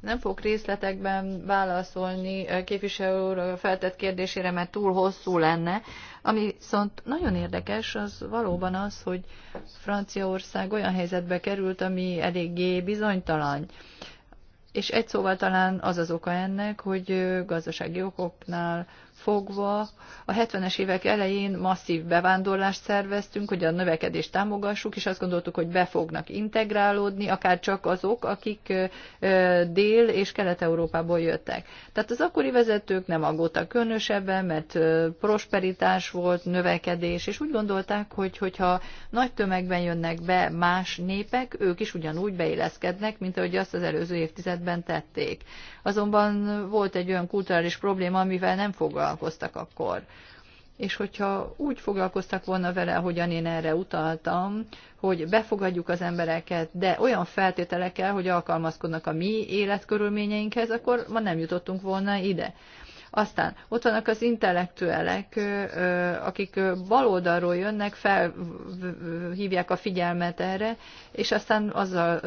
Nem fogok részletekben válaszolni eh, képviselő úr feltett kérdésére, mert túl hosszú lenne. Ami viszont nagyon érdekes, az valóban az, hogy Franciaország olyan helyzetbe került, ami eléggé bizonytalan. És egy szóval talán az az oka ennek, hogy eh, gazdasági okoknál fogva a 70-es évek elején masszív bevándorlást szerveztünk, hogy a növekedést támogassuk, és azt gondoltuk, hogy be fognak integrálódni, akár csak azok, akik Dél- és Kelet-Európából jöttek. Tehát az akkori vezetők nem aggódtak különösebben, mert prosperitás volt, növekedés, és úgy gondolták, hogy hogyha nagy tömegben jönnek be más népek, ők is ugyanúgy beilleszkednek, mint ahogy azt az előző évtizedben tették. Azonban volt egy olyan kulturális probléma, amivel nem fogal foglalkoztak akkor. És hogyha úgy foglalkoztak volna vele, ahogyan én erre utaltam, hogy befogadjuk az embereket, de olyan feltételekkel, hogy alkalmazkodnak a mi életkörülményeinkhez, akkor ma nem jutottunk volna ide. Aztán ott vannak az intellektuelek, akik baloldalról jönnek, felhívják a figyelmet erre, és aztán azzal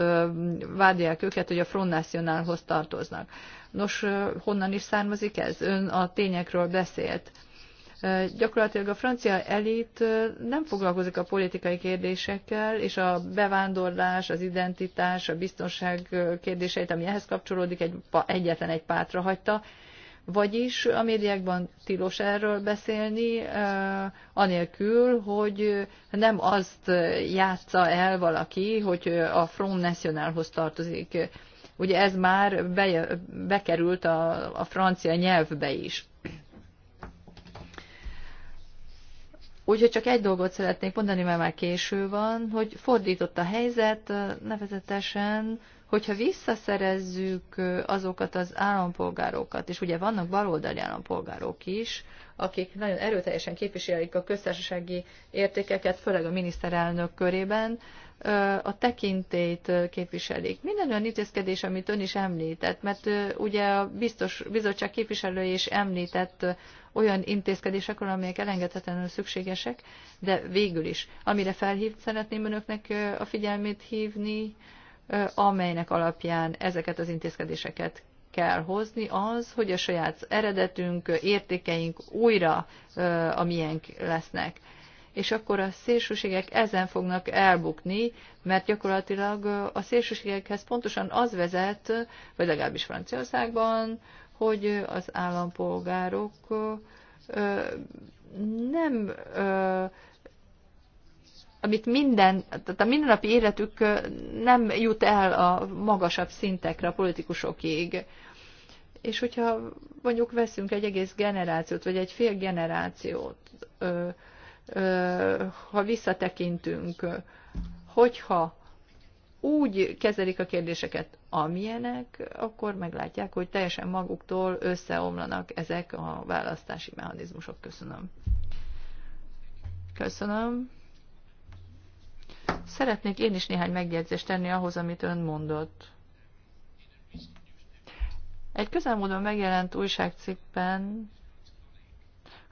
vádják őket, hogy a Front Nationalhoz tartoznak. Nos, honnan is származik ez? Ön a tényekről beszélt gyakorlatilag a francia elit nem foglalkozik a politikai kérdésekkel, és a bevándorlás, az identitás, a biztonság kérdéseit, ami ehhez kapcsolódik, egy, egyetlen egy pátra hagyta, vagyis a médiákban tilos erről beszélni, anélkül, hogy nem azt játsza el valaki, hogy a Front Nationalhoz tartozik. Ugye ez már be, bekerült a, a francia nyelvbe is. Úgyhogy csak egy dolgot szeretnék mondani, mert már késő van, hogy fordított a helyzet, nevezetesen hogyha visszaszerezzük azokat az állampolgárokat, és ugye vannak baloldali állampolgárok is, akik nagyon erőteljesen képviselik a köztársasági értékeket, főleg a miniszterelnök körében, a tekintét képviselik. Minden olyan intézkedés, amit ön is említett, mert ugye a biztos, bizottság képviselője is említett olyan intézkedésekről, amelyek elengedhetetlenül szükségesek, de végül is, amire felhív, szeretném önöknek a figyelmét hívni, amelynek alapján ezeket az intézkedéseket kell hozni, az, hogy a saját eredetünk, értékeink újra a miénk lesznek. És akkor a szélsőségek ezen fognak elbukni, mert gyakorlatilag a szélsőségekhez pontosan az vezet, vagy legalábbis Franciaországban, hogy az állampolgárok nem amit minden, tehát a mindennapi életük nem jut el a magasabb szintekre, a politikusokig. És hogyha mondjuk veszünk egy egész generációt, vagy egy fél generációt, ö, ö, ha visszatekintünk, hogyha úgy kezelik a kérdéseket, amilyenek, akkor meglátják, hogy teljesen maguktól összeomlanak ezek a választási mechanizmusok. Köszönöm. Köszönöm. Szeretnék én is néhány megjegyzést tenni ahhoz, amit ön mondott. Egy közelmúltban megjelent újságcikkben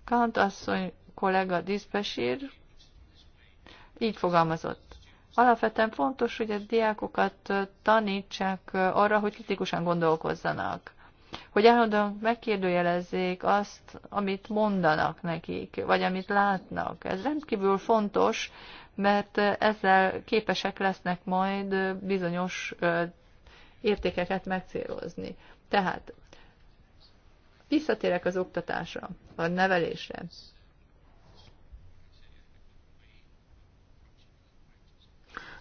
Kant asszony kollega Diszpesír így fogalmazott. Alapvetően fontos, hogy a diákokat tanítsák arra, hogy kritikusan gondolkozzanak. Hogy állandóan megkérdőjelezzék azt, amit mondanak nekik, vagy amit látnak. Ez rendkívül fontos, mert ezzel képesek lesznek majd bizonyos értékeket megcélozni. Tehát visszatérek az oktatásra, a nevelésre.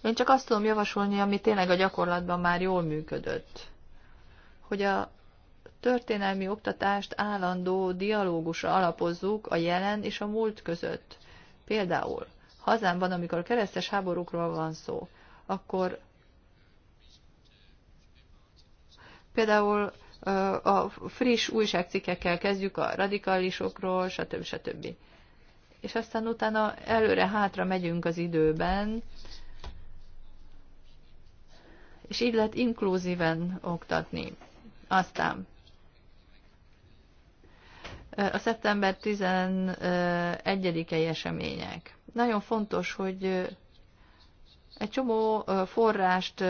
Én csak azt tudom javasolni, ami tényleg a gyakorlatban már jól működött. Hogy a történelmi oktatást állandó dialógusra alapozzuk a jelen és a múlt között. Például hazámban, amikor keresztes háborúkról van szó, akkor például a friss újságcikkekkel kezdjük a radikálisokról, stb. stb. És aztán utána előre-hátra megyünk az időben, és így lehet inkluzíven oktatni. Aztán a szeptember 11-i események. Nagyon fontos, hogy egy csomó forrást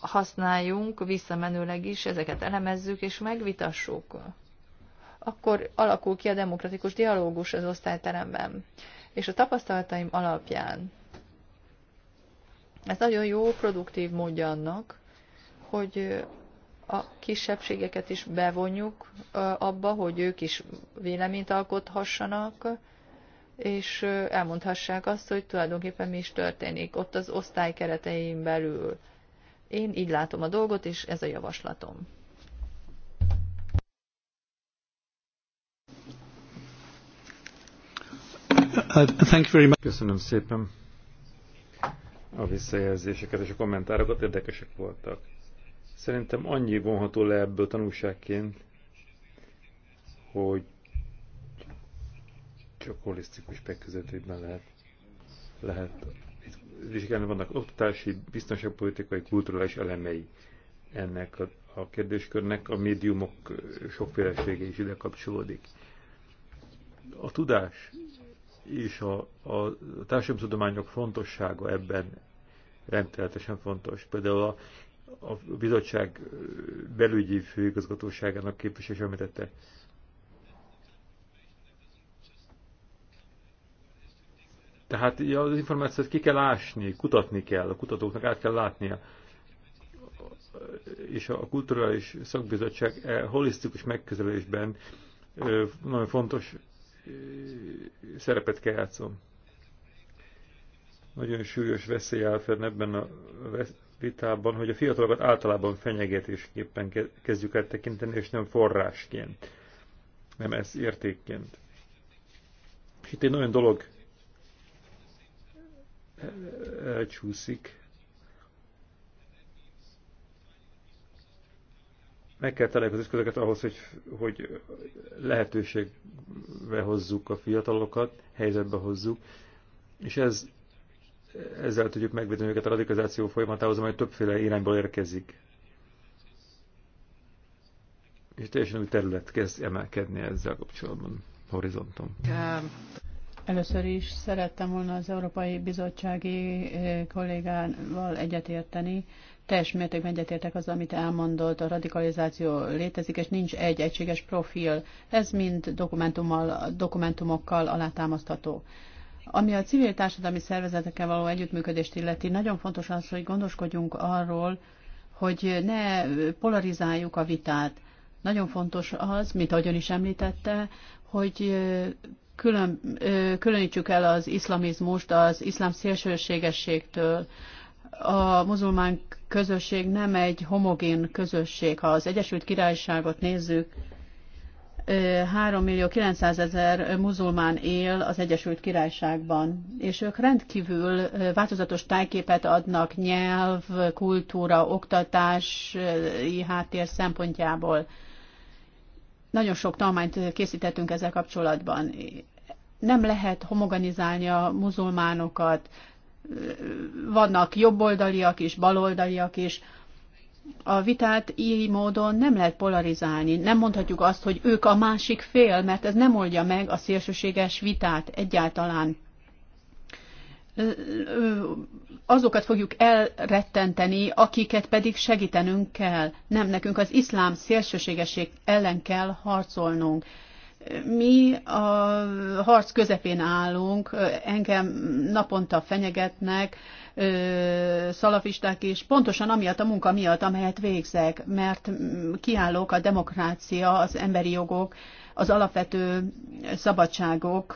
használjunk visszamenőleg is, ezeket elemezzük és megvitassuk. Akkor alakul ki a demokratikus dialógus az osztályteremben. És a tapasztalataim alapján ez nagyon jó, produktív módja annak, hogy a kisebbségeket is bevonjuk abba, hogy ők is véleményt alkothassanak, és elmondhassák azt, hogy tulajdonképpen mi is történik ott az osztály keretein belül. Én így látom a dolgot, és ez a javaslatom. Uh, Köszönöm szépen a visszajelzéseket és a kommentárokat, érdekesek voltak. Szerintem annyi vonható le ebből tanulságként, hogy csak holisztikus megközelítésben lehet, lehet vizsgálni, vannak oktatási, biztonságpolitikai, kulturális elemei ennek a, a kérdéskörnek, a médiumok sokfélesége is ide kapcsolódik. A tudás és a, a társadalomtudományok fontossága ebben rendteletesen fontos. Például a, a bizottság belügyi főigazgatóságának képviselés említette Tehát az információt ki kell ásni, kutatni kell, a kutatóknak át kell látnia. És a Kulturális Szakbizottság e holisztikus megközelésben nagyon fontos szerepet kell játszom. Nagyon súlyos veszély áll fenn ebben a vitában, hogy a fiatalokat általában fenyegetésképpen kezdjük el tekinteni, és nem forrásként, nem ez értékként. És itt egy nagyon dolog elcsúszik. Meg kell találni az eszközöket ahhoz, hogy, hogy lehetőségbe hozzuk a fiatalokat, helyzetbe hozzuk, és ez, ezzel tudjuk megvédeni őket a radikalizáció folyamatához, amely többféle irányból érkezik. És teljesen új terület kezd emelkedni ezzel kapcsolatban, horizonton. Um, Először is szerettem volna az Európai Bizottsági eh, kollégával egyetérteni. Teljes mértékben egyetértek az, amit elmondott, a radikalizáció létezik, és nincs egy egységes profil. Ez mind dokumentummal, dokumentumokkal alátámasztható. Ami a civil társadalmi szervezetekkel való együttműködést illeti, nagyon fontos az, hogy gondoskodjunk arról, hogy ne polarizáljuk a vitát. Nagyon fontos az, mint ahogyan is említette, hogy eh, külön, különítsük el az iszlamizmust az iszlám szélsőségességtől. A muzulmán közösség nem egy homogén közösség. Ha az Egyesült Királyságot nézzük, 3 millió 900 ezer muzulmán él az Egyesült Királyságban, és ők rendkívül változatos tájképet adnak nyelv, kultúra, oktatás háttér szempontjából. Nagyon sok tanulmányt készítettünk ezzel kapcsolatban. Nem lehet homogenizálni a muzulmánokat, vannak jobboldaliak is, baloldaliak is. A vitát így módon nem lehet polarizálni. Nem mondhatjuk azt, hogy ők a másik fél, mert ez nem oldja meg a szélsőséges vitát egyáltalán azokat fogjuk elrettenteni, akiket pedig segítenünk kell. Nem, nekünk az iszlám szélsőségesség ellen kell harcolnunk. Mi a harc közepén állunk, engem naponta fenyegetnek, szalafisták is, pontosan amiatt a munka miatt, amelyet végzek, mert kiállok a demokrácia, az emberi jogok, az alapvető szabadságok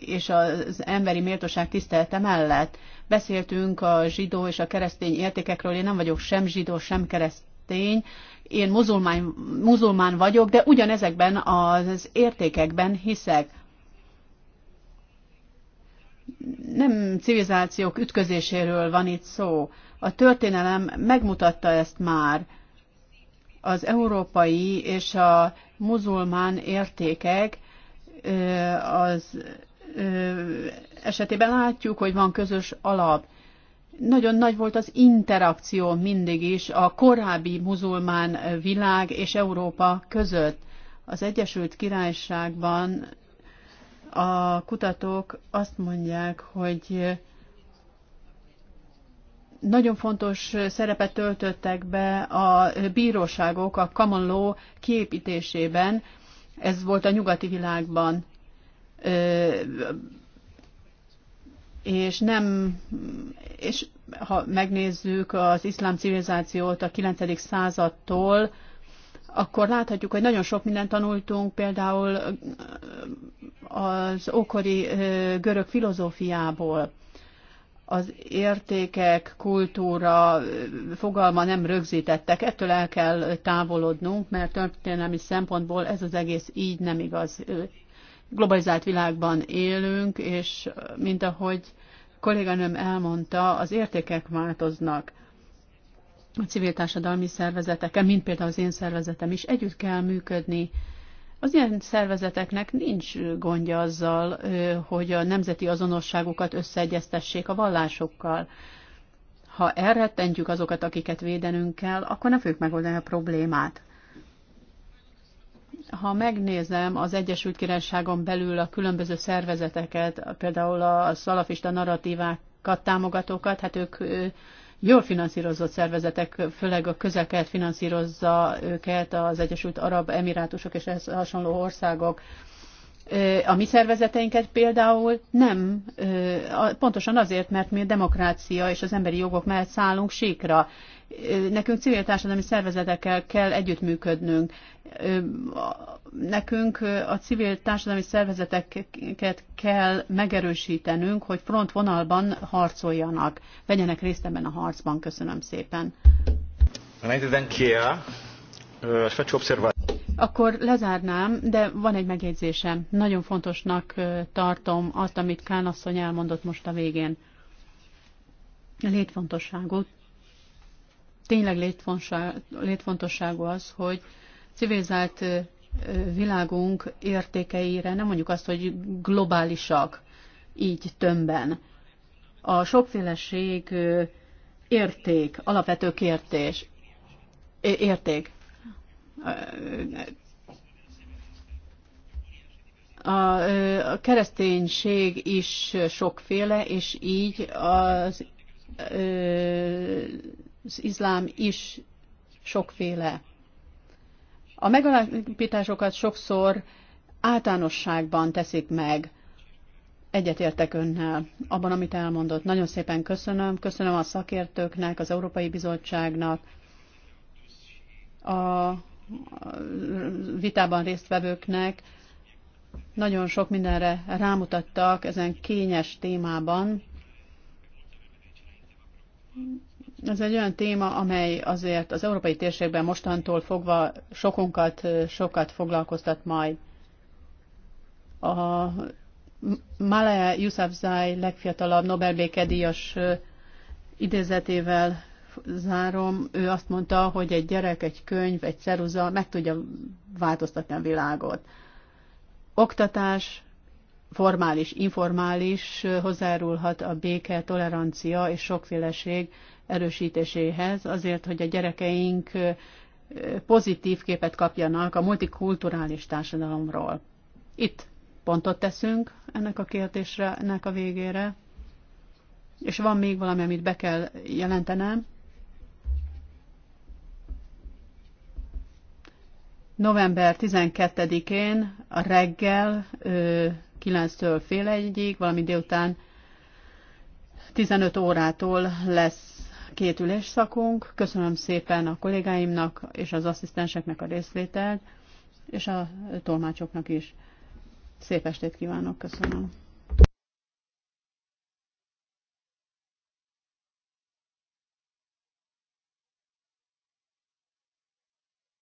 és az emberi méltóság tisztelete mellett. Beszéltünk a zsidó és a keresztény értékekről, én nem vagyok sem zsidó, sem keresztény, én muzulmán, muzulmán vagyok, de ugyanezekben az értékekben hiszek nem civilizációk ütközéséről van itt szó. A történelem megmutatta ezt már. Az európai és a muzulmán értékek az esetében látjuk, hogy van közös alap. Nagyon nagy volt az interakció mindig is a korábbi muzulmán világ és Európa között. Az Egyesült Királyságban a kutatók azt mondják, hogy nagyon fontos szerepet töltöttek be a bíróságok a common law kiépítésében, ez volt a nyugati világban, és nem, és ha megnézzük az iszlám civilizációt a 9. századtól, akkor láthatjuk, hogy nagyon sok mindent tanultunk, például az ókori görög filozófiából az értékek, kultúra, fogalma nem rögzítettek. Ettől el kell távolodnunk, mert történelmi szempontból ez az egész így nem igaz. Globalizált világban élünk, és mint ahogy kolléganőm elmondta, az értékek változnak. A civil társadalmi szervezeteken, mint például az én szervezetem is együtt kell működni, az ilyen szervezeteknek nincs gondja azzal, hogy a nemzeti azonosságukat összeegyeztessék a vallásokkal. Ha elrettentjük azokat, akiket védenünk kell, akkor nem fogjuk megoldani a problémát. Ha megnézem az Egyesült Királyságon belül a különböző szervezeteket, például a szalafista narratívákat támogatókat, hát ők jól finanszírozott szervezetek, főleg a közeket finanszírozza őket az Egyesült Arab Emirátusok és ehhez hasonló országok. A mi szervezeteinket például nem, pontosan azért, mert mi a demokrácia és az emberi jogok mellett szállunk síkra. Nekünk civil társadalmi szervezetekkel kell együttműködnünk nekünk a civil társadalmi szervezeteket kell megerősítenünk, hogy frontvonalban harcoljanak. Vegyenek részt ebben a harcban. Köszönöm szépen. Akkor lezárnám, de van egy megjegyzésem. Nagyon fontosnak tartom azt, amit Kán asszony elmondott most a végén. Létfontosságú. Tényleg létfontosságú az, hogy civilizált világunk értékeire nem mondjuk azt, hogy globálisak így tömben. A sokféleség érték, alapvető kérdés, érték. A kereszténység is sokféle, és így az, az izlám is sokféle. A megalapításokat sokszor általánosságban teszik meg. Egyetértek önnel abban, amit elmondott. Nagyon szépen köszönöm. Köszönöm a szakértőknek, az Európai Bizottságnak, a vitában résztvevőknek. Nagyon sok mindenre rámutattak ezen kényes témában. Ez egy olyan téma, amely azért az európai térségben mostantól fogva sokunkat, sokat foglalkoztat majd. A Malaya Yousafzai legfiatalabb Nobel békedíjas idézetével zárom. Ő azt mondta, hogy egy gyerek, egy könyv, egy ceruza meg tudja változtatni a világot. Oktatás, formális, informális hozzárulhat a béke, tolerancia és sokféleség erősítéséhez, azért, hogy a gyerekeink pozitív képet kapjanak a multikulturális társadalomról. Itt pontot teszünk ennek a kérdésre, ennek a végére. És van még valami, amit be kell jelentenem. November 12-én a reggel 9-től fél egyig, valamint délután 15 órától lesz két ülés szakunk. Köszönöm szépen a kollégáimnak és az asszisztenseknek a részvételt, és a tolmácsoknak is. Szép estét kívánok, köszönöm.